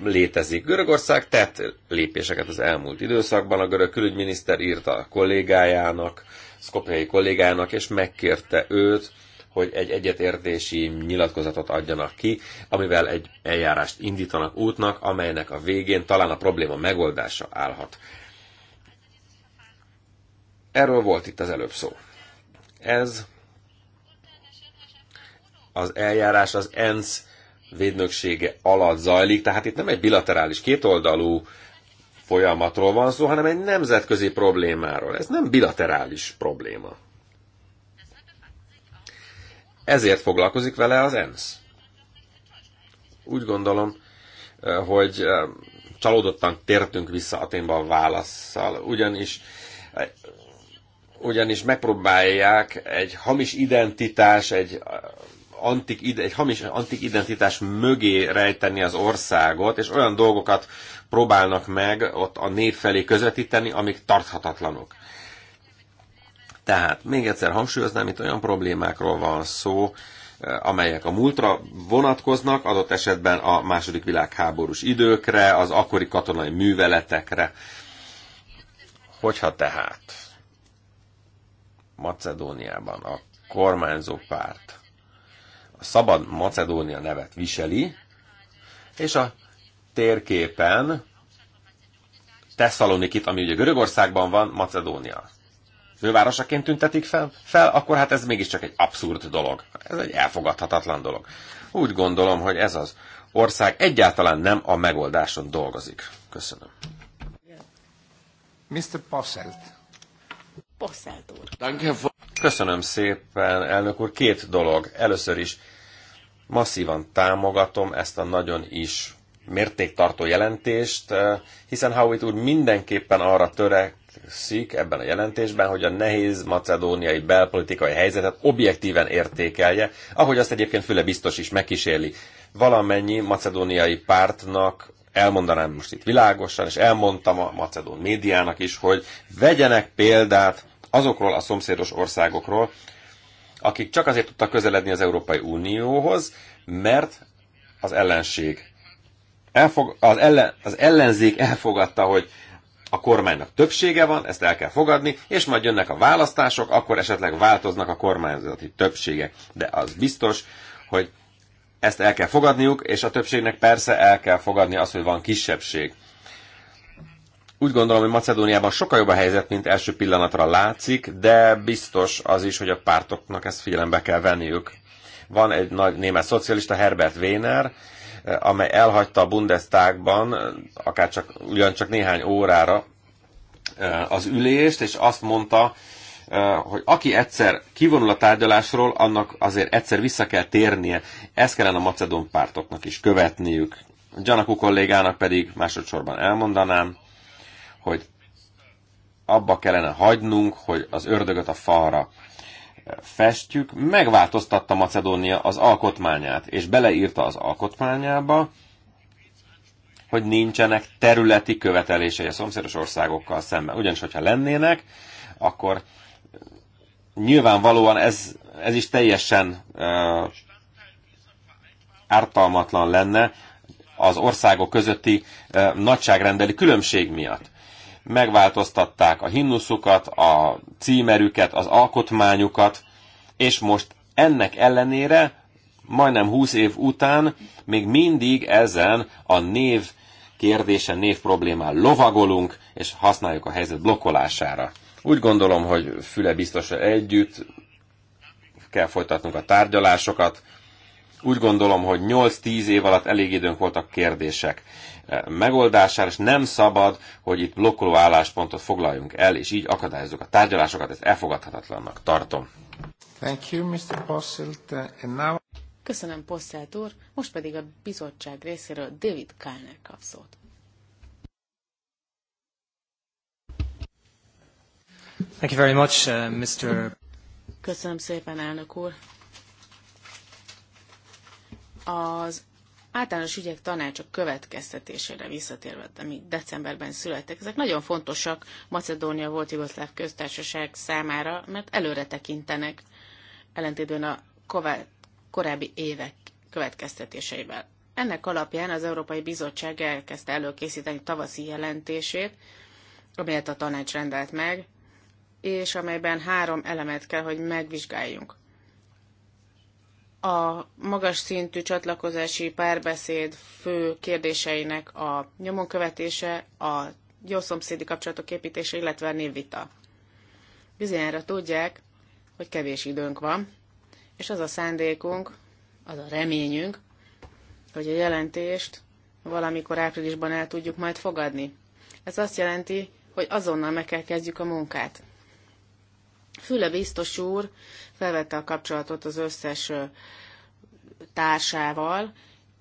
létezik. Görögország tett lépéseket az elmúlt időszakban. A görög külügyminiszter írta a kollégájának, szkopjai kollégának, és megkérte őt, hogy egy egyetértési nyilatkozatot adjanak ki, amivel egy eljárást indítanak útnak, amelynek a végén talán a probléma megoldása állhat. Erről volt itt az előbb szó. Ez az eljárás az ENSZ védnöksége alatt zajlik, tehát itt nem egy bilaterális, kétoldalú folyamatról van szó, hanem egy nemzetközi problémáról. Ez nem bilaterális probléma. Ezért foglalkozik vele az ENSZ. Úgy gondolom, hogy csalódottan tértünk vissza Aténba a válaszszal, ugyanis ugyanis megpróbálják egy hamis identitás, egy antik, egy hamis antik identitás mögé rejteni az országot, és olyan dolgokat próbálnak meg ott a nép felé közvetíteni, amik tarthatatlanok. Tehát még egyszer hangsúlyoznám, itt olyan problémákról van szó, eh, amelyek a múltra vonatkoznak, adott esetben a második világháborús időkre, az akkori katonai műveletekre. Hogyha tehát Macedóniában a kormányzó párt a szabad Macedónia nevet viseli, és a térképen Tesszalonikit, ami ugye Görögországban van, Macedónia fővárosaként tüntetik fel, fel, akkor hát ez mégiscsak egy abszurd dolog. Ez egy elfogadhatatlan dolog. Úgy gondolom, hogy ez az ország egyáltalán nem a megoldáson dolgozik. Köszönöm. Mr. Posselt. Posselt úr. Köszönöm szépen, elnök úr. Két dolog. Először is masszívan támogatom ezt a nagyon is mértéktartó jelentést, eh, hiszen Howitt úr mindenképpen arra törekszik ebben a jelentésben, hogy a nehéz macedóniai belpolitikai helyzetet objektíven értékelje, ahogy azt egyébként Füle biztos is megkísérli. Valamennyi macedóniai pártnak elmondanám most itt világosan, és elmondtam a macedón médiának is, hogy vegyenek példát azokról a szomszédos országokról, akik csak azért tudtak közeledni az Európai Unióhoz, mert az ellenség elfog, az, ellen, az ellenzék elfogadta, hogy a kormánynak többsége van, ezt el kell fogadni, és majd jönnek a választások, akkor esetleg változnak a kormányzati többségek. De az biztos, hogy ezt el kell fogadniuk, és a többségnek persze el kell fogadni azt, hogy van kisebbség. Úgy gondolom, hogy Macedóniában sokkal jobb a helyzet, mint első pillanatra látszik, de biztos az is, hogy a pártoknak ezt figyelembe kell venniük. Van egy nagy német szocialista, Herbert Wehner, Eh, amely elhagyta a Bundestagban, akár csak ugyancsak néhány órára eh, az ülést, és azt mondta, eh, hogy aki egyszer kivonul a tárgyalásról, annak azért egyszer vissza kell térnie. Ezt kellene a macedón pártoknak is követniük. Gyanakú kollégának pedig másodszorban elmondanám, hogy abba kellene hagynunk, hogy az ördögöt a falra festjük, megváltoztatta Macedónia az alkotmányát, és beleírta az alkotmányába, hogy nincsenek területi követelései a szomszédos országokkal szemben. Ugyanis, hogyha lennének, akkor nyilvánvalóan ez, ez is teljesen uh, ártalmatlan lenne az országok közötti uh, nagyságrendeli különbség miatt megváltoztatták a himnuszukat, a címerüket, az alkotmányukat, és most ennek ellenére, majdnem 20 év után még mindig ezen a név kérdésen, név problémán lovagolunk, és használjuk a helyzet blokkolására. Úgy gondolom, hogy Füle biztos együtt kell folytatnunk a tárgyalásokat. Úgy gondolom, hogy 8-10 év alatt elég időnk voltak kérdések. Eh, megoldására, és nem szabad, hogy itt blokkoló álláspontot foglaljunk el, és így akadályozzuk a tárgyalásokat, ezt elfogadhatatlannak tartom. Thank you, Mr. Posselt. And now... Köszönöm, Posselt úr. Most pedig a bizottság részéről David Kálner kap szót. Thank you very much, uh, Mr. Köszönöm szépen, elnök úr. Az általános ügyek tanácsok következtetésére visszatérve, ami decemberben születtek. Ezek nagyon fontosak Macedónia volt Jugoszláv köztársaság számára, mert előre tekintenek, ellentétben a korábbi évek következtetéseivel. Ennek alapján az Európai Bizottság elkezdte előkészíteni tavaszi jelentését, amelyet a tanács rendelt meg, és amelyben három elemet kell, hogy megvizsgáljunk a magas szintű csatlakozási párbeszéd fő kérdéseinek a nyomon követése, a jó szomszédi kapcsolatok építése, illetve a névvita. Bizonyára tudják, hogy kevés időnk van, és az a szándékunk, az a reményünk, hogy a jelentést valamikor áprilisban el tudjuk majd fogadni. Ez azt jelenti, hogy azonnal meg kell kezdjük a munkát. Füle biztos úr felvette a kapcsolatot az összes társával,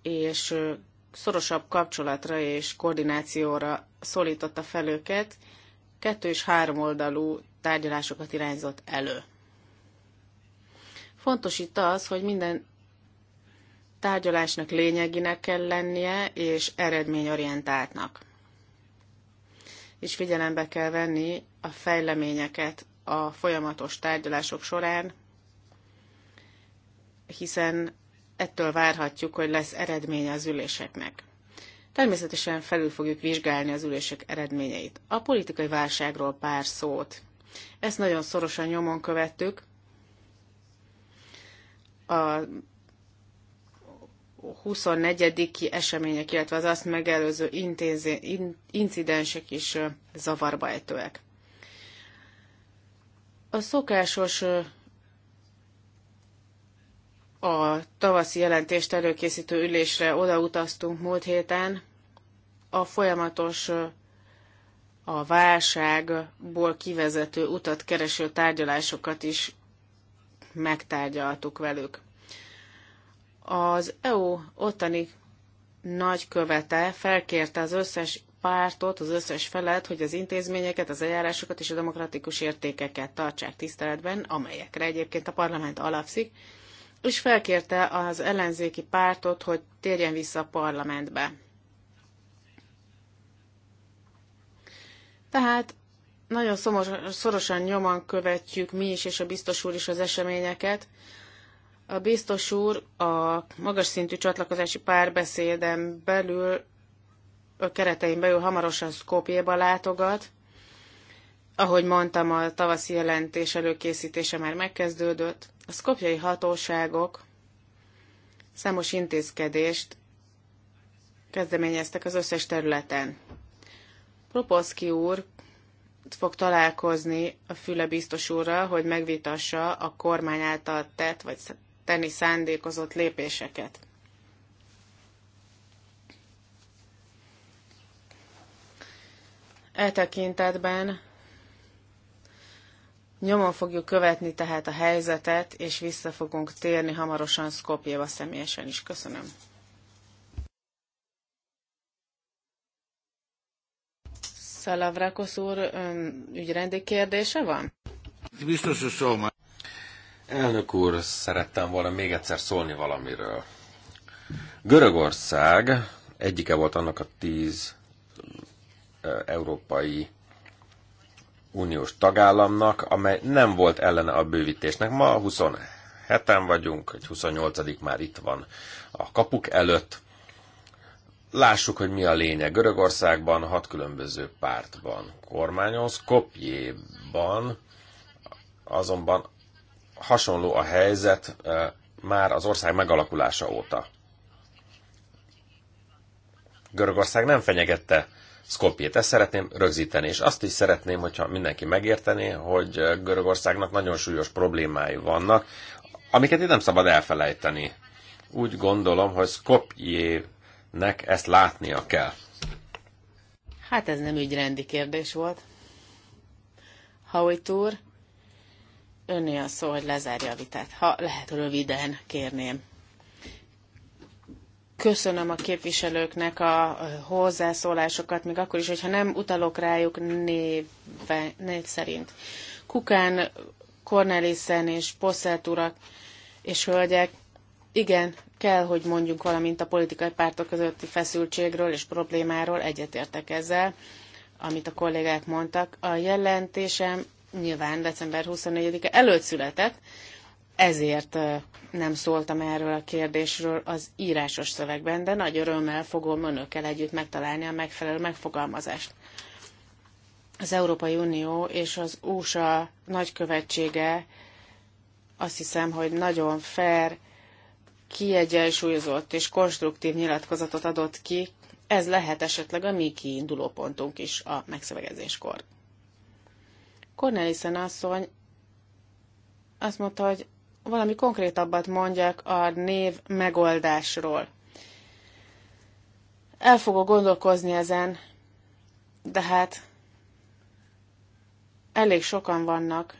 és szorosabb kapcsolatra és koordinációra szólította fel őket, kettő és három oldalú tárgyalásokat irányzott elő. Fontos itt az, hogy minden tárgyalásnak lényeginek kell lennie, és eredményorientáltnak. És figyelembe kell venni a fejleményeket a folyamatos tárgyalások során, hiszen ettől várhatjuk, hogy lesz eredménye az üléseknek. Természetesen felül fogjuk vizsgálni az ülések eredményeit. A politikai válságról pár szót. Ezt nagyon szorosan nyomon követtük. A 24. események, illetve az azt megelőző intézi, in, incidensek is zavarba ejtőek. A szokásos a tavaszi jelentést előkészítő ülésre odautaztunk múlt héten. A folyamatos a válságból kivezető utat kereső tárgyalásokat is megtárgyaltuk velük. Az EU ottani nagykövete felkérte az összes pártot, az összes felet, hogy az intézményeket, az eljárásokat és a demokratikus értékeket tartsák tiszteletben, amelyekre egyébként a parlament alapszik, és felkérte az ellenzéki pártot, hogy térjen vissza a parlamentbe. Tehát nagyon szomos, szorosan nyoman követjük mi is, és a biztos úr is az eseményeket. A biztos úr a magas szintű csatlakozási párbeszéden belül keretein belül hamarosan Skopjéba látogat. Ahogy mondtam, a tavaszi jelentés előkészítése már megkezdődött. A szkopjai hatóságok számos intézkedést kezdeményeztek az összes területen. Proposzki úr fog találkozni a Füle biztos úrra, hogy megvitassa a kormány által tett vagy tenni szándékozott lépéseket. E tekintetben nyomon fogjuk követni tehát a helyzetet, és vissza fogunk térni hamarosan Skopjeva személyesen is. Köszönöm. Szalavrakosz úr, ön ügyrendi kérdése van? Biztos, hogy szó már. Elnök úr, szerettem volna még egyszer szólni valamiről. Görögország egyike volt annak a tíz európai uniós tagállamnak, amely nem volt ellene a bővítésnek. Ma 27-en vagyunk, egy 28 már itt van a kapuk előtt. Lássuk, hogy mi a lényeg. Görögországban hat különböző van kormányoz, Kopjéban azonban hasonló a helyzet már az ország megalakulása óta. Görögország nem fenyegette Skopjét. Ezt szeretném rögzíteni, és azt is szeretném, hogyha mindenki megértené, hogy Görögországnak nagyon súlyos problémái vannak, amiket itt nem szabad elfelejteni. Úgy gondolom, hogy Skopjének ezt látnia kell. Hát ez nem ügyrendi kérdés volt. Howitt úr, önné a szó, hogy lezárja a vitát. Ha lehet röviden, kérném köszönöm a képviselőknek a hozzászólásokat, még akkor is, hogyha nem utalok rájuk név szerint. Kukán, Cornelissen és Posselt urak és hölgyek, igen, kell, hogy mondjunk valamint a politikai pártok közötti feszültségről és problémáról, egyetértek ezzel, amit a kollégák mondtak. A jelentésem nyilván december 24-e előtt született, ezért nem szóltam erről a kérdésről az írásos szövegben, de nagy örömmel fogom önökkel együtt megtalálni a megfelelő megfogalmazást. Az Európai Unió és az USA nagykövetsége azt hiszem, hogy nagyon fair, kiegyensúlyozott és konstruktív nyilatkozatot adott ki. Ez lehet esetleg a mi kiinduló pontunk is a megszövegezéskor. Cornelissen asszony azt mondta, hogy valami konkrétabbat mondjak a név megoldásról. El fogok gondolkozni ezen, de hát elég sokan vannak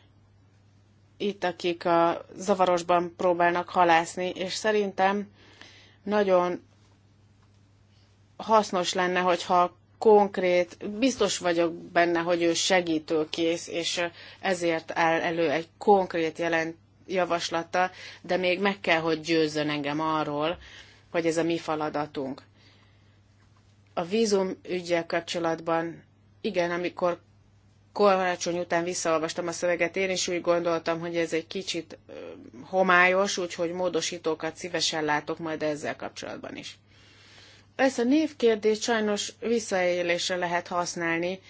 itt, akik a zavarosban próbálnak halászni, és szerintem nagyon hasznos lenne, hogyha konkrét, biztos vagyok benne, hogy ő segítőkész, és ezért áll elő egy konkrét jelent, javaslata, de még meg kell, hogy győzzön engem arról, hogy ez a mi feladatunk. A vízum ügyel kapcsolatban, igen, amikor karácsony után visszaolvastam a szöveget, én is úgy gondoltam, hogy ez egy kicsit homályos, úgyhogy módosítókat szívesen látok majd ezzel kapcsolatban is. Ezt a névkérdést sajnos visszaélésre lehet használni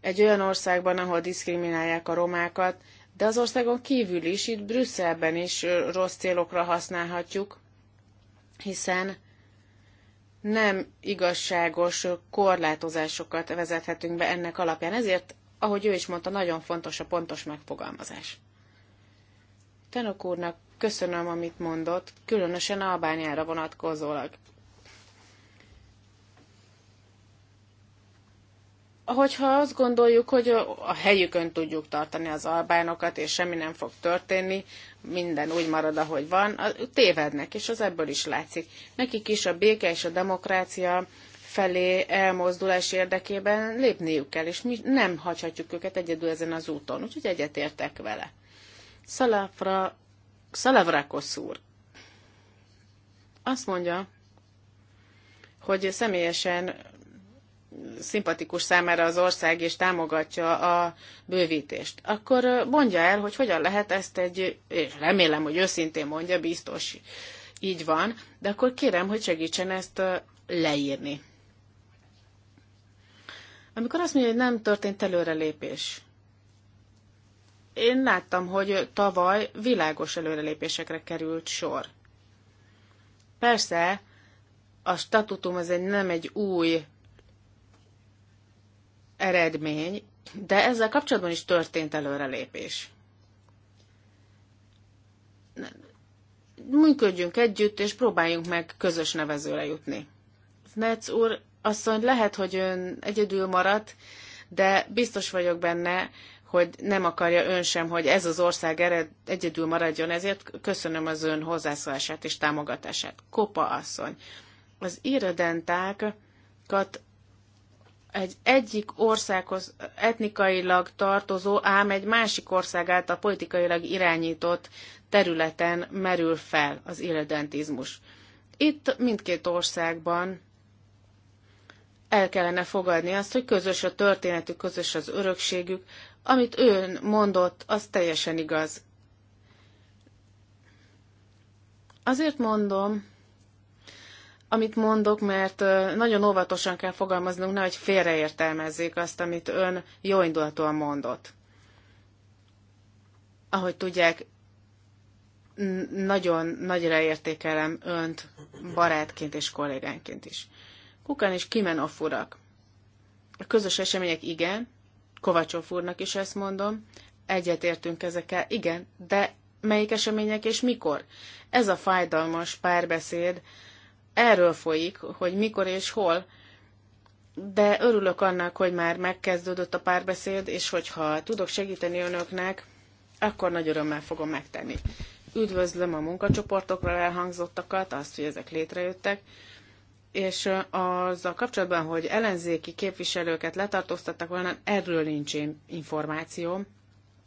egy olyan országban, ahol diszkriminálják a romákat, de az országon kívül is, itt Brüsszelben is rossz célokra használhatjuk, hiszen nem igazságos korlátozásokat vezethetünk be ennek alapján. Ezért, ahogy ő is mondta, nagyon fontos a pontos megfogalmazás. Tenok úrnak köszönöm, amit mondott, különösen Albániára vonatkozólag. hogyha azt gondoljuk, hogy a helyükön tudjuk tartani az albánokat, és semmi nem fog történni, minden úgy marad, ahogy van, tévednek, és az ebből is látszik. Nekik is a béke és a demokrácia felé elmozdulás érdekében lépniük kell, és mi nem hagyhatjuk őket egyedül ezen az úton, úgyhogy egyetértek vele. Szalavra, Szalavrakosz úr azt mondja, hogy személyesen szimpatikus számára az ország, és támogatja a bővítést. Akkor mondja el, hogy hogyan lehet ezt egy, és remélem, hogy őszintén mondja, biztos így van, de akkor kérem, hogy segítsen ezt leírni. Amikor azt mondja, hogy nem történt előrelépés, én láttam, hogy tavaly világos előrelépésekre került sor. Persze, a statutum az egy, nem egy új eredmény, de ezzel kapcsolatban is történt előrelépés. Működjünk együtt, és próbáljunk meg közös nevezőre jutni. Netz úr, asszony, lehet, hogy ön egyedül maradt, de biztos vagyok benne, hogy nem akarja ön sem, hogy ez az ország ered, egyedül maradjon, ezért köszönöm az ön hozzászólását és támogatását. Kopa asszony, az irredentákat egy egyik országhoz etnikailag tartozó, ám egy másik ország által politikailag irányított területen merül fel az irredentizmus. Itt mindkét országban el kellene fogadni azt, hogy közös a történetük, közös az örökségük. Amit ön mondott, az teljesen igaz. Azért mondom, amit mondok, mert nagyon óvatosan kell fogalmaznunk, nehogy félreértelmezzék azt, amit ön jóindulatúan mondott. Ahogy tudják, nagyon nagyra értékelem önt barátként és kollégánként is. Kukán és a furak. A közös események igen, Kovacsov úrnak is ezt mondom, egyetértünk ezekkel, igen, de melyik események és mikor? Ez a fájdalmas párbeszéd, erről folyik, hogy mikor és hol. De örülök annak, hogy már megkezdődött a párbeszéd, és hogyha tudok segíteni önöknek, akkor nagy örömmel fogom megtenni. Üdvözlöm a munkacsoportokra elhangzottakat, azt, hogy ezek létrejöttek, és az a kapcsolatban, hogy ellenzéki képviselőket letartóztattak volna, erről nincs én információm,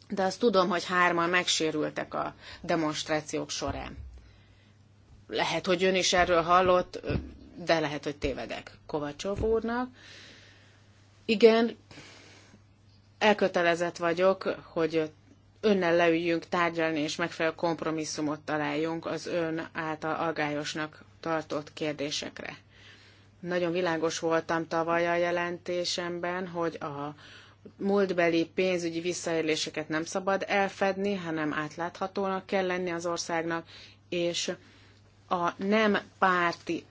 de azt tudom, hogy hárman megsérültek a demonstrációk során lehet, hogy ön is erről hallott, de lehet, hogy tévedek Kovacsov úrnak. Igen, elkötelezett vagyok, hogy önnel leüljünk tárgyalni, és megfelelő kompromisszumot találjunk az ön által agályosnak tartott kérdésekre. Nagyon világos voltam tavaly a jelentésemben, hogy a múltbeli pénzügyi visszaéléseket nem szabad elfedni, hanem átláthatónak kell lenni az országnak, és a nem párti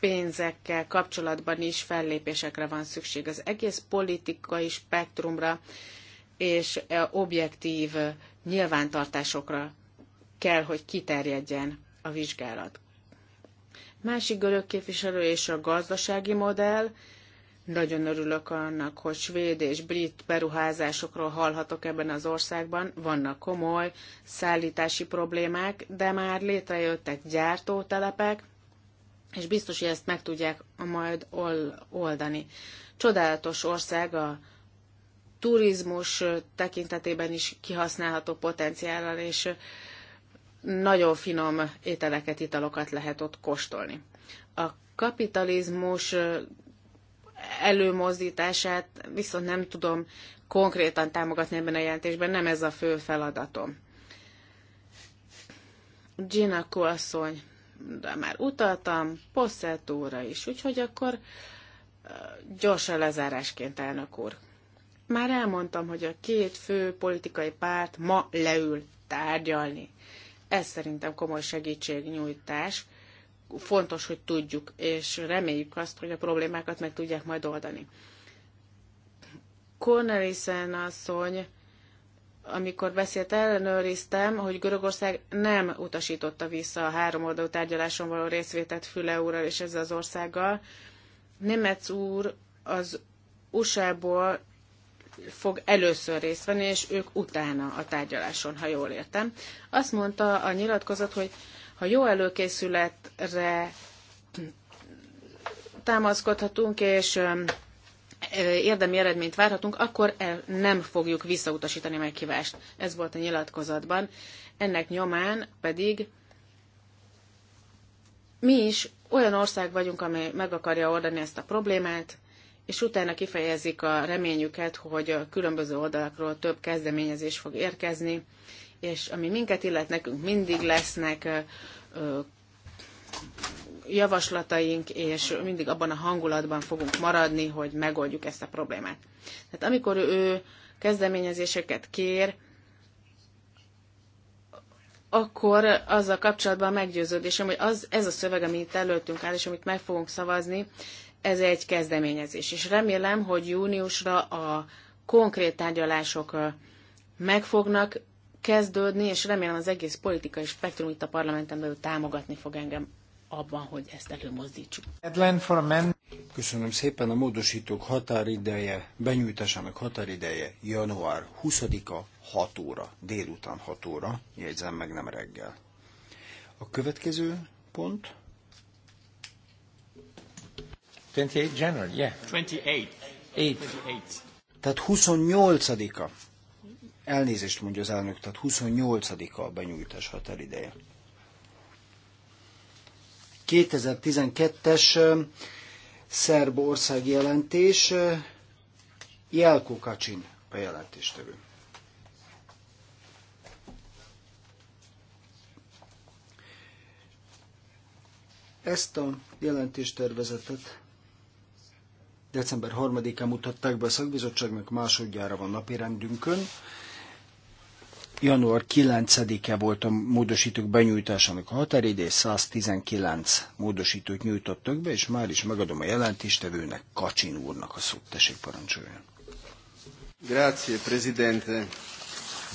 pénzekkel kapcsolatban is fellépésekre van szükség. Az egész politikai spektrumra és e, objektív e, nyilvántartásokra kell, hogy kiterjedjen a vizsgálat. Másik görög képviselő és a gazdasági modell, nagyon örülök annak, hogy svéd és brit beruházásokról hallhatok ebben az országban. Vannak komoly szállítási problémák, de már létrejöttek gyártótelepek, és biztos, hogy ezt meg tudják majd oldani. Csodálatos ország a turizmus tekintetében is kihasználható potenciállal, és nagyon finom ételeket, italokat lehet ott kóstolni. A kapitalizmus előmozdítását viszont nem tudom konkrétan támogatni ebben a jelentésben, nem ez a fő feladatom. Gina asszony, de már utaltam, Posselt is, úgyhogy akkor gyorsan lezárásként, elnök úr. Már elmondtam, hogy a két fő politikai párt ma leül tárgyalni. Ez szerintem komoly segítségnyújtás fontos, hogy tudjuk, és reméljük azt, hogy a problémákat meg tudják majd oldani. Cornelissen asszony, amikor beszélt, ellenőriztem, hogy Görögország nem utasította vissza a három oldalú tárgyaláson való részvételt Füle úrral és ezzel az országgal. Németz úr az USA-ból fog először részt venni, és ők utána a tárgyaláson, ha jól értem. Azt mondta a nyilatkozat, hogy ha jó előkészületre támaszkodhatunk, és érdemi eredményt várhatunk, akkor el nem fogjuk visszautasítani a meghívást. Ez volt a nyilatkozatban. Ennek nyomán pedig mi is olyan ország vagyunk, amely meg akarja oldani ezt a problémát, és utána kifejezik a reményüket, hogy a különböző oldalakról több kezdeményezés fog érkezni, és ami minket illet, nekünk mindig lesznek javaslataink, és mindig abban a hangulatban fogunk maradni, hogy megoldjuk ezt a problémát. Tehát amikor ő kezdeményezéseket kér, akkor azzal kapcsolatban meggyőződésem, hogy az, ez a szöveg, ami itt előttünk áll, és amit meg fogunk szavazni, ez egy kezdeményezés. És remélem, hogy júniusra a konkrét tárgyalások megfognak, kezdődni, és remélem az egész politikai spektrum itt a parlamenten belül támogatni fog engem abban, hogy ezt előmozdítsuk. Köszönöm szépen a módosítók határideje, benyújtásának határideje január 20-a 6 óra, délután 6 óra, jegyzem meg nem reggel. A következő pont? 28 January, yeah. 28. 8. 28. Tehát 28-a Elnézést mondja az elnök, tehát 28-a a benyújtás határideje. 2012-es szerb ország jelentés, Jelko Kacsin a jelentéstevő. Ezt a jelentéstervezetet december 3-án mutatták be a szakbizottságnak, másodjára van napirendünkön január 9-e volt a módosítók benyújtásának a határidő, 119 módosítót nyújtottak be, és már is megadom a jelentéstevőnek, Kacsin úrnak a szót, tessék parancsoljon. Grazie, Presidente.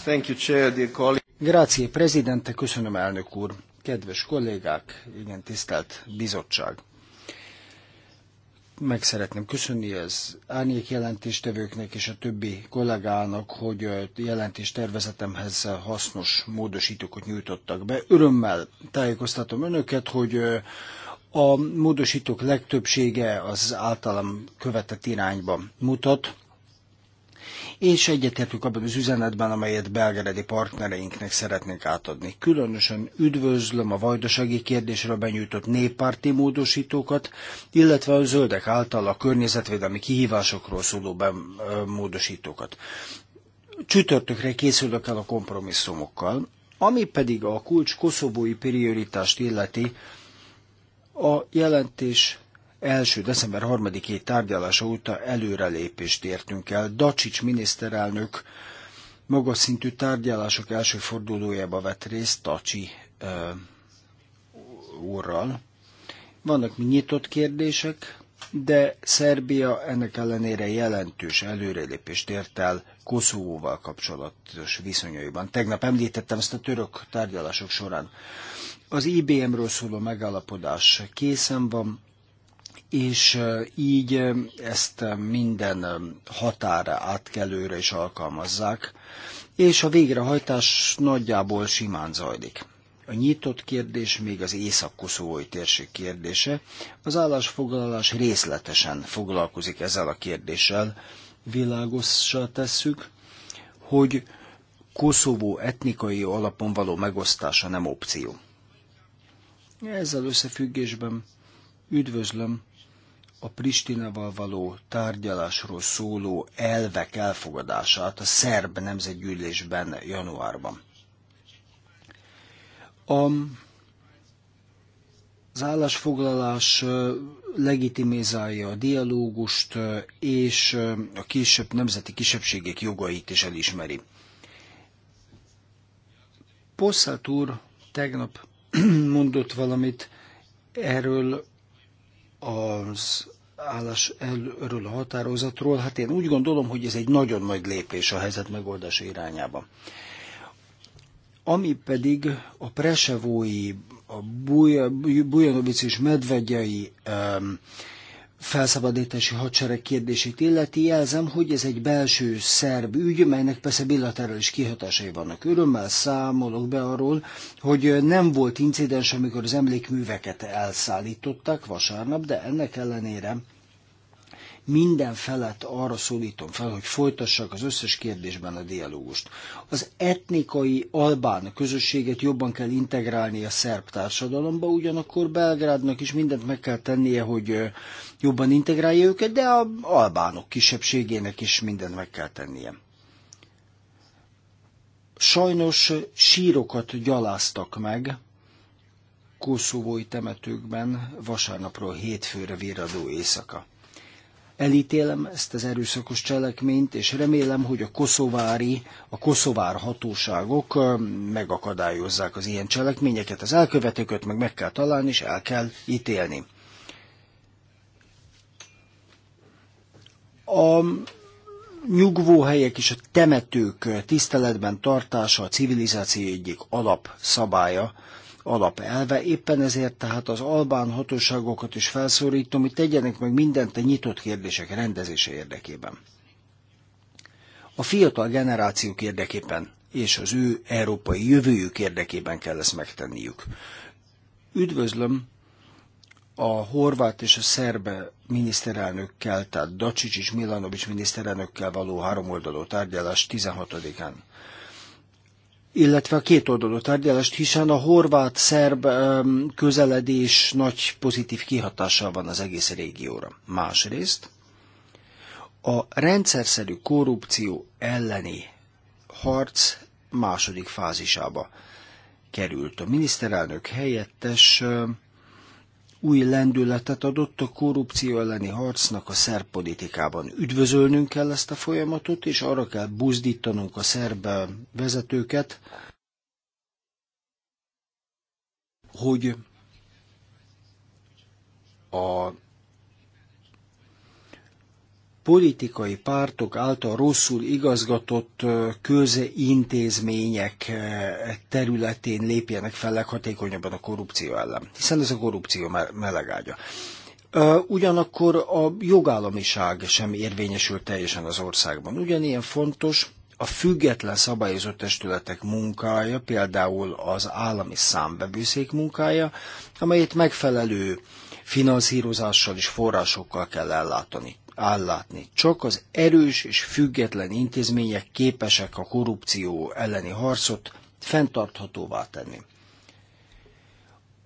Thank you, Chair, dear colleague. Grazie, Presidente, köszönöm, elnök úr. Kedves kollégák, igen, tisztelt bizottság meg szeretném köszönni az árnyék jelentéstevőknek és a többi kollégának, hogy a jelentéstervezetemhez hasznos módosítókat nyújtottak be. Örömmel tájékoztatom önöket, hogy a módosítók legtöbbsége az általam követett irányba mutat és egyetértünk abban az üzenetben, amelyet belgeredi partnereinknek szeretnénk átadni. Különösen üdvözlöm a vajdasági kérdésről benyújtott néppárti módosítókat, illetve a zöldek által a környezetvédelmi kihívásokról szóló módosítókat. Csütörtökre készülök el a kompromisszumokkal, ami pedig a kulcs koszobói prioritást illeti, a jelentés első december 3 ét tárgyalása óta előrelépést értünk el. Dacsics miniszterelnök magas szintű tárgyalások első fordulójába vett részt Tacsi úrral. Vannak nyitott kérdések, de Szerbia ennek ellenére jelentős előrelépést ért el Koszovóval kapcsolatos viszonyaiban. Tegnap említettem ezt a török tárgyalások során. Az IBM-ről szóló megállapodás készen van, és így ezt minden határa átkelőre is alkalmazzák, és a végrehajtás nagyjából simán zajlik. A nyitott kérdés még az észak-koszovói térség kérdése. Az állásfoglalás részletesen foglalkozik ezzel a kérdéssel. Világossá tesszük, hogy Koszovó etnikai alapon való megosztása nem opció. Ezzel összefüggésben üdvözlöm a Pristinával való tárgyalásról szóló elvek elfogadását a szerb nemzetgyűlésben januárban. A az állásfoglalás legitimizálja a dialógust és a kisebb nemzeti kisebbségek jogait is elismeri. Posszát úr tegnap [CLEARS THROAT] mondott valamit erről az állás erről a határozatról, hát én úgy gondolom, hogy ez egy nagyon nagy lépés a helyzet megoldása irányába. Ami pedig a Presevói, a Bujanovic és Medvegyei um, felszabadítási hadsereg kérdését illeti, jelzem, hogy ez egy belső szerb ügy, melynek persze bilaterális kihatásai vannak. Örömmel számolok be arról, hogy nem volt incidens, amikor az emlékműveket elszállították vasárnap, de ennek ellenére minden felett arra szólítom fel, hogy folytassák az összes kérdésben a dialógust. Az etnikai albán közösséget jobban kell integrálni a szerb társadalomba, ugyanakkor Belgrádnak is mindent meg kell tennie, hogy jobban integrálja őket, de a albánok kisebbségének is mindent meg kell tennie sajnos sírokat gyaláztak meg koszovói temetőkben vasárnapról hétfőre viradó éjszaka. Elítélem ezt az erőszakos cselekményt, és remélem, hogy a koszovári, a koszovár hatóságok megakadályozzák az ilyen cselekményeket, az elkövetőket meg meg kell találni, és el kell ítélni. A nyugvóhelyek és a temetők tiszteletben tartása a civilizáció egyik alapszabálya, alapelve. Éppen ezért tehát az albán hatóságokat is felszólítom, hogy tegyenek meg mindent a nyitott kérdések rendezése érdekében. A fiatal generációk érdekében és az ő európai jövőjük érdekében kell ezt megtenniük. Üdvözlöm a horvát és a szerbe miniszterelnökkel, tehát Dacsics és Milanovics miniszterelnökkel való háromoldalú tárgyalás 16-án illetve a kétoldalú tárgyalást, hiszen a horvát-szerb közeledés nagy pozitív kihatással van az egész régióra. Másrészt, a rendszerszerű korrupció elleni harc második fázisába került. A miniszterelnök helyettes új lendületet adott a korrupció elleni harcnak a szerb politikában. Üdvözölnünk kell ezt a folyamatot, és arra kell buzdítanunk a szerb vezetőket, hogy a politikai pártok által rosszul igazgatott közintézmények területén lépjenek fel leghatékonyabban a korrupció ellen, hiszen ez a korrupció melegágya. Ugyanakkor a jogállamiság sem érvényesül teljesen az országban. Ugyanilyen fontos a független szabályozó testületek munkája, például az állami számbevőszék munkája, amelyet megfelelő finanszírozással és forrásokkal kell ellátani állátni. Csak az erős és független intézmények képesek a korrupció elleni harcot fenntarthatóvá tenni.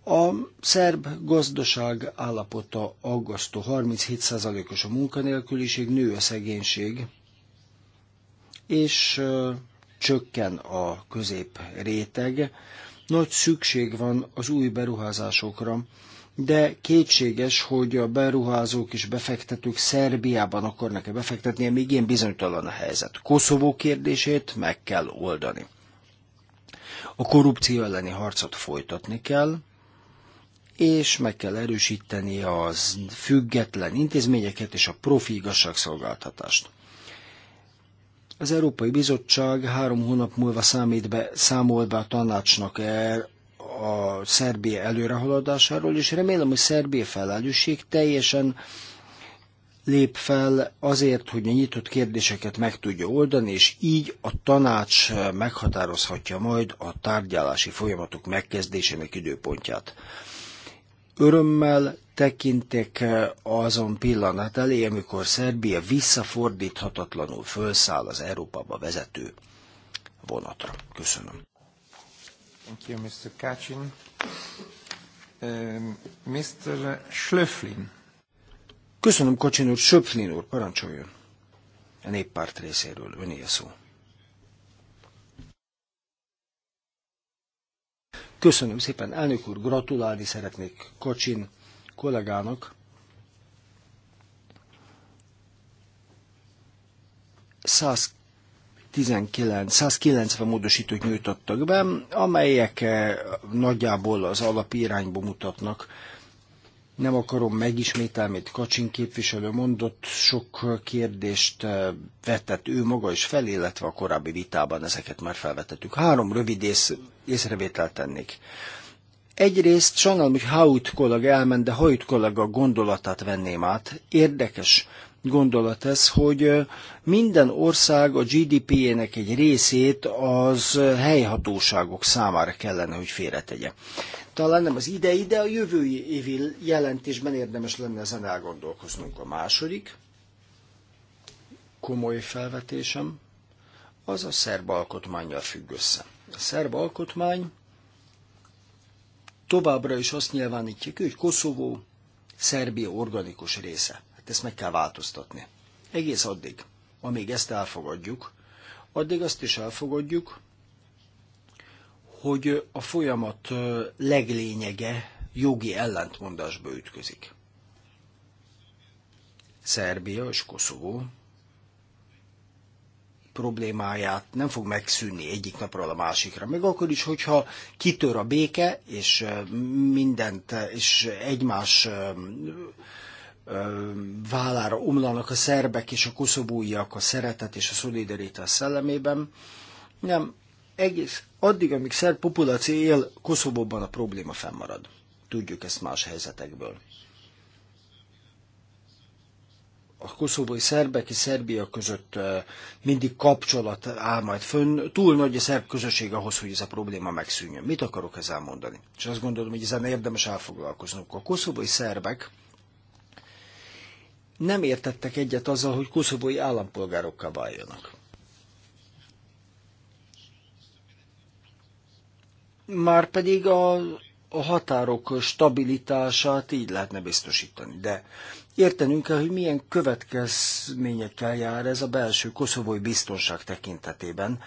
A szerb gazdaság állapota aggasztó 37%-os a munkanélküliség, nő a szegénység, és csökken a közép réteg. Nagy szükség van az új beruházásokra, de kétséges, hogy a beruházók és befektetők Szerbiában akarnak-e befektetni, még ilyen bizonytalan a helyzet. Koszovó kérdését meg kell oldani. A korrupció elleni harcot folytatni kell, és meg kell erősíteni az független intézményeket és a profi igazságszolgáltatást. Az Európai Bizottság három hónap múlva számít be, számol be a tanácsnak el er- a Szerbia előrehaladásáról, és remélem, hogy Szerbia felelősség teljesen lép fel azért, hogy a nyitott kérdéseket meg tudja oldani, és így a tanács meghatározhatja majd a tárgyalási folyamatok megkezdésének időpontját. Örömmel tekintek azon pillanat elé, amikor Szerbia visszafordíthatatlanul fölszáll az Európába vezető vonatra. Köszönöm. Thank you, Mr. Kachin. Um, Mr. Schlöflin. Köszönöm, Kacsin úr. Schlöflin úr, parancsoljon. A néppárt részéről öné a szó. Köszönöm szépen, elnök úr, gratulálni szeretnék Kacsin kollégának. Száz 19, 190 módosítót nyújtottak be, amelyek eh, nagyjából az alapirányba mutatnak. Nem akarom megismételni, amit Kacsin képviselő mondott, sok kérdést eh, vetett ő maga is fel, illetve a korábbi vitában ezeket már felvetettük. Három rövid ész, észrevételt tennék. Egyrészt sajnálom, hogy Haut kollega elment, de Haut kollega gondolatát venném át. Érdekes gondolat ez, hogy minden ország a GDP-jének egy részét az helyhatóságok számára kellene, hogy félretegye. Talán nem az idei, de a jövő évi jelentésben érdemes lenne ezen elgondolkoznunk. A második komoly felvetésem az a szerb alkotmányjal függ össze. A szerb alkotmány továbbra is azt nyilvánítja ki, hogy Koszovó Szerbia organikus része ezt meg kell változtatni. Egész addig, amíg ezt elfogadjuk, addig azt is elfogadjuk, hogy a folyamat leglényege jogi ellentmondásba ütközik. Szerbia és Koszovó problémáját nem fog megszűnni egyik napról a másikra. Még akkor is, hogyha kitör a béke, és mindent, és egymás vállára omlanak a szerbek és a koszobóiak a szeretet és a szolidaritás szellemében. Nem, egész addig, amíg szerb populáció él, koszobóban a probléma fennmarad. Tudjuk ezt más helyzetekből. A koszobói szerbek és Szerbia között mindig kapcsolat áll majd fönn. Túl nagy a szerb közösség ahhoz, hogy ez a probléma megszűnjön. Mit akarok ezzel mondani? És azt gondolom, hogy ezen érdemes elfoglalkoznunk. A koszobói szerbek nem értettek egyet azzal, hogy koszovói állampolgárokkal váljanak. Márpedig a, a határok stabilitását így lehetne biztosítani, de értenünk kell, hogy milyen következményekkel jár ez a belső koszovói biztonság tekintetében,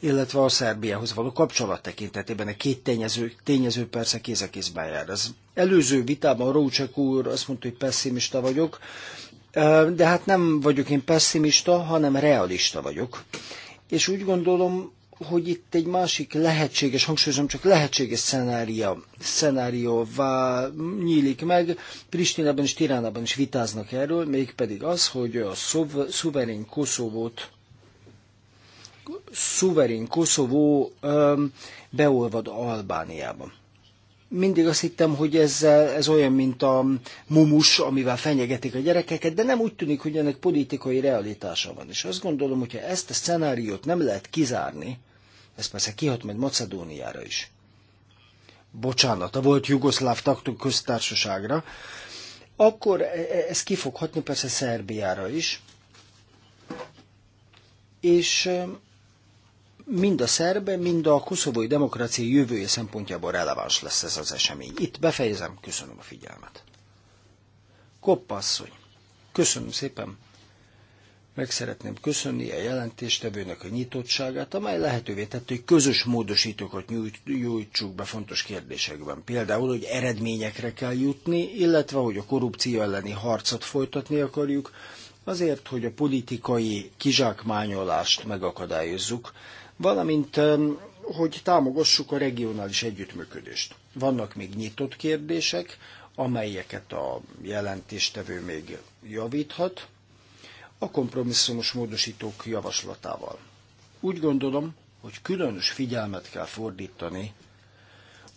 illetve a Szerbiához való kapcsolat tekintetében. A két tényező, tényező persze kéz a kézben jár. Az előző vitában Rócsek úr azt mondta, hogy pessimista vagyok, de hát nem vagyok én pessimista, hanem realista vagyok. És úgy gondolom, hogy itt egy másik lehetséges, hangsúlyozom, csak lehetséges szenária, szenárió nyílik meg. Pristinában és Tiránában is vitáznak erről, mégpedig az, hogy a szov, szuverén Koszovót szuverén Koszovó um, beolvad Albániában mindig azt hittem, hogy ez, ez olyan, mint a mumus, amivel fenyegetik a gyerekeket, de nem úgy tűnik, hogy ennek politikai realitása van. És azt gondolom, hogyha ezt a szenáriót nem lehet kizárni, ez persze kihat majd Macedóniára is. Bocsánat, a volt Jugoszláv taktok köztársaságra, akkor e- e- ez kifoghatni persze Szerbiára is. És mind a szerb, mind a koszovói demokrácia jövője szempontjából releváns lesz ez az esemény. Itt befejezem, köszönöm a figyelmet. Koppasszony, köszönöm szépen. Meg szeretném köszönni a jelentéstevőnek a nyitottságát, amely lehetővé tette, hogy közös módosítókat nyújtsuk be fontos kérdésekben. Például, hogy eredményekre kell jutni, illetve, hogy a korrupció elleni harcot folytatni akarjuk, azért, hogy a politikai kizsákmányolást megakadályozzuk, valamint hogy támogassuk a regionális együttműködést. Vannak még nyitott kérdések, amelyeket a jelentéstevő még javíthat a kompromisszumos módosítók javaslatával. Úgy gondolom, hogy különös figyelmet kell fordítani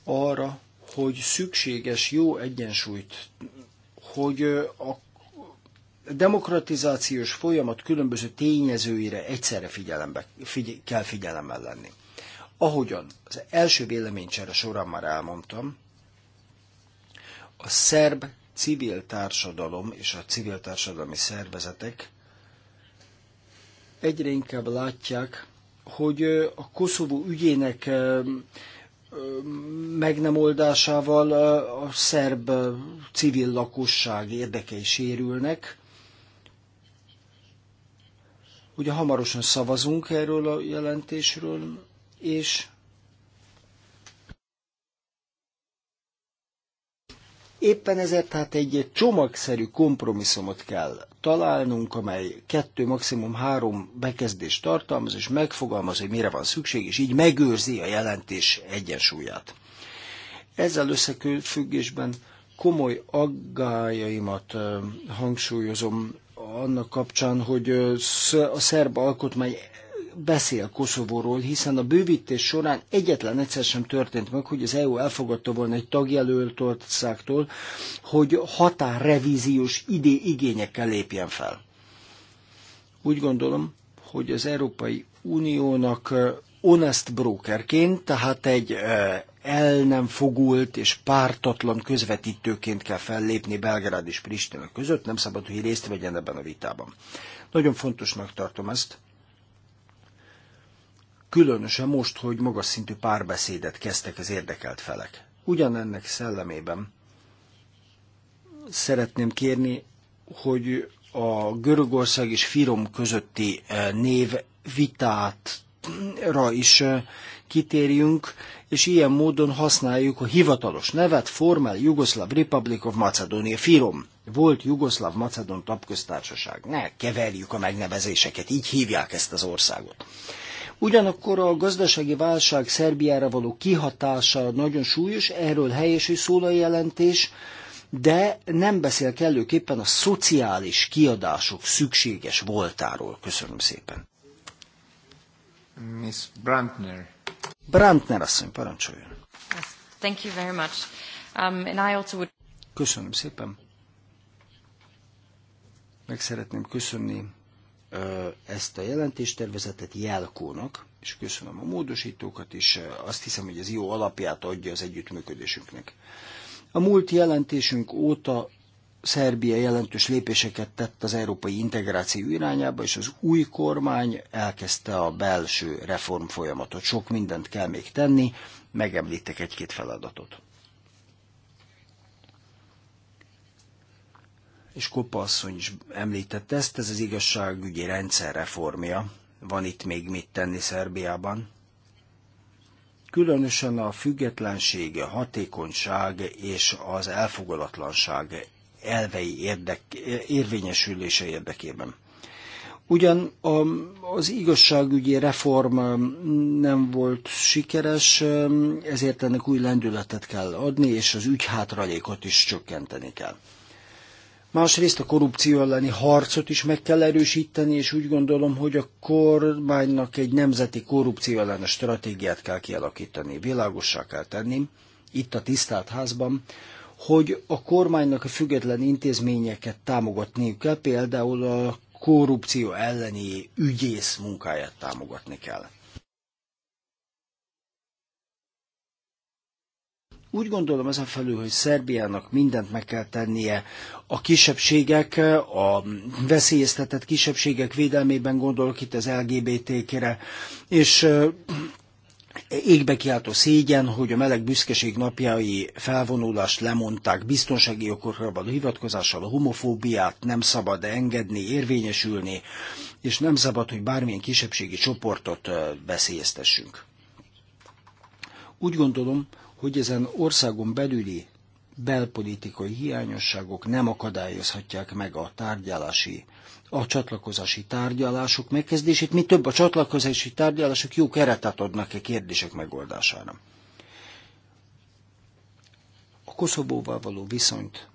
arra, hogy szükséges jó egyensúlyt, hogy a demokratizációs folyamat különböző tényezőire egyszerre figyelembe, figy- kell figyelemmel lenni. Ahogyan az első véleménycsere során már elmondtam, a szerb civil társadalom és a civil társadalmi szervezetek egyre inkább látják, hogy a Koszovó ügyének meg nem oldásával a szerb civil lakosság érdekei sérülnek, Ugye hamarosan szavazunk erről a jelentésről, és Éppen ezért hát egy csomagszerű kompromisszumot kell találnunk, amely kettő, maximum három bekezdést tartalmaz, és megfogalmaz, hogy mire van szükség, és így megőrzi a jelentés egyensúlyát. Ezzel összefüggésben komoly aggájaimat hangsúlyozom annak kapcsán, hogy a szerb alkotmány beszél Koszovóról, hiszen a bővítés során egyetlen egyszer sem történt meg, hogy az EU elfogadta volna egy tagjelölt országtól, hogy határrevíziós idé igényekkel lépjen fel. Úgy gondolom, hogy az Európai Uniónak honest brokerként, tehát egy el nem fogult és pártatlan közvetítőként kell fellépni Belgrád és Pristina között, nem szabad, hogy részt vegyen ebben a vitában. Nagyon fontosnak tartom ezt, különösen most, hogy magas szintű párbeszédet kezdtek az érdekelt felek. Ugyanennek szellemében szeretném kérni, hogy a Görögország és Firom közötti eh, név vitát eh, is eh, kitérjünk, és ilyen módon használjuk a hivatalos nevet Formel Jugoszláv Republic of Macedonia Firom. Volt Jugoszláv Macedon Tapköztársaság. Ne keverjük a megnevezéseket, így hívják ezt az országot. Ugyanakkor a gazdasági válság Szerbiára való kihatása nagyon súlyos, erről helyes is szól a jelentés, de nem beszél kellőképpen a szociális kiadások szükséges voltáról. Köszönöm szépen. Miss Brandner. Brandner asszony, parancsoljon. thank you very much. Um, and I also would... Köszönöm szépen. Meg szeretném köszönni ezt a jelentéstervezetet Jelkónak, és köszönöm a módosítókat, és azt hiszem, hogy ez jó alapját adja az együttműködésünknek. A múlt jelentésünk óta Szerbia jelentős lépéseket tett az európai integráció irányába, és az új kormány elkezdte a belső reform folyamatot. Sok mindent kell még tenni, megemlítek egy-két feladatot. És Kopa asszony is említette ezt, ez az igazságügyi rendszer reformja. Van itt még mit tenni Szerbiában. Különösen a függetlensége, hatékonyság és az elfogadatlanság elvei érdek, érvényesülése érdekében. Ugyan a, az igazságügyi reform um, nem volt sikeres, um, ezért ennek új lendületet kell adni, és az ügyhátralékot is csökkenteni kell. Másrészt a korrupció elleni harcot is meg kell erősíteni, és úgy gondolom, hogy a kormánynak egy nemzeti korrupció ellenes stratégiát kell kialakítani, világossá kell tenni, itt a tisztelt házban, hogy a kormánynak a független intézményeket támogatniuk kell, például a korrupció elleni ügyész munkáját támogatni kell. Úgy gondolom ezen felül, hogy Szerbiának mindent meg kell tennie a kisebbségek, a veszélyeztetett kisebbségek védelmében gondolok itt az LGBT-kre, és égbe kiáltó szégyen, hogy a meleg büszkeség napjai felvonulást lemondták biztonsági okokra való hivatkozással, a homofóbiát nem szabad engedni, érvényesülni, és nem szabad, hogy bármilyen kisebbségi csoportot veszélyeztessünk. Úgy gondolom, hogy ezen országon belüli belpolitikai hiányosságok nem akadályozhatják meg a tárgyalási a csatlakozási tárgyalások megkezdését, mi több a csatlakozási tárgyalások jó keretet adnak a kérdések megoldására. A Koszobóval való viszonyt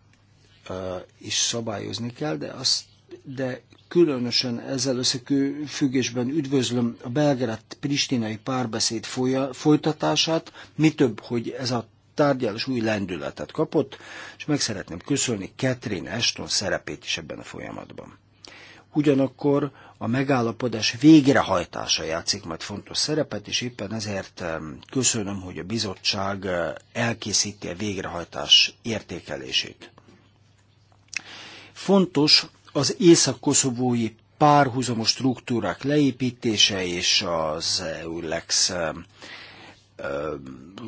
uh, is szabályozni kell, de, az, de különösen ezzel összefüggésben üdvözlöm a belgrád-pristinai párbeszéd folya, folytatását, mi több, hogy ez a tárgyalás új lendületet kapott, és meg szeretném köszönni Catherine Ashton szerepét is ebben a folyamatban ugyanakkor a megállapodás végrehajtása játszik majd fontos szerepet, és éppen ezért köszönöm, hogy a bizottság elkészíti a végrehajtás értékelését. Fontos az észak-koszovói párhuzamos struktúrák leépítése és az EULEX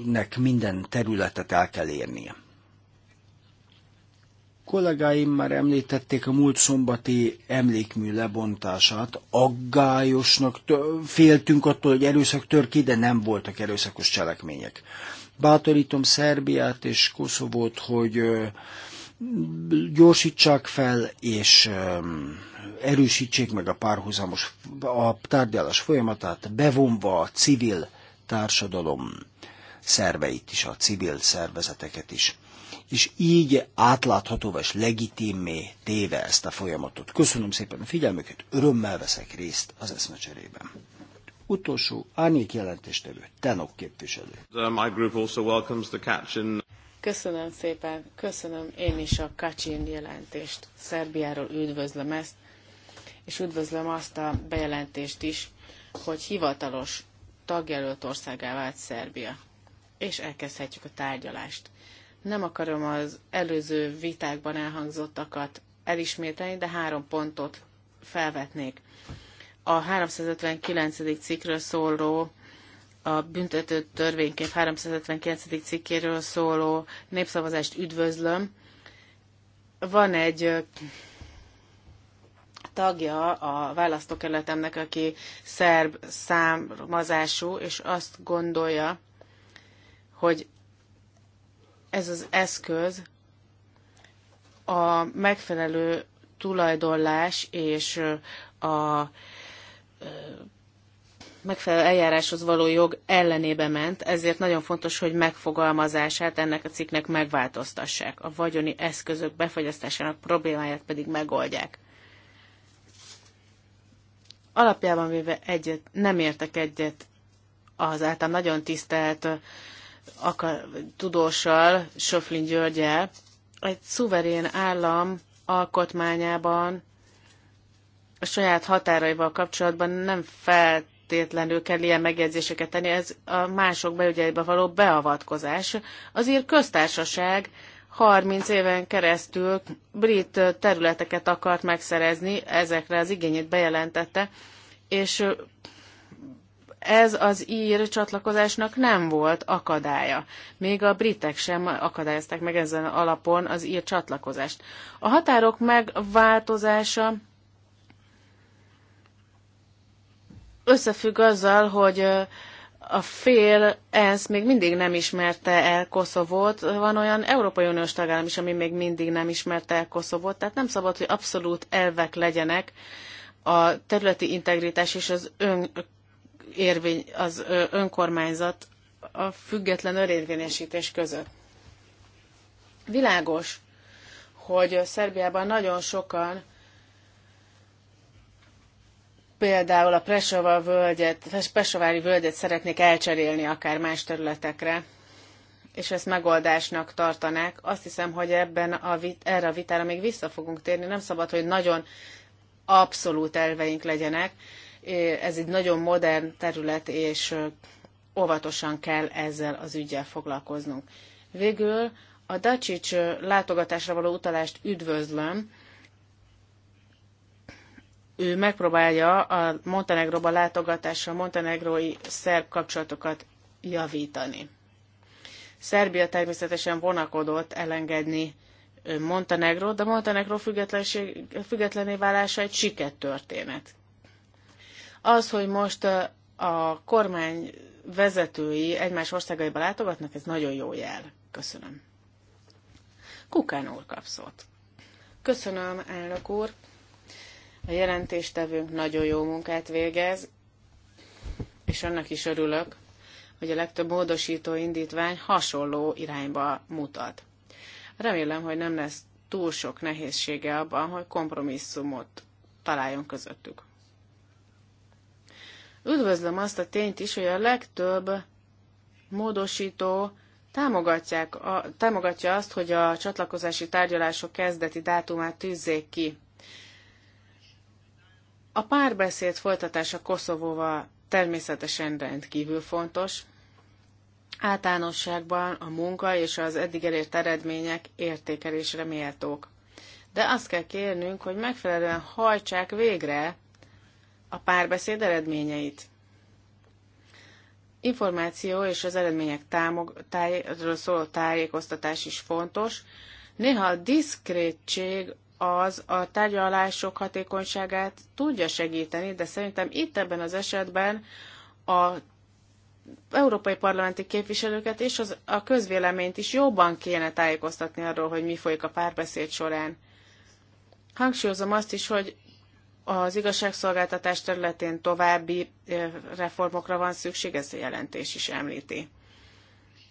nek minden területet el kell érnie kollégáim már említették a múlt szombati emlékmű lebontását. Aggályosnak féltünk attól, hogy erőszak tör ki, de nem voltak erőszakos cselekmények. Bátorítom Szerbiát és Koszovót, hogy gyorsítsák fel, és erősítsék meg a párhuzamos a tárgyalás folyamatát, bevonva a civil társadalom szerveit is, a civil szervezeteket is és így átláthatóvá és legitimé téve ezt a folyamatot. Köszönöm szépen a figyelmüket, örömmel veszek részt az eszmecserében. Utolsó árnyék jelentéstevő, Tenok képviselő. Uh, my group also welcomes the catch Köszönöm szépen, köszönöm én is a Kacsin jelentést. Szerbiáról üdvözlöm ezt, és üdvözlöm azt a bejelentést is, hogy hivatalos tagjelölt országá vált Szerbia, és elkezdhetjük a tárgyalást. Nem akarom az előző vitákban elhangzottakat elismételni, de három pontot felvetnék. A 359. cikkről szóló a büntető törvénykép 359. cikkéről szóló népszavazást üdvözlöm. Van egy tagja a választókerületemnek, aki szerb származású, és azt gondolja, hogy ez az eszköz a megfelelő tulajdonlás és a megfelelő eljáráshoz való jog ellenébe ment, ezért nagyon fontos, hogy megfogalmazását ennek a cikknek megváltoztassák, a vagyoni eszközök befogyasztásának problémáját pedig megoldják. Alapjában véve egyet, nem értek egyet az által nagyon tisztelt akar, tudóssal, Söflin Györgyel, egy szuverén állam alkotmányában a saját határaival kapcsolatban nem feltétlenül kell ilyen megjegyzéseket tenni, ez a mások belügyeibe való beavatkozás. Azért köztársaság 30 éven keresztül brit területeket akart megszerezni, ezekre az igényét bejelentette, és ez az ír csatlakozásnak nem volt akadálya. Még a britek sem akadályozták meg ezen alapon az ír csatlakozást. A határok megváltozása összefügg azzal, hogy a fél ENSZ még mindig nem ismerte el Koszovót, van olyan Európai Uniós tagállam is, ami még mindig nem ismerte el Koszovót, tehát nem szabad, hogy abszolút elvek legyenek a területi integritás és az ön érvény, az önkormányzat a független örérvényesítés között. Világos, hogy Szerbiában nagyon sokan például a Presova völgyet, Presovári völgyet szeretnék elcserélni akár más területekre, és ezt megoldásnak tartanák. Azt hiszem, hogy ebben a vit, erre a vitára még vissza fogunk térni. Nem szabad, hogy nagyon abszolút elveink legyenek, ez egy nagyon modern terület, és óvatosan kell ezzel az ügyel foglalkoznunk. Végül a Dacsics látogatásra való utalást üdvözlöm. Ő megpróbálja a Montenegróba látogatásra montenegrói szerb kapcsolatokat javítani. Szerbia természetesen vonakodott elengedni Montenegró, de Montenegró függetlené válása egy történet. Az, hogy most a kormány vezetői egymás országaiba látogatnak, ez nagyon jó jel. Köszönöm. Kukán úr kap szót. Köszönöm, elnök úr. A jelentéstevőnk nagyon jó munkát végez, és annak is örülök, hogy a legtöbb módosító indítvány hasonló irányba mutat. Remélem, hogy nem lesz túl sok nehézsége abban, hogy kompromisszumot találjon közöttük. Üdvözlöm azt a tényt is, hogy a legtöbb módosító támogatják a, támogatja azt, hogy a csatlakozási tárgyalások kezdeti dátumát tűzzék ki. A párbeszéd folytatása Koszovóval természetesen rendkívül fontos. Általánosságban a munka és az eddig elért eredmények értékelésre méltók. De azt kell kérnünk, hogy megfelelően hajtsák végre a párbeszéd eredményeit. Információ és az eredmények támog, táj, szóló tájékoztatás is fontos. Néha a diszkrétség az a tárgyalások hatékonyságát tudja segíteni, de szerintem itt ebben az esetben a európai parlamenti képviselőket és az, a közvéleményt is jobban kéne tájékoztatni arról, hogy mi folyik a párbeszéd során. Hangsúlyozom azt is, hogy az igazságszolgáltatás területén további reformokra van szükség, ezt a jelentés is említi.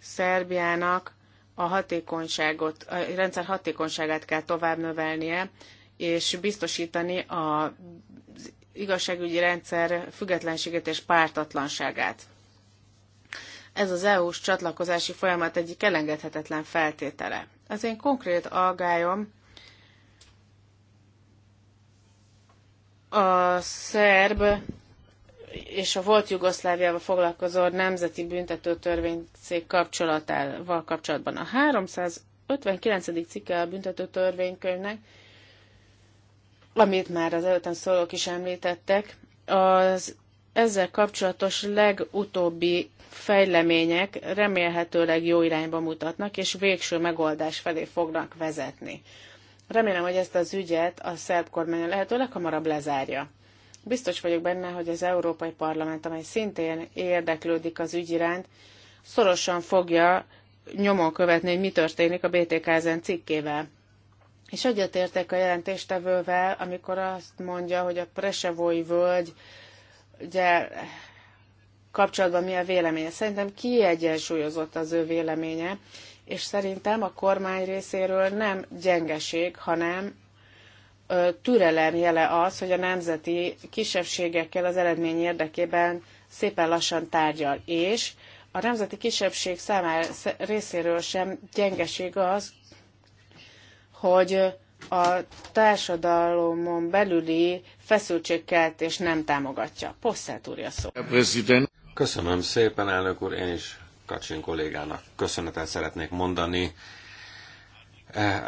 Szerbiának a hatékonyságot, a rendszer hatékonyságát kell tovább növelnie, és biztosítani az igazságügyi rendszer függetlenségét és pártatlanságát. Ez az EU-s csatlakozási folyamat egyik elengedhetetlen feltétele. Az én konkrét aggályom a szerb és a volt Jugoszláviával foglalkozó Nemzeti Büntető Törvényszék kapcsolatával kapcsolatban. A 359. cikke a büntető törvénykönyvnek, amit már az előttem szólók is említettek, az ezzel kapcsolatos legutóbbi fejlemények remélhetőleg jó irányba mutatnak, és végső megoldás felé fognak vezetni. Remélem, hogy ezt az ügyet a szerb kormány a lehető leghamarabb lezárja. Biztos vagyok benne, hogy az Európai Parlament, amely szintén érdeklődik az ügy iránt, szorosan fogja nyomon követni, hogy mi történik a BTK ezen cikkével. És egyetértek a jelentéstevővel, amikor azt mondja, hogy a Presevói völgy ugye, kapcsolatban mi a véleménye. Szerintem kiegyensúlyozott az ő véleménye, és szerintem a kormány részéről nem gyengeség, hanem türelem jele az, hogy a nemzeti kisebbségekkel az eredmény érdekében szépen lassan tárgyal, és a nemzeti kisebbség számára részéről sem gyengeség az, hogy a társadalomon belüli feszültségkeltés nem támogatja. Posszelt úr a szó. Köszönöm szépen, elnök úr, én is Kacsin kollégának köszönetet szeretnék mondani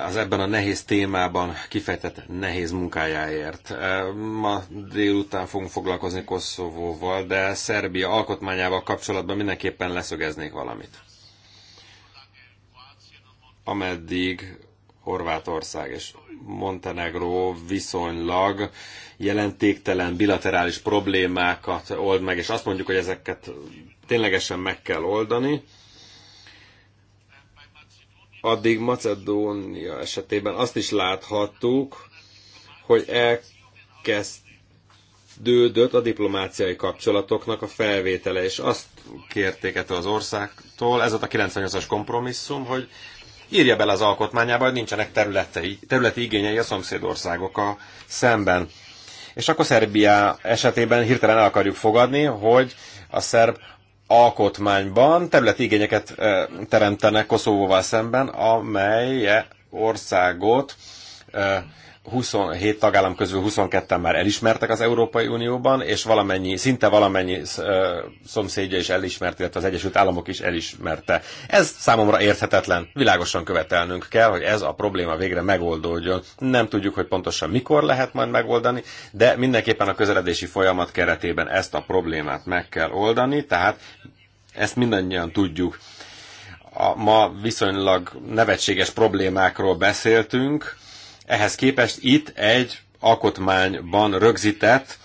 az ebben a nehéz témában kifejtett nehéz munkájáért. Ma délután fogunk foglalkozni Koszovóval, de Szerbia alkotmányával kapcsolatban mindenképpen leszögeznék valamit. Ameddig Horvátország és Montenegró viszonylag jelentéktelen bilaterális problémákat old meg, és azt mondjuk, hogy ezeket ténylegesen meg kell oldani, addig Macedónia esetében azt is láthattuk, hogy elkezdődött a diplomáciai kapcsolatoknak a felvétele, és azt kérték ettől az országtól, ez ott a 98-as kompromisszum, hogy írja bele az alkotmányába, hogy nincsenek területei, területi igényei a szomszédországokkal szemben és akkor Szerbia esetében hirtelen el akarjuk fogadni, hogy a szerb alkotmányban területi igényeket eh, teremtenek Koszovóval szemben, amely országot eh, 27 tagállam közül 22-en már elismertek az Európai Unióban, és valamennyi, szinte valamennyi szomszédja is elismert, illetve az Egyesült Államok is elismerte. Ez számomra érthetetlen. Világosan követelnünk kell, hogy ez a probléma végre megoldódjon. Nem tudjuk, hogy pontosan mikor lehet majd megoldani, de mindenképpen a közeledési folyamat keretében ezt a problémát meg kell oldani, tehát ezt mindannyian tudjuk. A ma viszonylag nevetséges problémákról beszéltünk, ehhez képest itt egy alkotmányban rögzített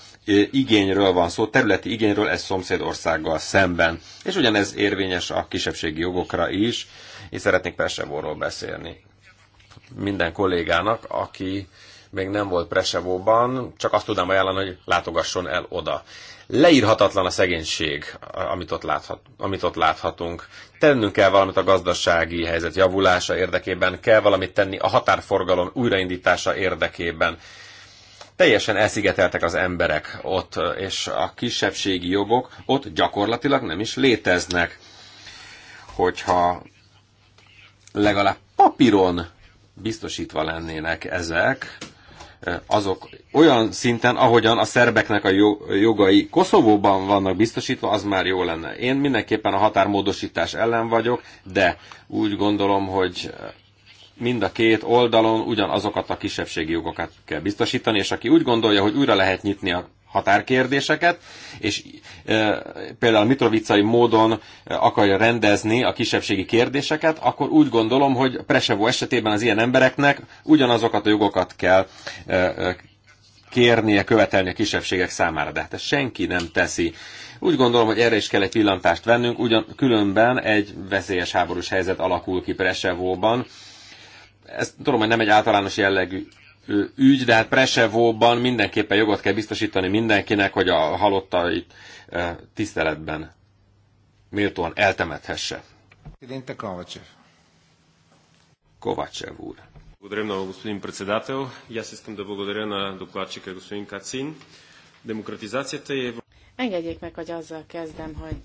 igényről van szó, területi igényről ez szomszédországgal szemben. És ugyanez érvényes a kisebbségi jogokra is, és szeretnék pressevóról beszélni. Minden kollégának, aki még nem volt Presevóban, csak azt tudnám ajánlani, hogy látogasson el oda leírhatatlan a szegénység, amit ott, láthat, amit ott láthatunk. Tennünk kell valamit a gazdasági helyzet javulása érdekében, kell valamit tenni a határforgalom újraindítása érdekében. Teljesen elszigeteltek az emberek ott, és a kisebbségi jogok ott gyakorlatilag nem is léteznek. Hogyha legalább papíron biztosítva lennének ezek, Eh, azok olyan szinten, ahogyan a szerbeknek a jogai Koszovóban vannak biztosítva, az már jó lenne. Én mindenképpen a határmódosítás ellen vagyok, de úgy gondolom, hogy eh, mind a két oldalon ugyanazokat a kisebbségi jogokat kell biztosítani, és aki úgy gondolja, hogy újra lehet nyitni a határkérdéseket, és például mitrovicai módon akarja rendezni a kisebbségi kérdéseket, akkor úgy gondolom, hogy Presevó esetében az ilyen embereknek ugyanazokat a jogokat kell kérnie, követelni a kisebbségek számára, de hát ezt senki nem teszi. Úgy gondolom, hogy erre is kell egy pillantást vennünk, ugyan különben egy veszélyes háborús helyzet alakul ki Presevóban. Ezt tudom, hogy nem egy általános jellegű ügy, de hát Presevóban mindenképpen jogot kell biztosítani mindenkinek, hogy a halottait tiszteletben méltóan eltemethesse. Presidente Kovácsev. Kovácsev úr. Благодаря много, господин председател. И аз искам да благодаря на докладчика господин Кацин. Демократизацията и Engedjék meg, hogy azzal kezdem, hogy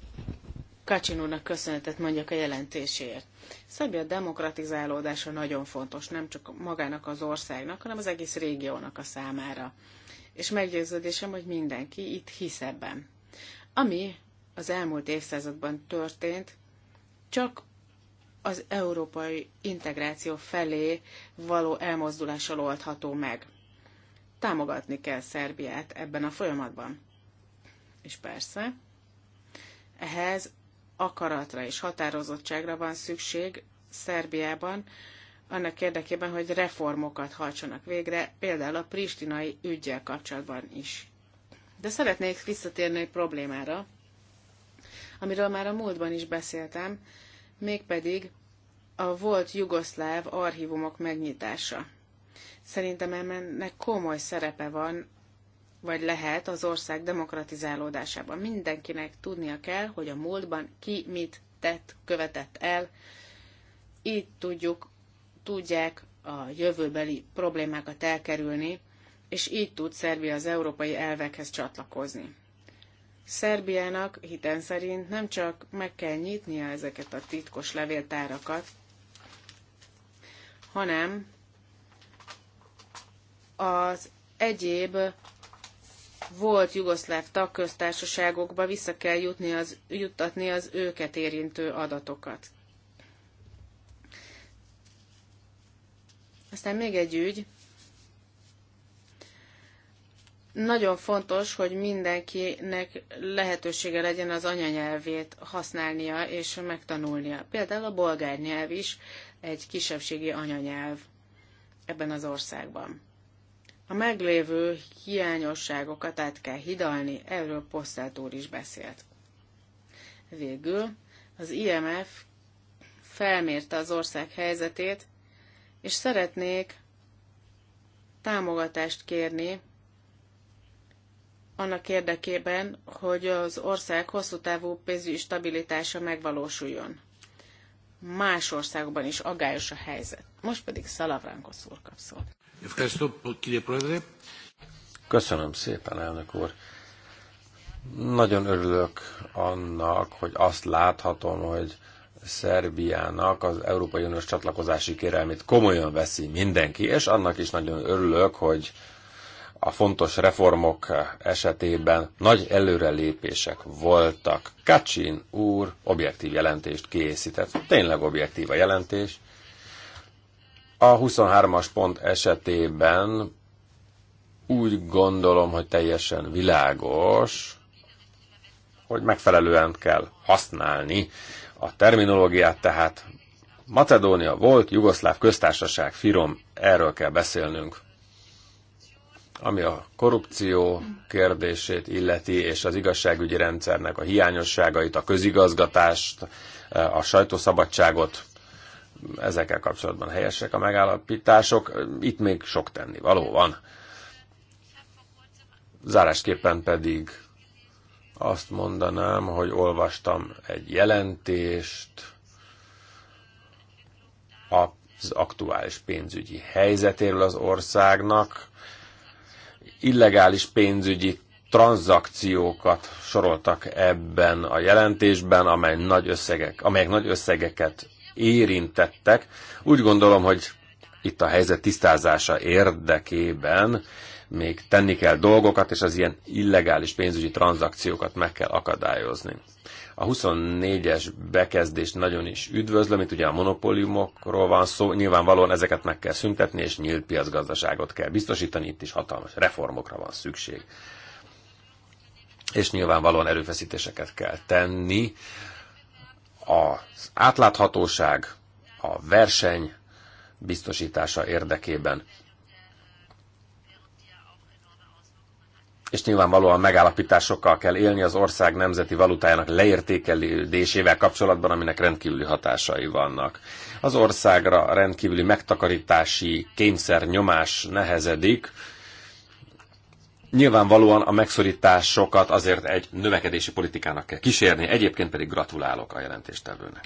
Kacsin úrnak köszönetet mondjak a jelentéséért. Szerbia demokratizálódása nagyon fontos, nem csak magának az országnak, hanem az egész régiónak a számára. És meggyőződésem, hogy mindenki itt hisz ebben. Ami az elmúlt évszázadban történt, csak az európai integráció felé való elmozdulással oldható meg. Támogatni kell Szerbiát ebben a folyamatban. És persze, ehhez akaratra és határozottságra van szükség Szerbiában, annak érdekében, hogy reformokat hajtsanak végre, például a pristinai ügyjel kapcsolatban is. De szeretnék visszatérni egy problémára, amiről már a múltban is beszéltem, mégpedig a volt jugoszláv archívumok megnyitása. Szerintem ennek komoly szerepe van vagy lehet az ország demokratizálódásában. Mindenkinek tudnia kell, hogy a múltban ki mit tett, követett el. Így tudjuk, tudják a jövőbeli problémákat elkerülni, és így tud Szerbia az európai elvekhez csatlakozni. Szerbiának hiten szerint nem csak meg kell nyitnia ezeket a titkos levéltárakat, hanem az egyéb volt jugoszláv tagköztársaságokba vissza kell jutni az, juttatni az őket érintő adatokat. Aztán még egy ügy. Nagyon fontos, hogy mindenkinek lehetősége legyen az anyanyelvét használnia és megtanulnia. Például a bolgár nyelv is egy kisebbségi anyanyelv ebben az országban. A meglévő hiányosságokat át kell hidalni, erről Posztelt úr is beszélt. Végül az IMF felmérte az ország helyzetét, és szeretnék támogatást kérni annak érdekében, hogy az ország hosszú távú pénzügyi stabilitása megvalósuljon. Más országokban is agályos a helyzet. Most pedig Szalavránkos úr kap szót. Köszönöm szépen, elnök úr. Nagyon örülök annak, hogy azt láthatom, hogy Szerbiának az Európai Uniós csatlakozási kérelmét komolyan veszi mindenki, és annak is nagyon örülök, hogy a fontos reformok esetében nagy előrelépések voltak. Kacsin úr objektív jelentést készített, tényleg objektív a jelentés, a 23-as pont esetében úgy gondolom, hogy teljesen világos, hogy megfelelően kell használni a terminológiát, tehát Macedónia volt, Jugoszláv köztársaság, Firom, erről kell beszélnünk. Ami a korrupció kérdését illeti, és az igazságügyi rendszernek a hiányosságait, a közigazgatást, a sajtószabadságot, ezekkel kapcsolatban helyesek a megállapítások. Itt még sok tenni, való van. Zárásképpen pedig azt mondanám, hogy olvastam egy jelentést az aktuális pénzügyi helyzetéről az országnak. Illegális pénzügyi tranzakciókat soroltak ebben a jelentésben, amely nagy összegek, amelyek nagy összegeket érintettek. Úgy gondolom, hogy itt a helyzet tisztázása érdekében még tenni kell dolgokat, és az ilyen illegális pénzügyi tranzakciókat meg kell akadályozni. A 24-es bekezdést nagyon is üdvözlöm, itt ugye a monopóliumokról van szó, nyilvánvalóan ezeket meg kell szüntetni, és nyílt piacgazdaságot kell biztosítani, itt is hatalmas reformokra van szükség. És nyilvánvalóan erőfeszítéseket kell tenni az átláthatóság, a verseny biztosítása érdekében. És nyilvánvalóan megállapításokkal kell élni az ország nemzeti valutájának leértékelődésével kapcsolatban, aminek rendkívüli hatásai vannak. Az országra rendkívüli megtakarítási kényszer nyomás nehezedik, Nyilvánvalóan a megszorításokat azért egy növekedési politikának kell kísérni, egyébként pedig gratulálok a jelentéstevőnek.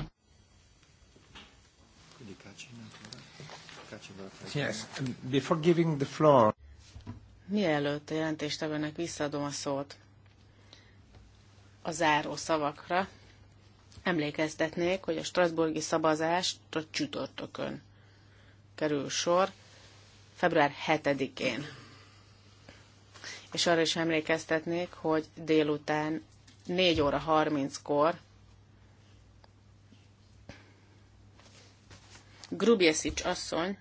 Yes. Before giving the floor. Mielőtt a jelentéstevőnek visszaadom a szót a záró szavakra, emlékeztetnék, hogy a Strasburgi szavazást a csütörtökön kerül sor, február 7-én és arra is emlékeztetnék, hogy délután 4 óra 30-kor Grubjeszics asszony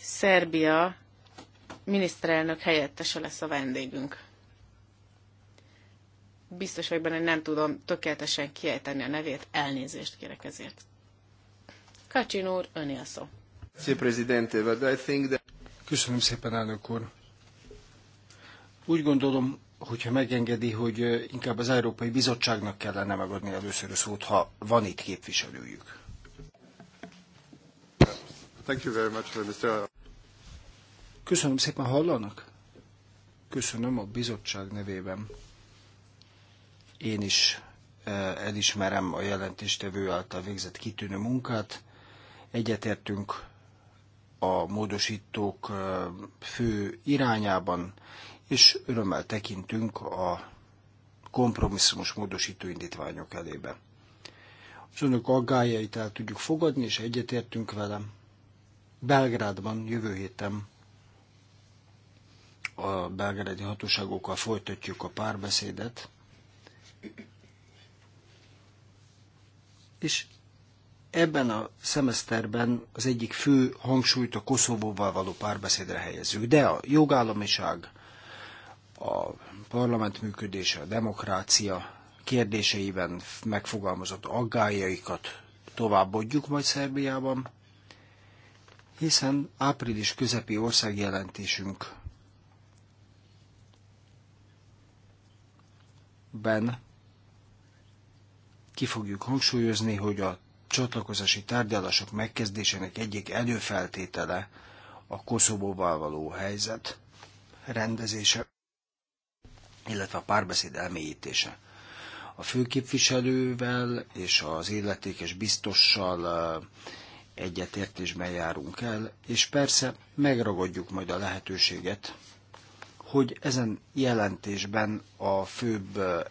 Szerbia miniszterelnök helyettese lesz a vendégünk. Biztos vagy benne, nem tudom tökéletesen kiejteni a nevét, elnézést kérek ezért. Kacsin öné a szó. Köszönöm szépen, elnök úr. Úgy gondolom, hogyha megengedi, hogy inkább az Európai Bizottságnak kellene megadni először a szót, ha van itt képviselőjük. Thank you very much, Mr. Köszönöm szépen, hallanak? Köszönöm a bizottság nevében. Én is elismerem a jelentéstevő által végzett kitűnő munkát, Egyetértünk a módosítók fő irányában, és örömmel tekintünk a kompromisszumos módosító indítványok elébe. Az önök aggájait el tudjuk fogadni, és egyetértünk velem. Belgrádban jövő héten a belgrádi hatóságokkal folytatjuk a párbeszédet, és Ebben a szemeszterben az egyik fő hangsúlyt a Koszovóval való párbeszédre helyezzük, de a jogállamiság, a parlament működése, a demokrácia kérdéseiben megfogalmazott aggájaikat továbbodjuk majd Szerbiában, hiszen április közepi országjelentésünk ben ki fogjuk hangsúlyozni, hogy a csatlakozási tárgyalások megkezdésének egyik előfeltétele a Koszovóval való helyzet rendezése, illetve a párbeszéd elmélyítése. A főképviselővel és az illetékes biztossal eh, egyetértésben járunk el, és persze megragadjuk majd a lehetőséget, hogy ezen jelentésben a főbb eh,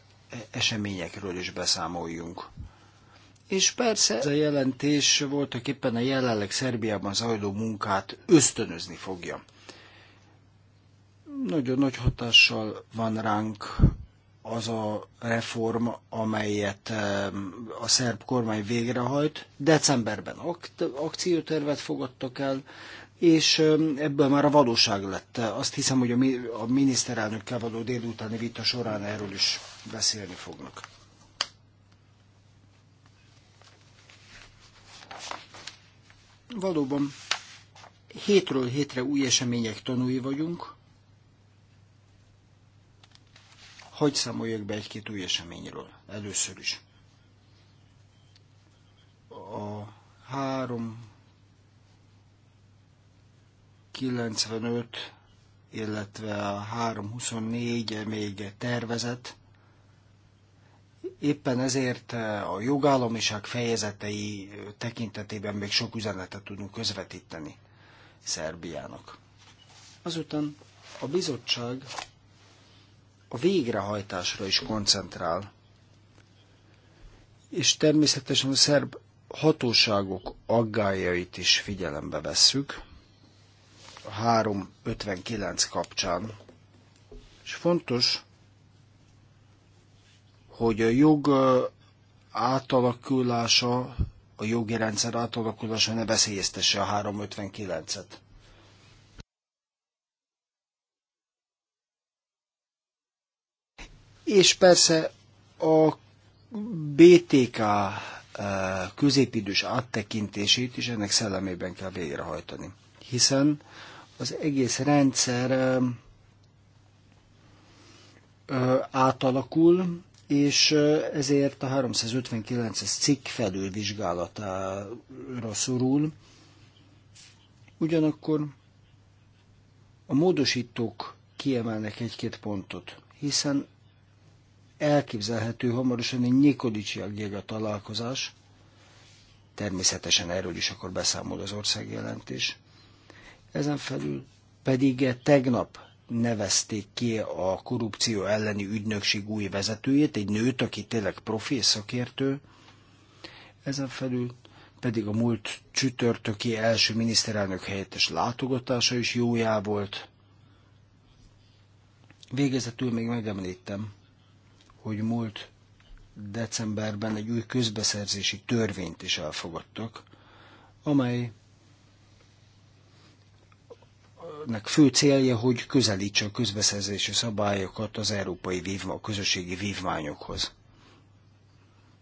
eseményekről is beszámoljunk. És persze ez a jelentés voltak éppen a jelenleg Szerbiában zajló munkát ösztönözni fogja. Nagyon nagy hatással van ránk az a reform, amelyet a szerb kormány végrehajt. Decemberben ak- akciótervet fogadtak el, és ebből már a valóság lett. Azt hiszem, hogy a, mi- a miniszterelnökkel való délutáni vita során erről is beszélni fognak. Valóban hétről hétre új események tanúi vagyunk. Hogy számoljak be egy-két új eseményről? Először is. A három 95, illetve a 324 még tervezett Éppen ezért eh, a jogállamiság fejezetei eh, tekintetében még sok üzenetet tudunk közvetíteni Szerbiának. Azután a bizottság a végrehajtásra is koncentrál, és természetesen a szerb hatóságok aggájait is figyelembe vesszük a 359 kapcsán. És fontos, hogy a jog átalakulása, a jogi rendszer átalakulása ne veszélyeztesse a 359-et. És persze a BTK középidős áttekintését is ennek szellemében kell végrehajtani. Hiszen az egész rendszer átalakul, és ezért a 359-es cikk felülvizsgálatára szorul. Ugyanakkor a módosítók kiemelnek egy-két pontot, hiszen elképzelhető hamarosan egy Nyikodicsiak a találkozás, természetesen erről is akkor beszámol az országjelentés. Ezen felül pedig tegnap nevezték ki a korrupció elleni ügynökség új vezetőjét, egy nőt, aki tényleg profi szakértő. Ezen felül pedig a múlt csütörtöki első miniszterelnök helyettes látogatása is jójá volt. Végezetül még megemlítem, hogy múlt decemberben egy új közbeszerzési törvényt is elfogadtak, amely nek fő célja, hogy közelítse a közbeszerzési szabályokat az európai vívma, a közösségi vívmányokhoz.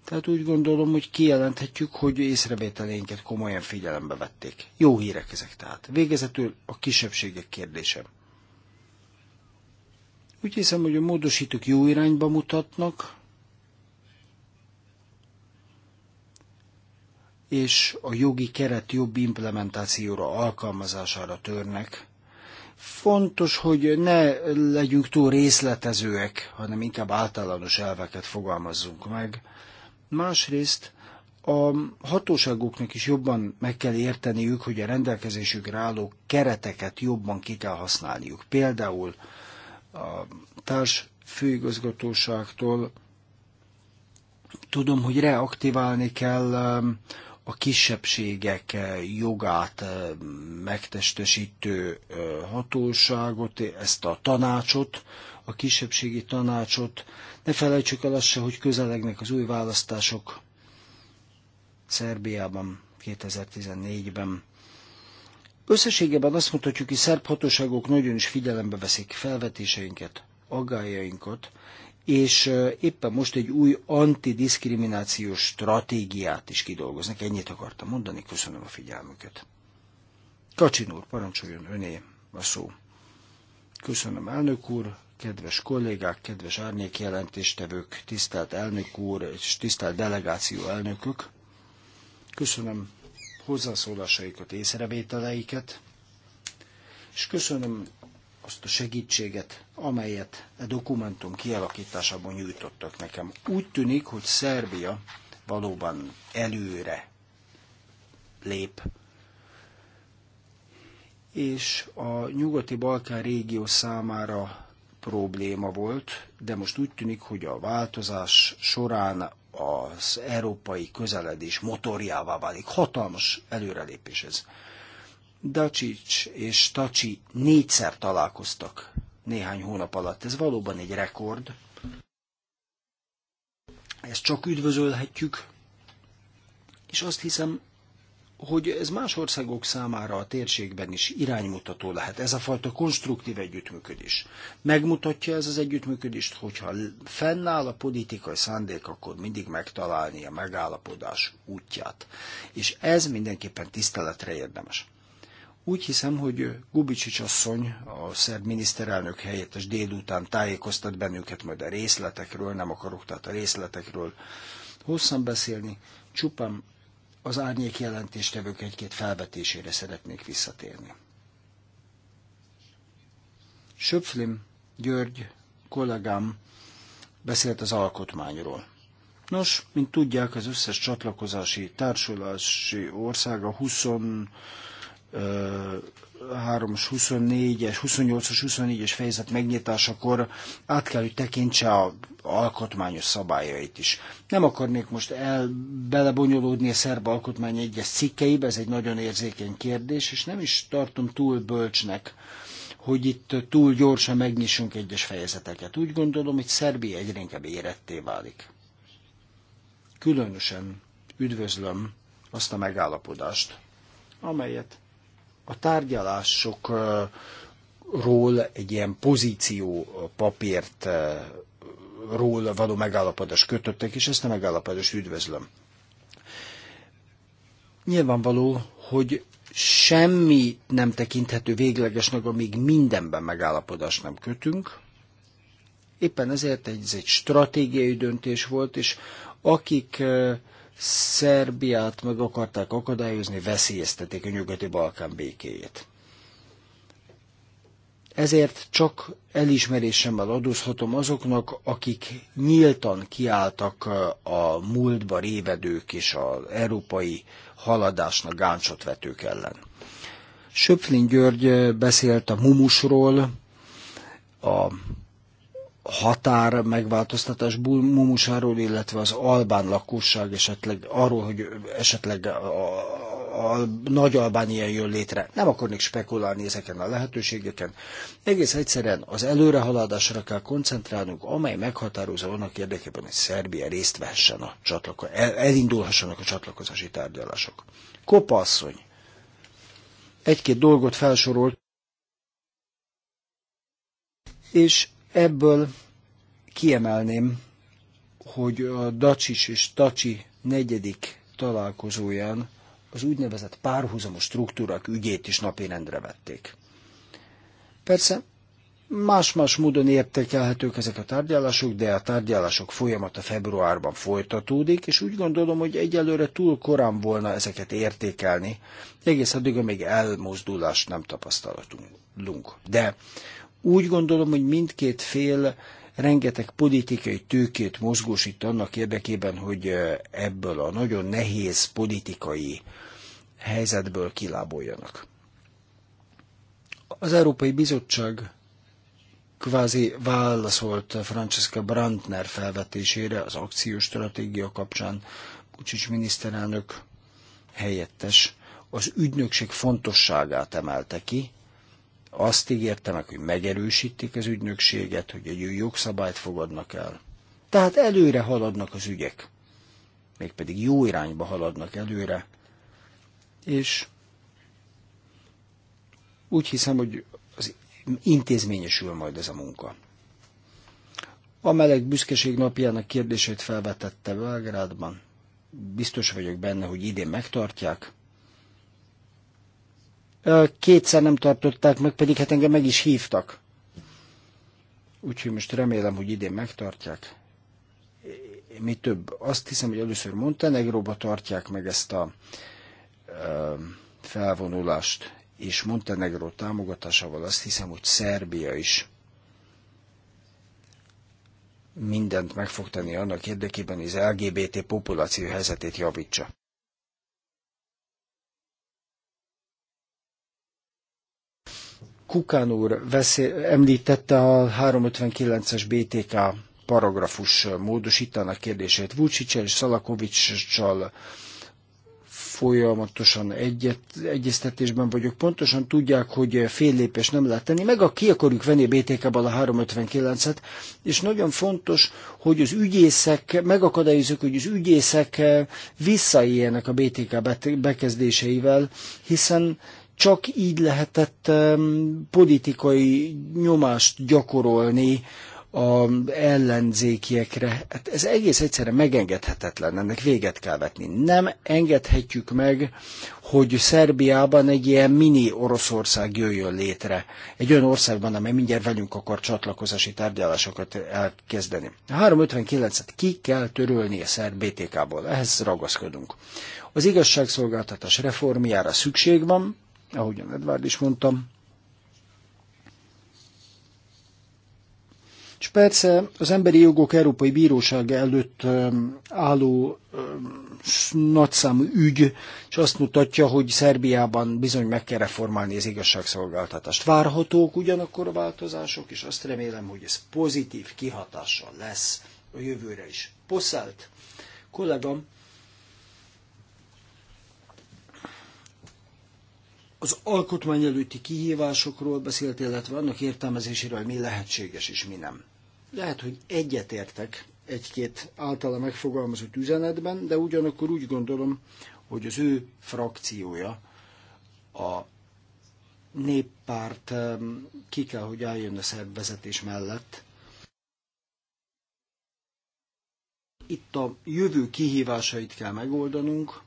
Tehát úgy gondolom, hogy kijelenthetjük, hogy észrevételénket komolyan figyelembe vették. Jó hírek ezek tehát. Végezetül a kisebbségek kérdése. Úgy hiszem, hogy a módosítók jó irányba mutatnak, és a jogi keret jobb implementációra, alkalmazására törnek, Fontos, hogy ne legyünk túl részletezőek, hanem inkább általános elveket fogalmazzunk meg. Másrészt a hatóságoknak is jobban meg kell érteniük, hogy a rendelkezésükre álló kereteket jobban ki kell használniuk. Például a társ főigazgatóságtól tudom, hogy reaktiválni kell a kisebbségek eh, jogát eh, megtestesítő eh, hatóságot, ezt a tanácsot, a kisebbségi tanácsot. Ne felejtsük el azt se, hogy közelegnek az új választások Szerbiában 2014-ben. Összességében azt mutatjuk hogy szerb hatóságok nagyon is figyelembe veszik felvetéseinket, aggájainkat, és éppen most egy új antidiszkriminációs stratégiát is kidolgoznak. Ennyit akartam mondani, köszönöm a figyelmüket. Kacsin úr, parancsoljon öné a szó. Köszönöm, elnök úr, kedves kollégák, kedves árnyékjelentéstevők, tisztelt elnök úr és tisztelt delegáció elnökök. Köszönöm hozzászólásaikat, észrevételeiket, és köszönöm azt a segítséget, amelyet a dokumentum kialakításában nyújtottak nekem. Úgy tűnik, hogy Szerbia valóban előre lép, és a nyugati Balkán régió számára probléma volt, de most úgy tűnik, hogy a változás során az európai közeledés motorjává válik. Hatalmas előrelépés ez. Dacsics és Tacsi négyszer találkoztak néhány hónap alatt. Ez valóban egy rekord. Ezt csak üdvözölhetjük. És azt hiszem, hogy ez más országok számára a térségben is iránymutató lehet. Ez a fajta konstruktív együttműködés. Megmutatja ez az együttműködést, hogyha fennáll a politikai szándék, akkor mindig megtalálni a megállapodás útját. És ez mindenképpen tiszteletre érdemes. Úgy hiszem, hogy Gubicsics asszony, a szerb miniszterelnök helyettes délután tájékoztat bennünket majd a részletekről, nem akarok tehát a részletekről hosszan beszélni, csupán az árnyék jelentéstevők egy-két felvetésére szeretnék visszatérni. Söpflim György kollégám beszélt az alkotmányról. Nos, mint tudják, az összes csatlakozási társulási ország a 20 3 24-es, 28-as, 24-es fejezet megnyitásakor át kell, hogy tekintse a alkotmányos szabályait is. Nem akarnék most el belebonyolódni a szerb alkotmány egyes cikkeibe, ez egy nagyon érzékeny kérdés, és nem is tartom túl bölcsnek, hogy itt túl gyorsan megnyissunk egyes fejezeteket. Úgy gondolom, hogy Szerbia egyre inkább éretté válik. Különösen üdvözlöm azt a megállapodást, amelyet a tárgyalásokról egy ilyen pozíció papírt eh, ról való megállapodás kötöttek, és ezt a megállapodást üdvözlöm. Nyilvánvaló, hogy semmi nem tekinthető véglegesnek, amíg mindenben megállapodást nem kötünk. Éppen ezért ez egy stratégiai döntés volt, és akik eh, Szerbiát meg akarták akadályozni, veszélyeztették a nyugati Balkán békéjét. Ezért csak elismerésemmel adózhatom azoknak, akik nyíltan kiálltak uh, a múltba révedők és az európai haladásnak gáncsot vetők ellen. Söpflin György uh, beszélt a mumusról, a határ megváltoztatás mumusáról, illetve az albán lakosság esetleg arról, hogy esetleg a, a nagy Albánia jön létre. Nem akarnék spekulálni ezeken a lehetőségeken. Egész egyszerűen az előrehaladásra kell koncentrálnunk, amely meghatározza annak érdekében, hogy Szerbia részt vehessen a csatlako- el, elindulhassanak a csatlakozási tárgyalások. Kopa asszony. Egy-két dolgot felsorolt, és Ebből kiemelném, hogy a Dacsis és Tacsi negyedik találkozóján az úgynevezett párhuzamos struktúrák ügyét is napirendre vették. Persze más-más módon értékelhetők ezek a tárgyalások, de a tárgyalások folyamata februárban folytatódik, és úgy gondolom, hogy egyelőre túl korán volna ezeket értékelni, egész addig, amíg elmozdulást nem tapasztalatunk. De úgy gondolom, hogy mindkét fél rengeteg politikai tőkét mozgósít annak érdekében, hogy ebből a nagyon nehéz politikai helyzetből kiláboljanak. Az Európai Bizottság kvázi válaszolt Francesca Brandner felvetésére az akciós stratégia kapcsán, Kucsics miniszterelnök helyettes az ügynökség fontosságát emelte ki, azt ígérte meg, hogy megerősítik az ügynökséget, hogy egy jogszabályt fogadnak el. Tehát előre haladnak az ügyek. Mégpedig jó irányba haladnak előre. És úgy hiszem, hogy az intézményesül majd ez a munka. A meleg büszkeség napjának kérdését felvetette Belgrádban. Biztos vagyok benne, hogy idén megtartják. Kétszer nem tartották meg, pedig hát engem meg is hívtak. Úgyhogy most remélem, hogy idén megtartják. Mi több, azt hiszem, hogy először Montenegróba tartják meg ezt a felvonulást, és Montenegró támogatásával azt hiszem, hogy Szerbia is mindent meg fog tenni annak érdekében, hogy az LGBT populáció helyzetét javítsa. Kukán úr veszély, említette a 359-es BTK paragrafus módosítanak kérdését. Vucic és Szalakovicsal folyamatosan egyet, egyeztetésben vagyok. Pontosan tudják, hogy fél lépés nem lehet tenni, meg a ki akarjuk venni a BTK-ból a 359-et, és nagyon fontos, hogy az ügyészek, megakadályozok, hogy az ügyészek visszaéljenek a BTK bekezdéseivel, hiszen csak így lehetett politikai nyomást gyakorolni a ellenzékiekre. Hát ez egész egyszerűen megengedhetetlen, ennek véget kell vetni. Nem engedhetjük meg, hogy Szerbiában egy ilyen mini Oroszország jöjjön létre. Egy olyan országban, amely mindjárt velünk akar csatlakozási tárgyalásokat elkezdeni. A 359-et ki kell törölni a szerb BTK-ból, ehhez ragaszkodunk. Az igazságszolgáltatás reformjára szükség van, ahogyan Edvard is mondtam. És persze az Emberi Jogok Európai Bíróság előtt álló nagyszámú ügy, és azt mutatja, hogy Szerbiában bizony meg kell reformálni az igazságszolgáltatást. Várhatók ugyanakkor a változások, és azt remélem, hogy ez pozitív kihatással lesz a jövőre is. Poszelt kollégám az alkotmány előtti kihívásokról beszélt, illetve annak értelmezéséről, mi lehetséges és mi nem. Lehet, hogy egyetértek egy-két általa megfogalmazott üzenetben, de ugyanakkor úgy gondolom, hogy az ő frakciója, a néppárt ki kell, hogy álljon a szervezetés mellett. Itt a jövő kihívásait kell megoldanunk,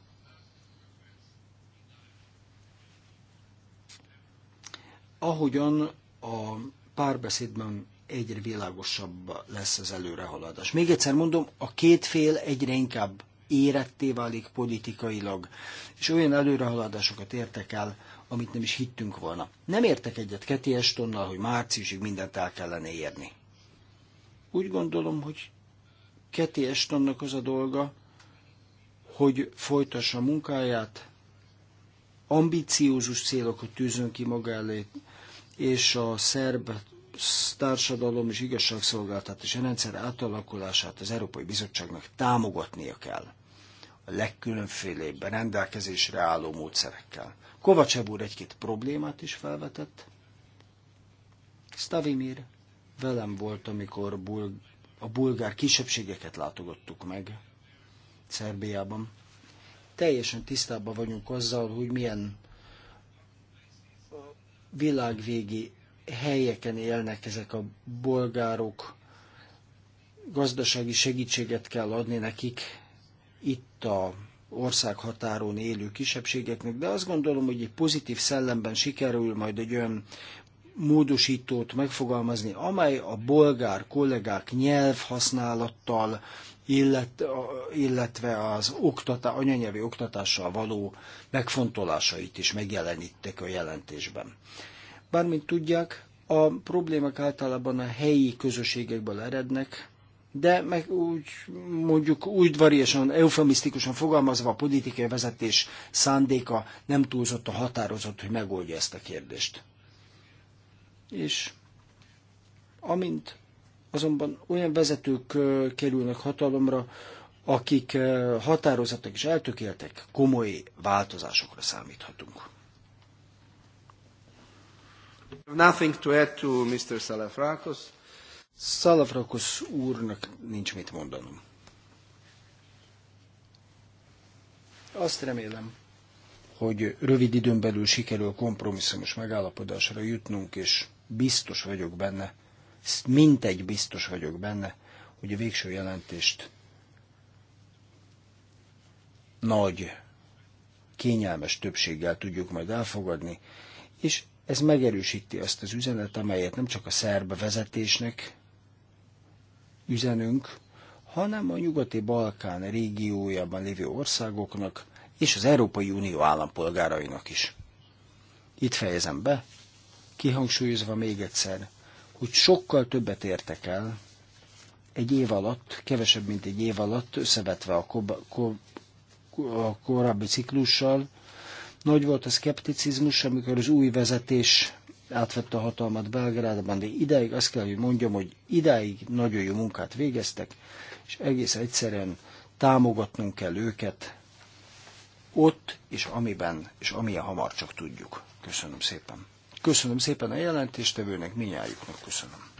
ahogyan a párbeszédben egyre világosabb lesz az előrehaladás. Még egyszer mondom, a két fél egyre inkább éretté válik politikailag, és olyan előrehaladásokat értek el, amit nem is hittünk volna. Nem értek egyet Keti Estonnal, hogy márciusig mindent el kellene érni. Úgy gondolom, hogy Keti Estonnak az a dolga, hogy folytassa a munkáját, ambiciózus célokat tűzön ki maga elé, és a szerb társadalom és igazságszolgáltatás rendszer átalakulását az Európai Bizottságnak támogatnia kell a legkülönfélébb rendelkezésre álló módszerekkel. Kovacsev úr egy-két problémát is felvetett. Stavimir velem volt, amikor a bulgár kisebbségeket látogattuk meg Szerbiában. Teljesen tisztában vagyunk azzal, hogy milyen világvégi helyeken élnek ezek a bolgárok, gazdasági segítséget kell adni nekik itt a országhatáron élő kisebbségeknek, de azt gondolom, hogy egy pozitív szellemben sikerül majd egy olyan módosítót megfogalmazni, amely a bolgár kollégák nyelvhasználattal, illetve az oktatá, anyanyelvi oktatással való megfontolásait is megjelenítek a jelentésben. Bármint tudják, a problémák általában a helyi közösségekből erednek, de meg úgy mondjuk úgy variásan, eufemisztikusan fogalmazva a politikai vezetés szándéka nem túlzott a határozott, hogy megoldja ezt a kérdést. És amint Azonban olyan vezetők kerülnek hatalomra, akik határozottak és eltökéltek, komoly változásokra számíthatunk. Nothing to add to Mr. Salafrakos. Salafrakos úrnak nincs mit mondanom. Azt remélem, hogy rövid időn belül sikerül kompromisszumos megállapodásra jutnunk, és biztos vagyok benne, mintegy biztos vagyok benne, hogy a végső jelentést nagy, kényelmes többséggel tudjuk majd elfogadni, és ez megerősíti azt az üzenet, amelyet nem csak a szerb vezetésnek üzenünk, hanem a nyugati-Balkán régiójában lévő országoknak és az Európai Unió állampolgárainak is. Itt fejezem be, kihangsúlyozva még egyszer, hogy sokkal többet értek el egy év alatt, kevesebb, mint egy év alatt, összevetve a, kob- ko- a korábbi ciklussal. Nagy volt a szkepticizmus, amikor az új vezetés átvette a hatalmat Belgrádban, de ideig azt kell, hogy mondjam, hogy ideig nagyon jó munkát végeztek, és egész egyszerűen támogatnunk kell őket ott és amiben, és amilyen hamar csak tudjuk. Köszönöm szépen. Köszönöm szépen a jelentéstevőnek, minnyájuknak köszönöm.